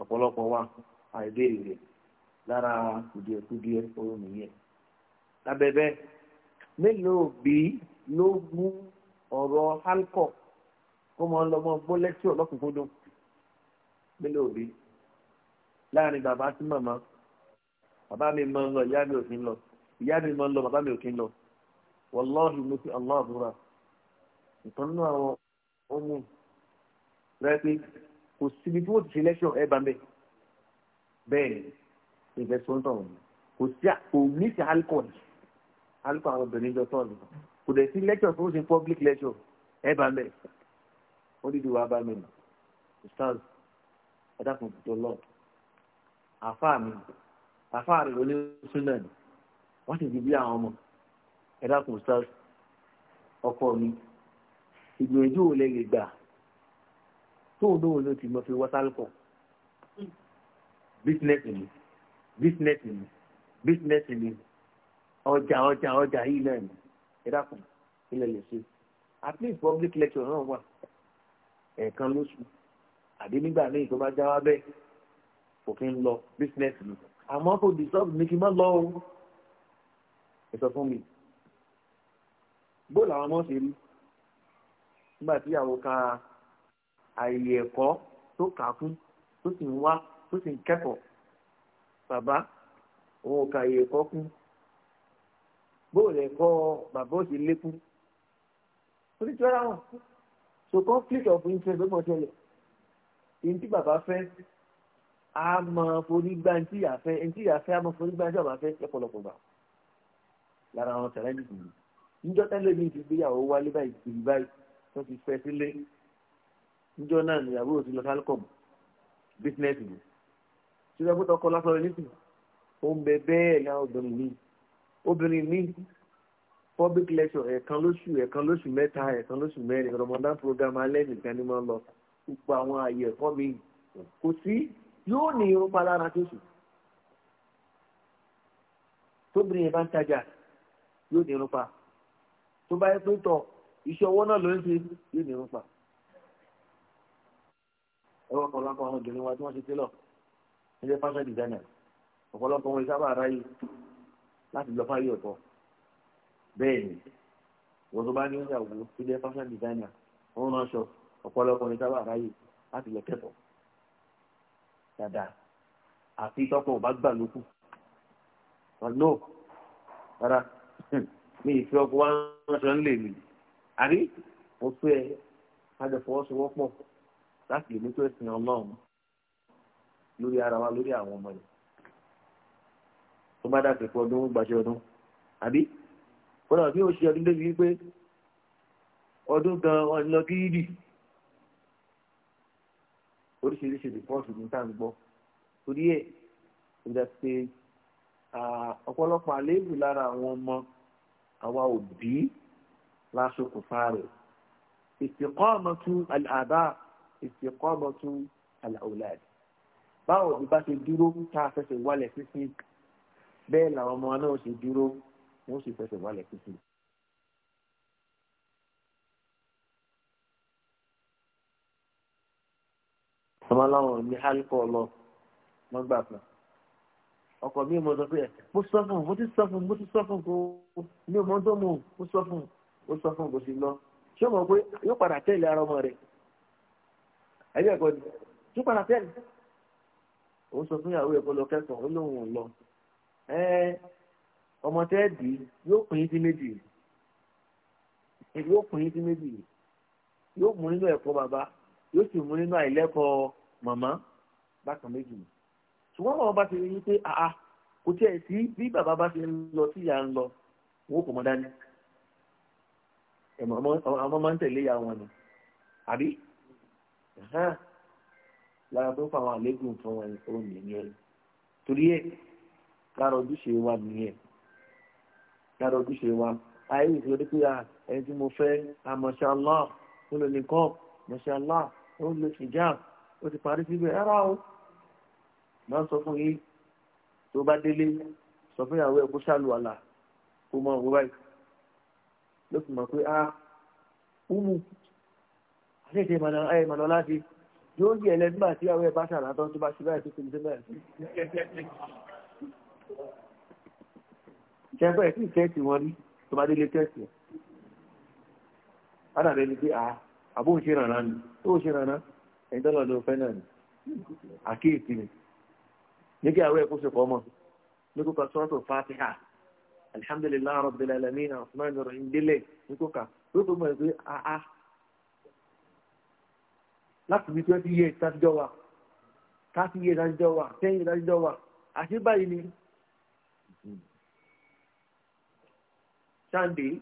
ọ̀pọ̀lọpọ̀ wa àìbéèrè rẹ̀ lára kùdìẹ̀kùdìẹ̀ òun nìyẹn lábẹ́bẹ́ mélòó bí ló mú ọ̀rọ̀ alcohol kó mọ́ lọ́mọ gbọ́ lẹ́tí ọ̀lọ́kùnkúndùn nílé òbí láàrin bàbá sí màmá bàbá mi mọ lọ ìyá mi ò kí ń lọ ìyá mi mọ lọ bàbá mi ò kí ń lọ wọlọ́ọ̀hì mo fi ọlọ́ àbúrà ìtàn nínú àwọn ọmọ rẹ pé kò síbi tí wọ́n ti ṣe lẹ́ṣọ̀ ẹ bá mẹ́ bẹ́ẹ̀ ni ìfẹ́ sọ́ńtọ̀ wọn kò sí kò ní sí alcohol alcohol àwọn obìnrin jọ sọ́ọ̀nù kò dẹ̀ sí lẹ́ṣọ̀ tó ń ṣe public lẹ́ṣọ̀ ẹ bá mẹ́ ó dídì wá bá mẹ́ nù ẹ̀dàkùn tó lọ àfáà mi àfáà rẹ̀ lólé súnà ni wọ́n sì ti bí àwọn ọmọ ẹ̀dàkùn sars ọkọ mi ìgbìyànjú ò lè gbà tóun náà ló ti mọ fi wọ́sálùkọ̀ bísínẹ́sì mi bísínẹ́sì mi bísínẹ́sì mi ọjà ọjà ọjà yìí náà ni ẹ̀dàkùn ilẹ̀ lè ṣe at least public lecture náà wà ẹ̀ẹ̀kan lóṣù àbí nígbà míì tó bá já wá bẹ́ẹ̀ òfin lọ business. mi àmọ́ kò disturb mi kí n má lọ o ẹ sọ fún mi bóòlù àwọn ọmọ ṣe rí nígbà tí ìyàwó ka àyè ẹ̀kọ́ tó kà fún tó sì ń wá tó sì ń kẹ́kọ̀ọ́ bàbá òun ò ka àyè ẹ̀kọ́ kún bóòlù ẹ̀kọ́ bàbá ò sì lékún oníṣẹ́ ara wọn so conflict of interest ló mọ̀ ṣẹlẹ̀ ní tí bàbá fẹ́ á mọ fonígbà ní tí ìyá fẹ́ ní tí ìyá fẹ́ á mọ fonígbà ní tí bàbá fẹ́ lọ́pọ̀lọpọ̀ gbà lára àwọn challenges yìí níjọ́ tẹ́lẹ̀ mi ti gbéyàwó wálé báyìí kiri báyìí tó ti fẹ́ sílé níjọ́ náà níyàwó ti lọ sálcom business mi ṣùgbọ́n mo tọkọ lásán nísìn ó bẹ bẹ́ẹ̀ ní àwọn obìnrin mi obìnrin mi public lecture ẹ̀ẹ̀kan lóṣù ẹ̀ẹ̀kan lóṣù mẹ́ta ẹ̀ẹ̀kan lóṣù mẹ́rin Ramadan program alẹ́ nìkan ni wọ́n lọ gbogbo àwọn àyè ẹ̀kọ́ mi kò sí yóò ní irun palára tó sùn tóbìnrin yẹn bá ń tajà yóò ní irun pa tó bá yẹ pé tọ iṣẹ́ ọwọ́ náà ló ń ṣe yóò ní irun pa ẹwọ ọ̀pọ̀lọpọ̀ àwọn obìnrin wa tí wọ́n ṣe télọ̀ ẹgbẹ́ fashion designer ọ̀pọ̀lọpọ̀ wọn sábà ráyè láti lọ fáyé ọ̀tọ̀ bẹ́ẹ̀ ni wọn tó bá ní ìyàwó tó jẹ́ fashion designer wọn ránṣọ ọ̀pọ̀lọpọ̀ ní sábà ráyè láti lọ kẹ́kọ̀ọ́ dáadáa àfi tọ́pọ̀ ò bá gbà lókù ọ̀nà rárá mi ìfẹ́ ọkọ̀ wá ránṣọ ń lè mi àrí mo fẹ́ ẹ ajọ̀fọwọ́sowọ́pọ̀ láti lè mójú ẹ̀sìn ọlọ́run lórí ara wa lórí àwọn ọmọ rẹ̀ tó bá dàgbẹ́ pé ọdún gbàṣẹ ọdún àbí kódà bí ó ṣe ọdún débi wípé ọdún gan-an ọ̀nà kí yídì oríṣiríṣi rìpọ́ọ̀tù ní tá à ń gbọ́ torí ẹ̀ kò dà pé ọ̀pọ̀lọpọ̀ àléébù lára àwọn ọmọ àwa òbí lásokùnfà rẹ̀ ìsìnkọ́ọ̀mọ̀tú àbá ìsìnkọ́ọ̀mọ̀tú àlàólàd báwo òbí bá ṣe dúró tá a fẹsẹ̀ wálẹ̀ sísìn bẹ́ẹ̀ làwọn ọmọ náà ṣe dúró wọ́n sì fẹsẹ̀ wálẹ̀ sísìn. tọ́mọ láwọn ní hálífọ́ lọ wọ́n gbà kan ọkọ̀ mi mo sọ pé ẹ̀ mo sọ fún un mo ti sọ fún un mo ti sọ fún un kó mi ò mọ tó mọ mo sọ fún un mo sọ fún un kó sì lọ ṣé o mọ̀ pé yóò padà tẹ̀lé ara ọmọ rẹ̀ ẹ̀yẹ́ ẹ̀kọ́ ni yóò padà tẹ̀lé òun sọ fún ìyàwó ẹ̀kọ́ lọ kẹ́kọ̀ọ́ ó lóun ò lọ ẹ ọmọ tẹ ẹ dì yóò pín in sí méjì yóò pín in sí méjì yóò mú nínú ẹ̀kọ́ bàbá yóò sì mú nínú àìlẹ́kọ̀ọ́ màmá bákan méjì ni ṣùgbọ́n bàbá bá ti rí pé àá kò tiẹ̀ sí bí bàbá bá ti ń lọ tí ìyá ń lọ wọn kò mọ dání ọmọ máa ń tẹ̀lé ìyá wọn ni àbí lára tó ń fa àwọn àlégùn fún wọn ò ní ní ẹ torí ẹ lára ojúṣe wa nìyẹn lára ojúṣe wa ayé ìṣòro ní pé ẹni tí mo fẹ́ àmọ̀ṣálá ó lè nìkan mọ̀ṣálá ó lè fìjà ó ti parí síbẹ̀ ẹ̀rá o máa ń sọ fún yín tó bá délé sọ fún ìyàwó ẹ̀ kó ṣàlù àlà kó mọ òun báyìí ló fi mọ̀ pé a umu àtẹ̀tẹ̀ ìmọ̀nà ẹ̀mọ̀nà láti yóò yí ẹ̀lẹ́ nígbà tí ìyàwó ẹ̀ bá ṣàlàtọ́ tó bá ṣe báyìí tó fi ṣe báyìí ṣẹ́fẹ́ tí ìkẹ́ẹ̀tì wọn rí tó bá délé kẹ́ẹ̀tì ẹ̀ ádàbẹ́ni pé àbóhùn ṣe rànà ni tó ṣe rànà ẹni tó lọ́dọ̀ fẹ́ náà ni àkíyèsí ni nígbà àwọn ẹ̀kọ́ ṣe pọ̀ mọ́ nígbà kan sọ́tò fatiha alhamdulilayi rabbil alamin rahman rahim délẹ̀ nígbà kan tó tó mọ̀ pé aa ah, ah. láti bí twenty years láti jọ wa thirty years láti jọ wa ten years láti jọ wa àṣé báyìí ni sunday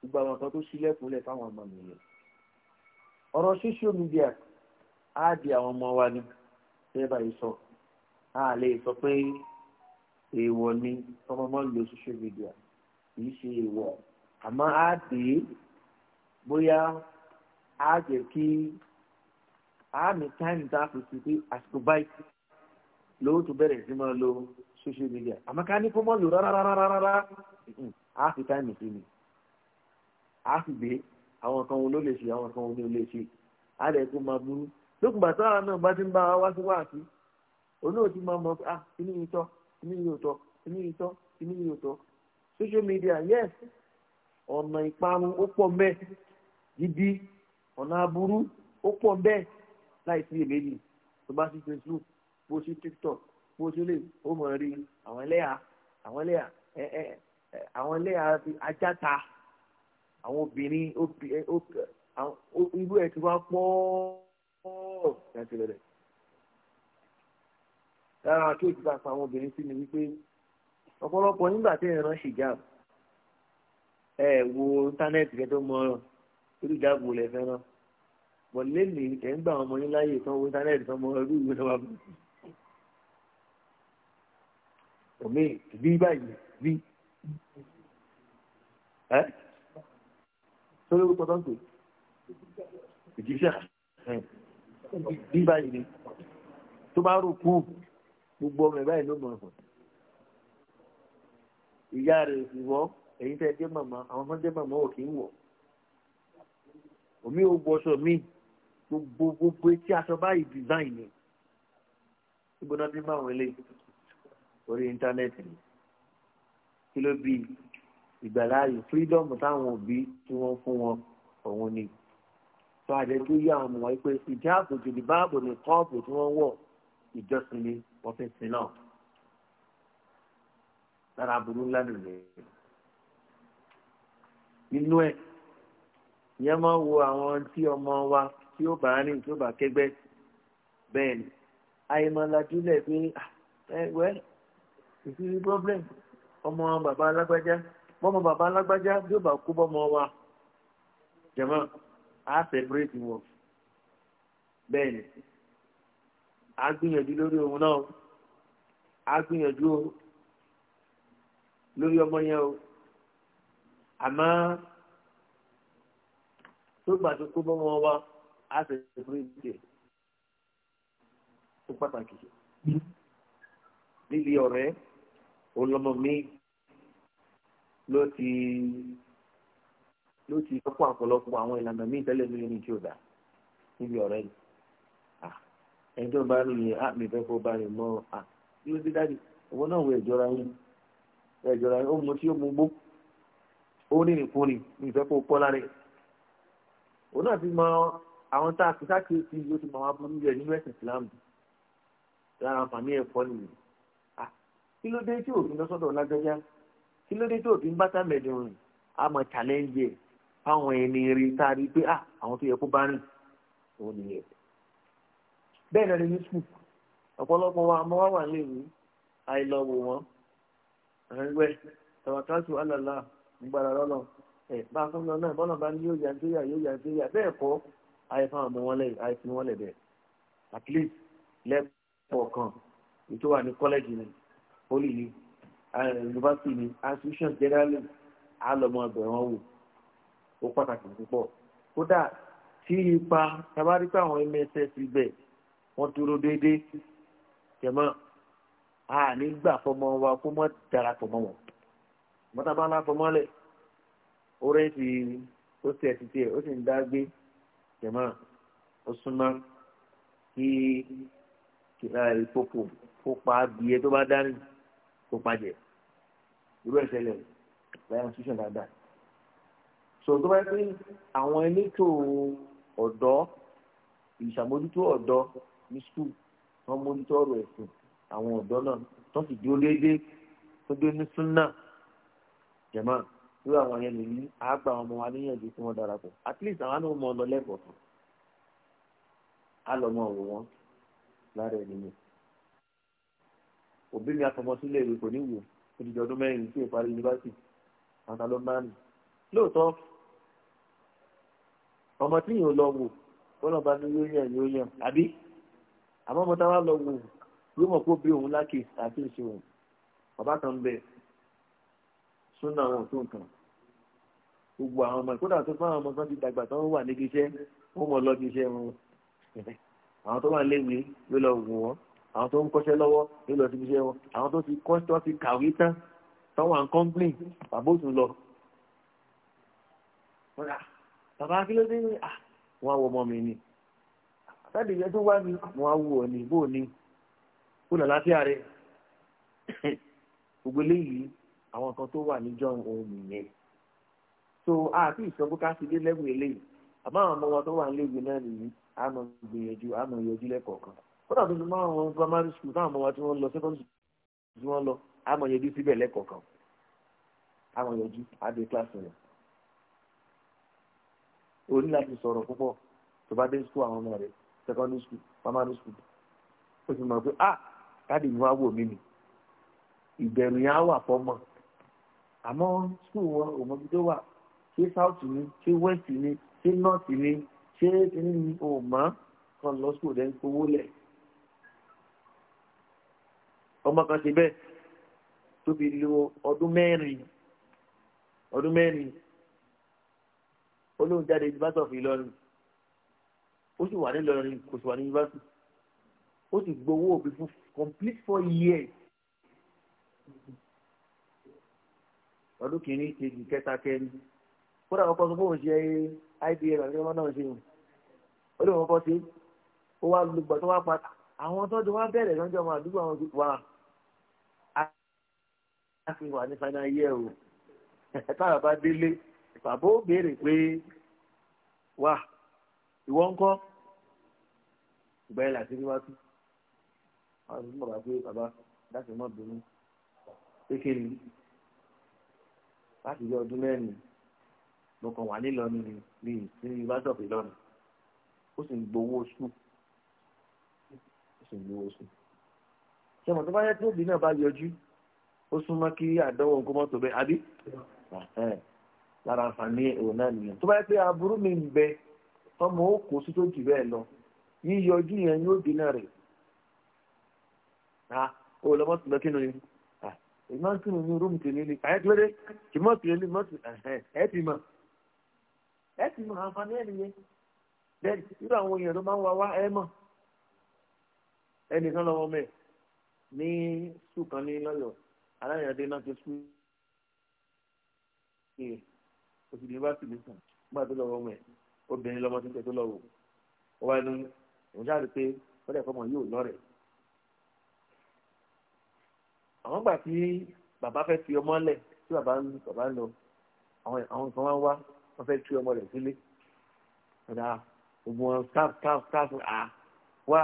gbogbo àwọn kan tó ṣílẹ̀kùnlẹ̀ fáwọn ọmọ nìyẹn ọ̀rọ̀ social media á di àwọn ọmọ wa ni bẹ́ẹ̀ báyìí sọ á lè sọ pé èèwọ̀ ni ọmọ máa ń lo social media kì í ṣe èèwọ̀ àmọ́ á dé bóyá a jẹ́ kí a ní táìmù tá a fi sí pé àsìkò báyìí lówó tó bẹ̀rẹ̀ sí máa lo social media àmọ́ ká ní kó mọ́ lò rárá rárá rárá a fi táìmù sí mi a fi gbé àwọn kan wo ló lè ṣe àwọn kan wo ló lè ṣe á rẹ̀ kó máa burú lókùnbà táwa náà bá ti ń bá wa sí wáàsí òun náà ti máa mọ pé ah inú yìí tọ́ inú yìí ò tọ́ inú yìí tọ́ inú yìí ò tọ́ social media yes ọ̀nà ìparun ó pọ̀ mẹ́ gidi ọ̀nà aburú ó pọ̀ mẹ́ láì sí èméjì tó bá sí facebook bó sí tiktok bó sí lè ó mọ̀ rí àwọn ẹlẹ́yà àwọn ẹlẹ́yà ẹ ẹ àwọn ẹlẹ́yà ajáta àwọn obìnrin irú ẹ̀ ti wá pọ̀ láti rẹ̀ lára tó ti bá pa àwọn obìnrin sí ni wípé ọ̀pọ̀lọpọ̀ nígbà tí ẹ̀ràn ṣìjáàb ẹ̀ wo íńtánẹ́ẹ̀tì rẹ tó mọ irú ìjáàbù lẹ fẹ́ràn bọ̀ lẹ́nu ẹ̀ ń gbà ọmọ yín láyè tán wo íńtánẹ́ẹ̀tì tán mọ irú ìwé náà wà bọ̀. òmíì bí báyìí bí ẹ́ tó lórúkọ tó ń pè ìjíṣẹ́ bí báyìí ni tó bá rò kú gbogbo ọmọ ẹ̀ báyìí ló mọ̀ ọ̀hún ìyá rẹ̀ ìwọ ẹ̀yin tẹ́ jẹ́ màmá àwọn ọmọdé màmá ò kì í wọ̀ omi ò wọṣọ mi gbogbo gbogbo etí aṣọ báyìí design ni gbogbo náà ti máa wọlé orí íńtánẹ́ẹ̀tì kí ló bí ìgbàláàyè fírídọ́ọ̀mù táwọn òbí tí wọ́n fún wọn òun ni tó àjẹ tó yí àwọn ọmọ wọn pé ìjáàbò jùlọ báàbò ní kọ́ọ̀bù tí wọ́n wọ̀ ìjọsìn ni wọ́n fẹ́ sin náà lára aburú ńlá nìyẹn inú ẹ ìyẹn máa wo àwọn tí ọmọ wa tí ó bá rìn tí ó bá kẹgbẹ́ bẹ́ẹ̀ ni àyèmọ̀lájúlẹ̀ pé ẹ wẹ́ ìfiri problem ọmọ bàbá alágbájá bọ́mọ bàbá alágbájá bí ó bá kú bọ́mọ wa jẹ̀mọ́ á sẹ̀pẹ̀rẹ̀tì wọn bẹ́ẹ̀ ni á gbìyànjú lórí òun náà á gbìyànjú lórí ọmọ yẹn o àmọ́ tó gbà tó kú bọ́mọ wa á sẹ̀pẹ̀rẹ̀tì ẹ̀ ó pàtàkì líle mm-hmm. ọ̀rẹ́ olọmọ mi ló ti ló ti lọ́pọ̀ àpọ̀lọpọ̀ àwọn ìlànà míì tẹ́lẹ̀ lórí ní tí ò dá níbi ọ̀rẹ́ yìí ẹni tó bá rí yẹn àmì fẹ́ kó bá rí mọ́ à ló ti dájú ìwọ náà wọ ẹ̀jọ̀ra yín ẹ̀jọ̀ra yín ó mu tí ó mu gbó ó ní ìkúnni ní ìfẹ́ kó pọ́ lára òun náà ti mọ àwọn tá a ti sáàkiri sí yóò ti mọ àwọn abúlé rẹ nínú ẹ̀sìn Islam lára àǹfààní ẹ̀kọ́ nìyí kí ló dé tí òfin lọ sọ́dọ̀ kí ló dé tó òfin bá sàmẹ̀dì rìn a mọ̀ challenge ẹ̀ fáwọn ẹni rí a rí pé à ah, àwọn tó yẹ kó bá rìn òun nìyẹn. bẹ́ẹ̀ náà ni ní skul ọ̀pọ̀lọpọ̀ wa àmọ́ wá wà lọ bọ́lá bá ní yóò yà yóò yà bẹ́ẹ̀ kọ́ wọn yunifásitì eh, ni institution generally á lọ mọ ọbẹ̀ wọn wò ó pàtàkì púpọ̀ kódà tí ipa tabari pé àwọn mss ibẹ̀ wọ́n dúró déédéé jẹ̀mọ́ a ní gbà fọmọ wa kó mọ́ darapọ̀ mọ́ wọn mọ́tàbá ńlá fọmọ́ lẹ̀ ó rẹ́ ti ó ti ẹ̀ ti tiẹ̀ ó sì ń dá gbé jẹ̀mọ́ ó súnmọ́ kí ìpopò kó pa á bí ẹ tó bá dání tó pàjẹ́ irú ẹ̀ ṣẹlẹ̀ láyé institution dáadáa so tó bá yẹ pé àwọn elétò ọ̀dọ́ ìṣàmójútó ọ̀dọ́ ní skul wọ́n mójútó ọ̀rọ̀ ẹ̀sìn àwọn ọ̀dọ́ náà tó sì dúró déédéé tó dé ní súnà jẹ̀mọ́ irú àwọn yẹn lè ní àgbà ọmọ wa níyànjú tí wọ́n darapọ̀ at least àwọn náà mọ ọ a lẹ́kọ̀ọ́ kan á lọ mọ ọ̀rọ̀ wọn lára ẹni yẹn òbí mi àfọmọ sílé ìwé kò ní wò odidi ọdún mẹ́rin tí ìparí yunifásitì àtà ló máa ń lóòótọ́ ọmọ tí yìí ò lọ wò bọ́lá bá ní yóò yàn yóò yàn àbí àmọ́ ọmọ táwa lọ wò yóò mọ̀ kó bí òun lákè àti ìṣe òun bàbá kan bẹ súnà wọn tó nǹkan gbogbo àwọn ọmọ ìkódà tó fáwọn ọmọ kan ti dàgbà tó wà níbi iṣẹ́ wọ́n mọ̀ lọ́ọ́ ibi wọn àwọn tó wà léwe ló lọ wò wọ́n àwọn tó ń kọ́ṣẹ́ lọ́wọ́ nílò ti fiṣẹ́ wọn àwọn tó ti kọ́ tó ti kàwé tán táwọn à ń kọ́ńplé bàbá òtún lọ. Ah, bàbá akílódé ni ah, wọn á wọ ọmọ mi ni sáàdì ìyẹn tó wá ní wọn á wù ọ ní bó ní kó nà láfíà rẹ gbogbo eléyìí àwọn kan tó wà níjọ ohun nìyẹn so àti ìsọgbó ká ti dé lẹ́gùn eléyìí àmọ́ àwọn ọmọ wọn tó wà ń léwu náà nìyí àmọ́ gbìyànjú àmọ́ yọjú lẹ́kọ̀ọ̀kan kódà tó fi máa wọn primary school táwọn ọmọ wa tí wọ́n lọ secondary school tí wọ́n lọ àmọ̀ yẹjú síbẹ̀ lẹ́kọ̀ọ̀kan àmọ̀ yẹjú àdé kíláàsì rẹ̀ o ní láti sọ̀rọ̀ púpọ̀ tó bá dé school àwọn ọmọ rẹ̀ secondary school primary school ó ti mọ̀ pé ah káàdì mi wá wò mí ni ìbẹ̀rù yẹn á wà fọ́mọ̀ àmọ́ school wọn ò mọ ibi tó wà ṣé south ni ṣé west ni ṣé north ni ṣé kìnnìún ni ò mọ́ kan lọ school rẹ̀ ń fowó lẹ̀ ọmọ kan ṣe bẹ́ẹ̀ tó fi lo ọdún mẹ́rin ọdún mẹ́rin olóhùn jáde yunifásitì ọ̀fìn Ìlọrin ó sì wà ní Ìlọrin kò sì wà ní yunifásitì ó sì gbowó òbí fún complete four years ọdún kìíní kejì kẹta kẹrin kódà wọn kọ sọ fóun ṣe ibm àti ọmọ náà ṣe wọn ó wọn kọ sí ó wá lùgbà tó wá pa àwọn tó wá bẹ̀rẹ̀ lọ́jọ́ ọmọ àdúgbò àwọn ti wà láti wà ní final year o táwọn bá délé bàbá ó béèrè pé wà ìwọ ń kọ́ ìgbà yẹn làṣírí wá tú àwọn àti bàbá pé bàbá láti mọ́ bínú pékeré láti bí ọdún mẹ́rin mo kàn wà nílọrin ni mi ní yunifásitì ọ̀fẹ́ lọ́nà ó sì ń gbowó oṣù ó sì ń gbowó oṣù ṣé mo tó bá yẹ tó bí náà bá yọjú. ó súnmọ́ kí àdánwò nǹkan mọ́tò bẹ́ẹ̀ àbí lára àǹfààní òun náà nìyẹn tó bá yẹ pé aburú mi ń bẹ tọmọ ji sí tó jù bẹ́ẹ̀ lọ yíyọjú yẹn dínà ha ó ah, lọ mọ́tò lọ kínú ni ìmọ̀ ah, ń kínú ní rúùmù kì mọ́tò ti mọ̀ ẹ̀ ti mọ̀ àǹfààní nìyẹn bẹ́ẹ̀ irú àwọn èèyàn ló máa aláyàndé náà ti sùn ní oṣù yunifásitì ní sàn nígbà tó lọ́wọ́ ọmọ ẹ̀ obìnrin lọ́mọ tó ń tẹ̀ tó lọ́wọ́ ó wá ní òun ṣáà rí pé wọ́n dẹ̀ fọmọ yóò lọ́rẹ̀. àwọn gbà tí bàbá fẹ́ fi ọmọ lẹ̀ tí bàbá ń bàbá ń lọ àwọn nǹkan wá wá wọ́n fẹ́ tú ọmọ rẹ̀ sílé ọ̀dà gbogbo wọn staff staff staff à wá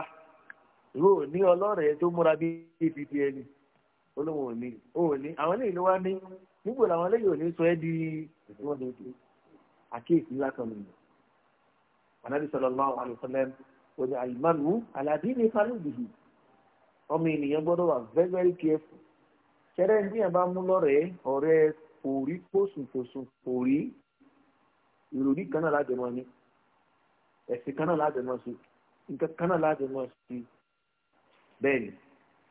ìwọ ò ní ọlọ́rẹ̀ẹ́ tó múra bí ibi olóhùn òní òní àwọn eléyìí ló wá ní nígbò làwọn eléyìí òní sọ ẹ́ di ìwọ́n ní ti àkíyèsí látọ̀ mi ànábì sallallahu alaihi wasallam ó ní àyùmánu àlàdí ní fálùbìhì ọmọ ènìyàn gbọ́dọ̀ wà very very careful ṣẹ́rẹ́ ní ẹ̀ bá mú lọ́rẹ̀ẹ́ ọ̀rẹ́ fòrí fòsùnfòsùn fòrí ìròrí kan náà láti mọ́ ni ẹ̀sìn kan náà láti mọ́ sí nǹkan kan náà láti mọ́ sí bẹ́ẹ̀ ni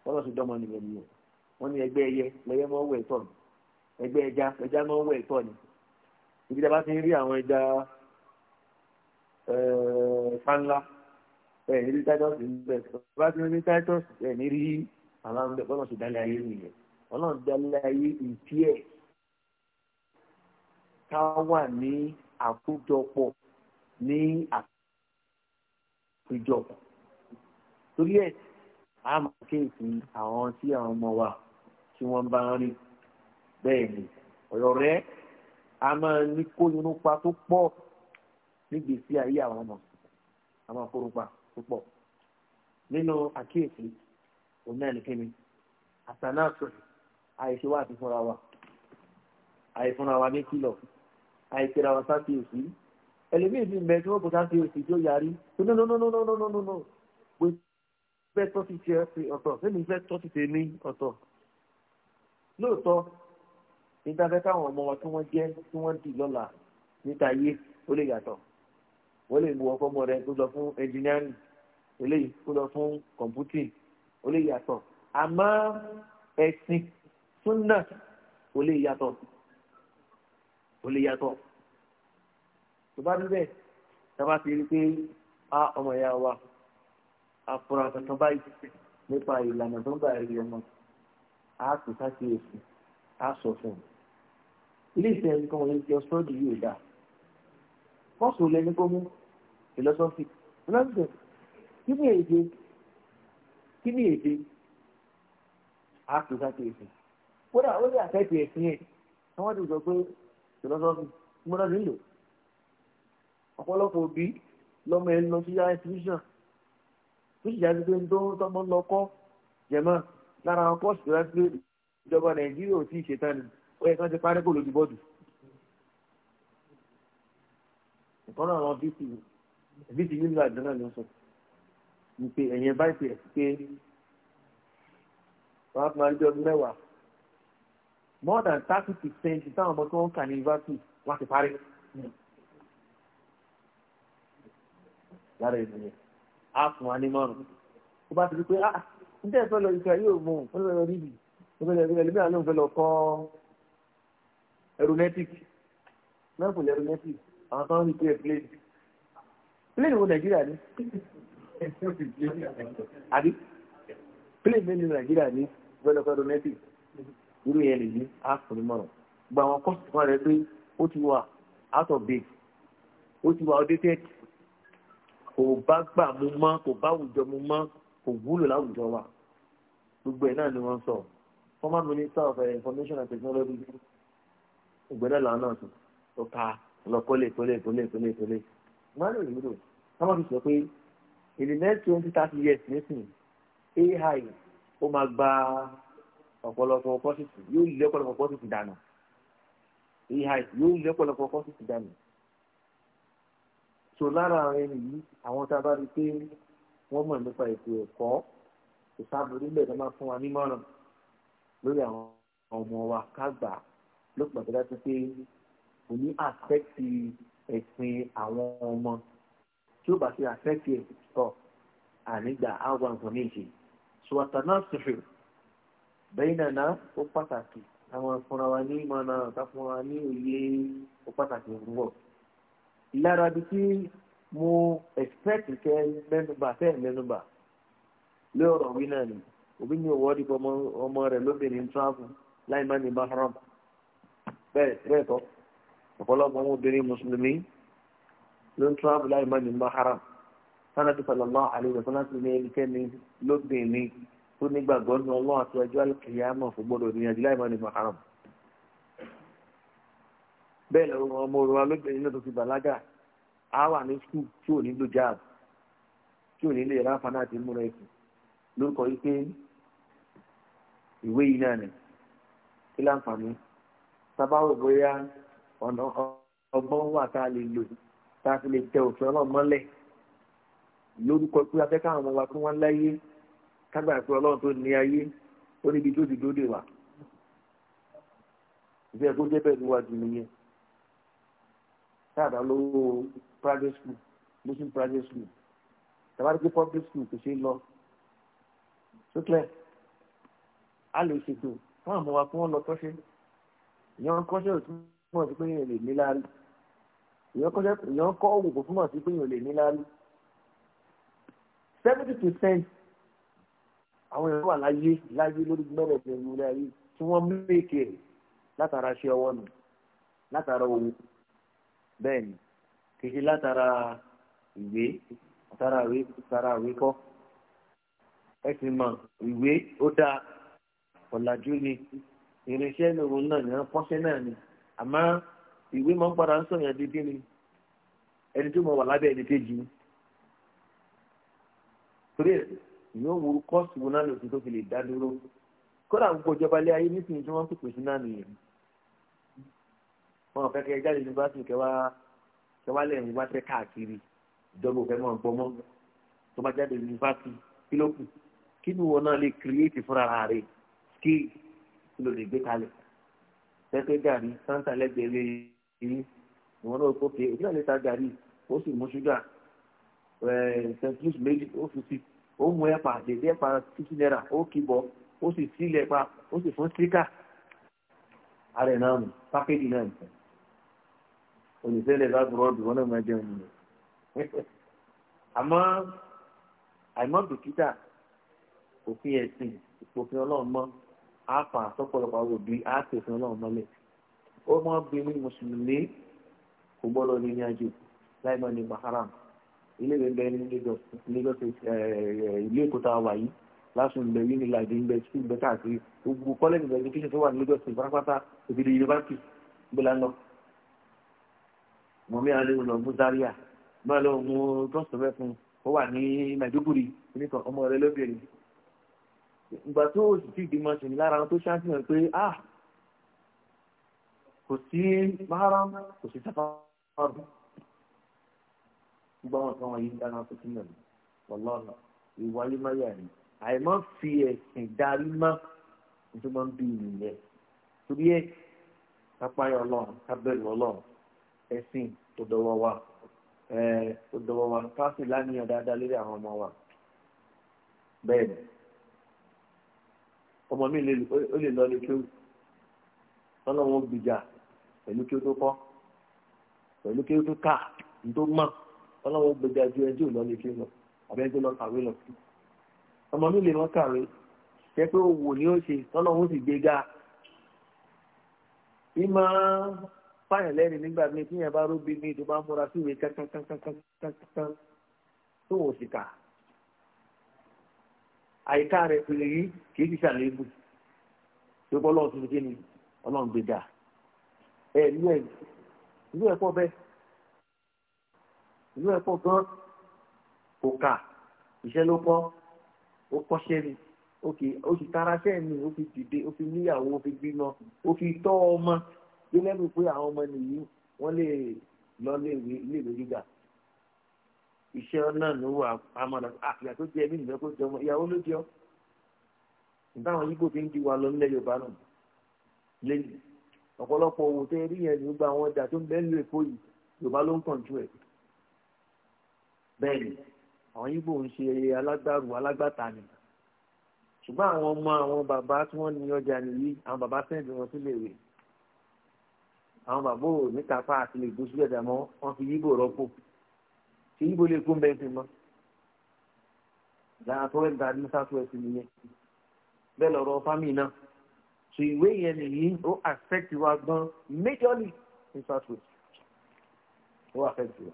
wọ́n lọ sí dọ́mọ nìyẹn nìyẹn wọ́n ní ẹgbẹ́ ẹyẹ lẹyẹ mọ wẹ tọ ni ẹgbẹ́ ẹja ẹja mọ wẹ tọ ni ibi tí a bá ti ń rí àwọn ẹja eh, fanla ẹ ní rí titus ń bẹ bá ti ń rí titus ẹ ní rí àwọn ń bẹ bọ́lá ṣe dálé ayé nìyẹn ọlọ́run dálé ayé ìdí ẹ̀ ká wà ní àkójọpọ̀ ní àkójọpọ̀ torí ẹ̀ a máa kéèkì àwọn tí àwọn ọmọ wa tí wọ́n bá ń rìn bẹ́ẹ̀ ni ọ̀rọ̀ rẹ a máa ní kó irun pa tó pọ̀ nígbèsí ayé àwọn ọmọ a máa kó irun pa tó pọ̀ nínú àkíyèsí òun náà nìkémi àtànáàtò àìṣe wà àti fúnra wa àìfúnra wa ní kìlọ̀ àìkira wa sáfíyèsí ẹlòmíì bíi mbẹ tí wọn kò sáfíyèsí tí ó yarí tó no no no no no pé fẹ́ tọ́ sí ti ọ̀tọ̀ sẹ́mi fẹ́ tọ́ sí tèmi ọ̀tọ̀ lóòótọ́ nígbàfẹ́ káwọn ọmọ wa tí wọ́n jẹ́ tí wọ́n dì lọ́la níta ayé ó lè yàtọ̀ wọ́n lè mú ọkọ ọmọ rẹ tó lọ fún ẹnjìnírìn eléyìí tó lọ fún kọ̀m̀pútì ó lè yàtọ̀ àmọ́ ẹ̀sìn súnà ó lè yàtọ̀ ó lè yàtọ̀ tó bá dúbẹ̀ tá a bá ti rí i pé a ọmọ ìyá wa afura kankan báyìí nípa ìlànà tó ń gbà rí ọmọ á pè sákìyèsí á sọ fún un ilé ìfẹ́ nǹkan wọ̀nyí ti ọ̀sọ́ọ̀dì yóò dà bọ́ọ̀sì ò lẹni kó mú philosophy nonsense kí ni èdè kí ni èdè á pè sákìyèsí kódà ó lè àfẹ́ tiẹ̀ sí ẹ̀ àwọn ti sọ pé philosophy gbọ́dọ̀ nílò ọ̀pọ̀lọpọ̀ òbí lọ́mọ ẹ̀ lọ sí yá institution tó sì jáde pé ń tó tọmọ lọ kọ́ jẹ̀mọ́ lára àwọn pọ́ọ̀sì tó láti lórí ìjọba nàìjíríà ò tí ì ṣetán ni ó yẹ kí wọ́n ti parí kò lójú bọ́ọ̀dù. ìkànnì àwọn vc vc nílùú àdánà ló sọ ní pé ẹ̀yìn báyìí pé pé wọ́n á fún wa lójú ọdún mẹ́wàá more than thirty percent táwọn ọmọ tó ń kà ní yunifásitì wọ́n ti parí. lára ìdílé a fún wa ní mọ́rùn-ún tó bá ti di pé ah, níta ìfẹ́ lọ ìfẹ́ yóò mú un fẹ́ lọ ríbi ẹlẹ́mìí àná ìfẹ́ lọ kọ́ aeronautic náà kò lẹ́ aeronautic àwọn kan ń pè é plane plane wo nàìjíríà ni àbí plane mélòó nàìjíríà ni ìfẹ́ lọ kọ́ aeronautic irú yẹn lè ní àfọ̀nì mọ̀ràn gba àwọn kọ́sì kan rẹ pé ó ti wà out of date ó ti wà outdated kò bá gbà mú mọ́ kò bá àwùjọ mú mọ́ kò wúlò láwùjọ wa gbogbo ẹ̀ náà ni wọ́n sọ former minister of eh, information and technology ìgbẹ́dẹ̀ làwọn náà sùn ó ta lọ kólé kólé kólé kólé kólé wọ́n á lè wúlò wọ́n máa fi sọ pé in the next twenty thirty years nísìnyí ai ó máa gba ọ̀pọ̀lọpọ̀ pọ́sìtì yóò lé ọ̀pọ̀lọpọ̀ pọ́sìtì dànù ai yóò lé ọ̀pọ̀lọpọ̀ pọ́sìtì dànù so lára àwọn ẹni yìí àwọn tá a bá rí pé wọ́n mọ̀ nípa ètò ẹ̀kọ́ ìsáàbùrú bẹ́ẹ̀ tó máa fún wa nímọ̀ràn lórí àwọn ọmọ wa kágbà lópin àti dájú pé kò ní àfẹ́tì ẹ̀sìn àwọn ọmọ tí ó bá ti àfẹ́tì ẹ̀ tọ̀ ànígbà àwọn nǹkan méje ṣùwàtà náà ṣèṣe bẹ́ẹ̀ nàná ó pàtàkì àwọn afúnra wa ní ìmọ̀ràn káfúnra ní òye ó pàtàkì òwúrọ̀ ìlara bíi mo expect kẹ mẹ́nubà tẹ mẹ́nubà lé ọ̀rọ̀ wí náà ni òbí mi ò wọ́ọ́dì pọ̀ ọmọ rẹ̀ lóbìnrin travel láì má ní bahram bẹ́ẹ̀ bẹ́ẹ̀ kọ́ ọ̀pọ̀lọpọ̀ ọmọbìnrin mùsùlùmí ló ń travel láì má ní bahram sanadu sallallahu alayhi wa sallam ní ẹnikẹ́ni lóbìnrin tó nígbàgbọ́ ní ọlọ́run àti ọjọ́ àlùkìyàmọ̀ fún gbọ́dọ̀ níyànjú láì má ní bahram bẹ́ẹ̀ lọ́wọ́ ọmọ òrùn alóbìnrin náà tó ti bàlágà á wà ní skul tí ò ní lo jáàbù tí ò ní lè ráfa ti múra ẹ̀sìn lórúkọ yìí pé ìwé yìí náà ni kí láǹfààní sábàwò bóyá ọ̀nà ọgbọ́n wà tá a lè lò tá a fi lè tẹ òfin ọlọ́run mọ́lẹ̀ lórúkọ pé àwọn ọmọ wa kí wọ́n láyé kágbà táàbà lówó private school muslim private school tàbí pé public school kò ṣe é lọ sókè a lè ṣètò fún àwọn ọmọ wa kí wọ́n lọ kọ́ṣẹ́ ìyẹn kọ́ṣẹ́ ò túmọ̀ sí pé èèyàn lè ní láárí ìyẹn kọ́ òwò kò túmọ̀ sí pé èèyàn lè ní láárí seventy percent àwọn èèyàn wà láyé láyé lórí gbọ́dọ̀ ìgbẹ́rù láyé tí wọ́n mú èkè látara ṣe ọwọ́ nù látara owó bẹ́ẹ̀ ni kìí látara ìwé tara ìwé tara ìwé kọ́ ẹ sì mọ ìwé ó dáa ọ̀làjú ni irinṣẹ́ lòun náà ní pọ́nṣẹ́ náà ni àmọ́ ìwé máa ń padà ń sọ̀yàn dídí ni ẹni tó mọ̀ wà lábẹ́ ẹni kejì ni torí ẹ̀ ìyẹn ò wúru kọ́ọ̀sì wo náà lòsì tó fi lè dá dúró kódà gbogbo ìjọba ilé ayé nísìnyí tí wọ́n ń pèpè sí náà nìyẹn wọn fẹ́ kẹ́ ẹ jáde yunifásitì kẹwàá kẹwàá lẹ́yìn wá tẹ́ káàkiri ìjọba òfẹ́ mọ̀ gbọmọ tó bá jáde yunifásitì kí ló kù kí ni wọn náà lè kírìyéètì fúnra rẹ̀ kí ló lè gbé kalẹ̀ pẹ́pẹ́ gàrí sáńtà lẹ́gbẹ̀ẹ́ yìí ìwọ́n náà kókè èyí náà lè ta gàrí ó sì mú ṣúgà centrus méjì ó fi sí ó mú ẹ̀pà dédé ẹ̀pà títí náírà ó kìbọ̀ ó sì sílẹ̀ pa ó sì fún síkà ààrẹ náà nù pákéjì náà nìkan olùsẹ́lẹ̀ bá bùrọ̀ dùn wọn náà máa jẹun nìyẹn àmọ́ àìmọ́ bìkítà òfin ẹ̀sìn òfin ọlọ́run mọ́ àáfà àtọ́pọ̀lọpọ̀ àwọn òbí àáfà òfin ọlọ́run mọ́lẹ̀ ó mọ́ bí ní mùsùlùmí kò gbọ́dọ̀ ní ní àjò láì mọ́ ní maharam iléèwé bẹ ní Lagos Lagos ilé èkó tá a wà yìí lásùn ń bẹ unilad ń bẹ school ń bẹ káàkiri gbogbo college of education tó wà ní Lagos ìfarapátá òbí di yunifásitì gbọ́dọ̀ lọ mo mìíràn lè lọ mú Zaria mọ́ lọ mú tọ́sọ̀fẹ́ fún ó wà ní Maiduguri nípa ọmọ rẹ lóbìnrin ìgbà tó o sì ti gbìmọ̀ sí lára tó ṣáájú hàn pé ah kò sí maharam kò sí safaru gbogbo àwọn kan wọ̀nyí dáná tó ti nàní wọlọ́ọ̀nà ìwà alimáyà ni àìmọ́ fi ẹ̀sìn darí mọ́ nítorí wọ́n ń bí ìlú yẹn torí ẹ̀ kápáyọ̀ ọlọ́run kábẹ́rù ọlọ́run. ẹ̀sìn tó dọwọ́ wa tó dọwọ́ wa káàsì láníyàn dáadáa lórí àwọn ọmọ wa bẹ́ẹ̀ ni ọmọ mi ó lè lọ ní kí ọlọ́wọ́n gbìjà pẹ̀lú kí ó tó kọ́ pẹ̀lú kí ó tó kà ní tó mọ̀ nọ gbìjà ju ẹjọ́ lọ ní kí lọ lọ kàwé lọ ọmọ mi lè wọ́n kàwé jẹ́ ni ó ṣe ọlọ́wọ́n sì gbé ga fáyàn lẹ́rìn nígbà míì tí yẹn bá róbi míì tó bá múra sí ìwé kankankankankankan tó wò sí ká àyíká rẹ̀ pèlè yìí kì í ti ṣàlébù tó bọ́ lọ́wọ́ tuntun kí ni ọlọ́run gbé dà ẹ ìlú ẹ ìlú ẹ pọ̀ bẹ́ẹ̀ ìlú ẹ pọ̀ gan kò kà iṣẹ́ ló pọ̀ ó kọ́ṣẹ́ ni ó kì í ó sì tara ṣẹ́ ni ó fi dìde ó fi níyàwó ó fi bímọ ó fi tọ́ ọmọ délẹ́bù pé àwọn ọmọ nìyí wọ́n lè lọ léèwé léèwé gíga iṣẹ́ náà ló wà amọ̀nà àfìyà ah, tó jẹ́ mí nìyẹn kó jẹ ọmọ ìyàwó ló jẹ́ ọ́ ìtàwọn yìí kò fi ń di wa lọ nílẹ̀ Yorùbá náà lẹ́yìn ọ̀pọ̀lọpọ̀ owó tẹ́ rí yẹn nígbà àwọn ọjà tó ń bẹ́ẹ̀ lò èkó yìí Yorùbá ló ń kàn jù ẹ̀ bẹ́ẹ̀ ni àwọn yìí bò ń ṣe alágbàrú alágbàtà ni ṣùgbọ́n àwọn ọmọ àwọn bàbá tí wọ́n ní ọjà nìyí àwọn bàbá sẹ́ǹdì wọn sílé ìwé àwọn bàbá ò níta fáà ti lè gbósùlù ẹ̀dá mọ́ wọ́n fi yíbò rọ́pò ṣé yíbò lè kún bẹ́ẹ̀ fi mọ́ ìlànà tó rẹ̀ ń darí ní south west nìyẹn bẹ́ẹ̀ lọ́rọ̀ fámì náà so ìwé yẹn nìyí ó affect wa gan majorly ní south west ó affect wa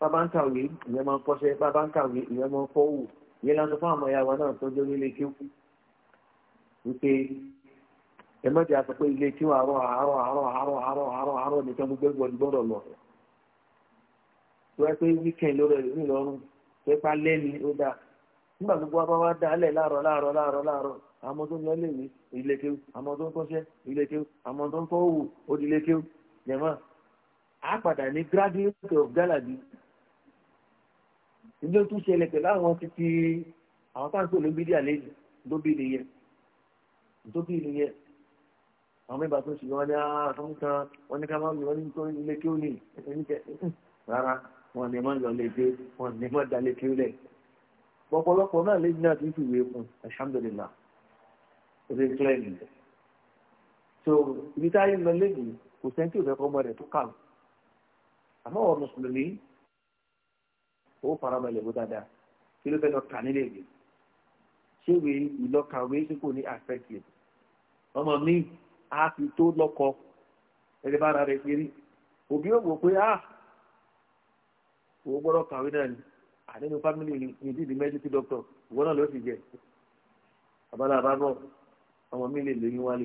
bàbá ń kàwé ìyẹn máa ń kọ́ṣẹ́ bàbá ń kàwé ìyẹn máa ń fọ́wò ìyẹn lásán fún àwọn ọmọ ìyá wa náà tó jẹ́ onílé kéwù wípé ẹ má jẹ́ àtọ́ pé ilé tí wọ́n àárọ̀ àárọ̀ àárọ̀ àárọ̀ àárọ̀ àárọ̀ àárọ̀ nìkan gbogbo ẹgbẹ́ ọdún gbọ́dọ̀ lọ. wọ́n pé wíkẹ́ǹd lórí ẹ̀rọ pé pa lẹ́ni ó dáa nígbà gbogbo wa dá alẹ́ láàárọ̀ láàárọ̀ láàárọ̀ láàárọ̀ àmọ́ tó ń lọ léwu ìlékéwu àmọ́ tó àwọn mẹ́bàá tó ṣì wọ́n ní ah, àwọn kan wọ́n ní ká máa ń yọ ní tó ilé kí ó ní ẹni kẹ rárá wọn ní máa ń yọ lé dé wọn ní máa dalé kí ó lẹ̀ pọ̀pọ̀lọpọ̀ náà lẹ́yìn náà ti ń fìwé fún alhamdulillah orí clear ni so ibi táyé ń lọ lẹ́yìn kò sẹ́ńtì òfẹ́ kọ́ ọmọ rẹ̀ tó kà lọ àmọ́ wọn mùsùlùmí ó farabalẹ̀ bó dáadáa kí ló fẹ́ lọ kà nílé ọmọ míì a fi tó lọ́kọ ẹ̀rẹ́ bára rẹ̀ pé rí òbí ò wò pé a ah, òun gbọ́dọ̀ kàwé náà ni àdéhùn fámìlì ìdí ìdí mẹ́díkì dọ́kítọ̀ ìwọ náà ló sì jẹ abala àbábọ̀ ọmọ mi lè lóyún wálé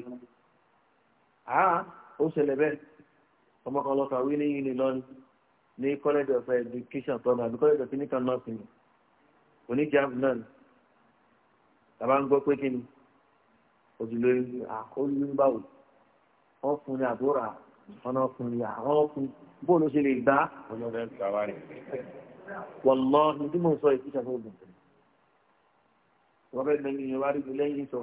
a ah, ó ṣẹlẹ̀ bẹ́ẹ̀ ọmọ kan lọ kàwé ní yìí lọ́ni ní college of education tọ́nà àbí college of clinical nursing oníjàmbù náà ni tàbá ń gbọ́ pé kí ni ojúlé àkóyú báwò wọ́n fún ní àdúrà wọ́n náà fún ní àwọn ọkùn bó ló ṣe lè gbá wọ̀lọ́ ní tí mò sọ ìfúnṣà tó dùn wọ́n fẹ́ gbẹ́ni ìyẹn wá rí mi lẹ́yìn ìṣọ̀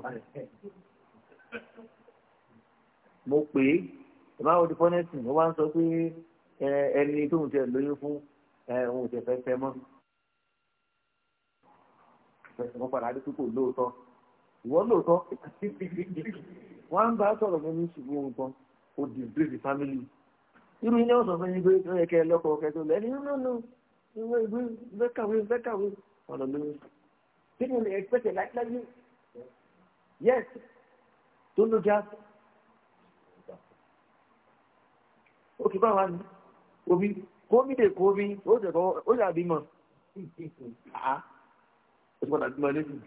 mo pè é ìbáwo di fọ́nẹ́sì ó wá ń sọ pé ẹni tó ń tẹ lóyún fún òun ò tẹ̀ fẹ́ fẹ́ mọ́ padà dé pípò lóòótọ́ ìwọ lóòótọ́ wọ́n ń bá sọ̀rọ̀ fún mi ṣùgbọ́n ohun kan ó di bíbí fámìlì irú iná ọ̀sán fún yín pé ó yẹ kẹ́ ẹ lọ́kọ̀ọ́ kẹ́ tó lẹ́ni nínú nínú ìwé ìwé ìwé kàwé ìwé kàwé ọ̀nà lóyún kí ni ẹ pẹ́sẹ̀ láíláí yes tó ló já ó kì bá wa ní omi kómi dè kómi ó jẹ̀ kọ́ ó yà bímọ àá ó ti padà bímọ lẹ́yìn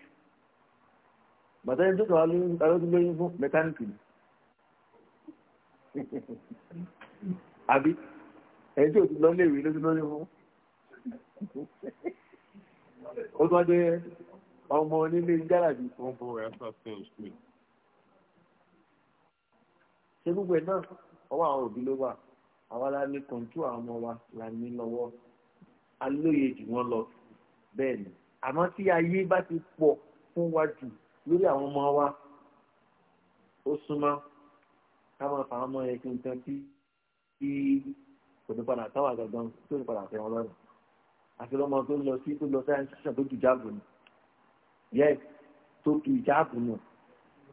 bàtà ẹni tó kàn wá lóyún ta ló ti lóyún fún mẹkáníìkì ni àbí ẹni tí ò ti lọ léèwé ló ti lóyún fún ó tún wá dé ọmọ onílé gáràjì. wọ́n bọ̀ ẹ́ sọ́sìn ìṣúlẹ̀. ṣé gbogbo ẹ̀ náà ọwọ́ àwọn òbí ló wà àwa la ní kọ̀ǹtù àwọn ọmọ wa la ní lọ́wọ́ alóye jù wọ́n lọ bẹ́ẹ̀ ni àmọ́ tí ayé bá ti pọ̀ fún wa lórí àwọn ọmọ wa ó súnmọ́ ká máa fa ọmọ yẹn kí n tán kí kí kò ní padà táwọn àgbàgbọ́n tó ní padà tẹ̀wọ́n lọ́nà àti lọ́mọ tó lọ sí tó lọ sáyẹ́nsì ṣàn tó ju jáàbù nù yẹ tó ju jáàbù nù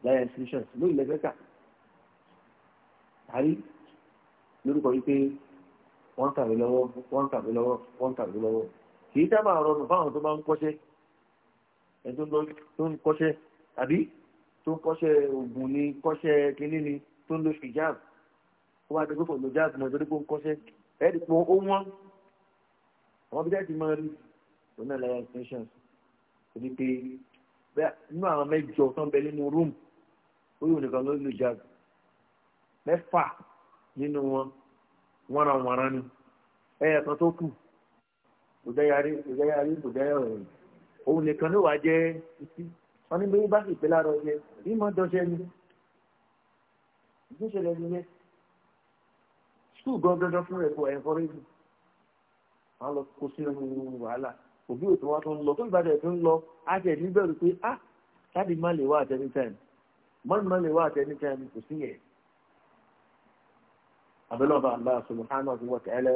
láyé institutions lórí lẹ́gbẹ́ta àrí lórúkọ wípé wọ́n tàbí lọ́wọ́ wọ́n tàbí lọ́wọ́ wọ́n tàbí lọ́wọ́ kì í sábà rọrùn fáwọn tó bá ń kọ́ṣẹ́ ẹni tó ń kọ́ṣẹ́ àbí tó ń kọ́ṣẹ́ oògùn ni kọ́ṣẹ́ kínní ni tó ń lo hijab ó bá ti gbé pẹ̀lú hijab náà torí pé ó ń kọ́ṣẹ́ ẹ̀ẹ́dì pọ̀ ó wọ́n àwọn bí dáàtì máa rí ọ̀nà ìlànà extensions torí pé nínú àwọn mẹ́jọ tó ń bẹ nínú rúùmù ó yóò nìkan ló lo hijab mẹ́fà nínú wọn wọ́nranwọ̀nran ni ẹ̀yà kan tó kù kò dáyàrí kò dáyàrí kò dáyàrí òun nìkan ló wàá jẹ́ wọn ní bí wọn bá sì pé láàárọ̀ ọjẹ bí mo dọṣẹ ni ìgbésẹlẹ ni yẹ skul gan dandan fún ẹ̀kọ́ ẹnfọrẹsì lọ kó sínú wàhálà òbí lọ tó ìbàdàn tó ah láti má lè wá at any time mọ́nì má lè wá at any time kò sí Allah subhanahu wa ta'ala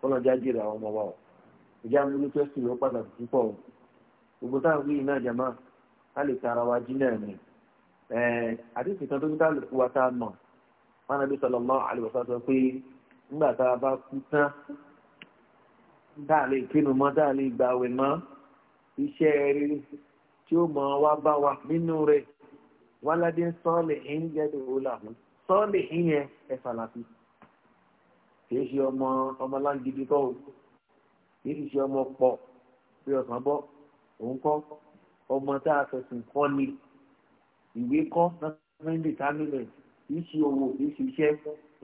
kọ́lọ́jà jèrè na ọmọ wa ká ara wa jí náà ni kan tó ń tá a mọ̀ mánàbí sallallahu alaihi wasallam sọ pé nígbà tá a bá kú tán dáa lè kínu mọ́ dáa lè gbàwẹ̀ mọ́ iṣẹ rere tí ó mọ wá bá wa nínú ń ọmọ ọmọ o kìí ọmọ bí ọmọ tá a fẹ̀sùn kọ́ ni ìwé kọ́ náà determinant kì í ṣe owó kì í ṣe iṣẹ́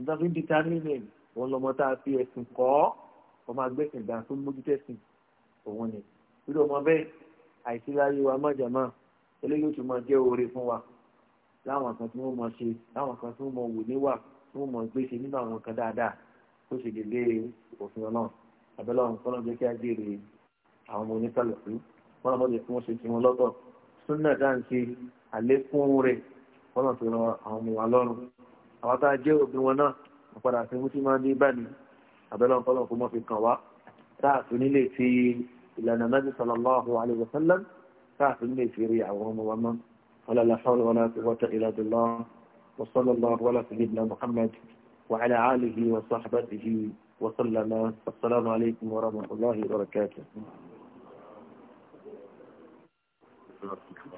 náà determinant òun lọmọ tá a fi ẹ̀sùn kọ́ ọmọ agbẹ́sìndà tó mójútó ẹ̀sìn òun ni irú ọmọ bẹ́ẹ̀ àìsí wa mọ̀jàmá eléyìí ó tún máa jẹ́ oore fún wa láwọn kan tí wọ́n mọ̀ ṣe láwọn kan tí wọ́n mọ̀ wò níwà tí wọ́n mọ̀ gbé ṣe nínú àwọn kan dáadáa tó ṣe lè lé òfin ọlọ́run àbẹ́lọ́run kọ́lọ́n jẹ́ kí á jèrè àwọn ọmọ oníkàlùkù wọn lọ́mọdé tí wọ́n ṣe ti wọn lọ́tọ̀ súnà dáǹtì àlékún rẹ̀ wọn lọ́n ti ran àwọn ọmọ wa lọ́rùn àwọn tá a jẹ́ òbí wọn náà wọn padà sí mú sí máa ń ní báyìí àbẹ́lẹ́ ọ̀pọ̀lọ̀ kó mọ́ fi kàn wá táàfin nílé ti ìlànà nábì sallallahu alaihi wasallam táàfin nílé ti rí àwọn ọmọ wa mọ́ ولا لا حول ولا قوة إلا بالله وصلى الله على سيدنا محمد وعلى آله وصحبه وسلم السلام عليكم ورحمة الله وبركاته Thank you.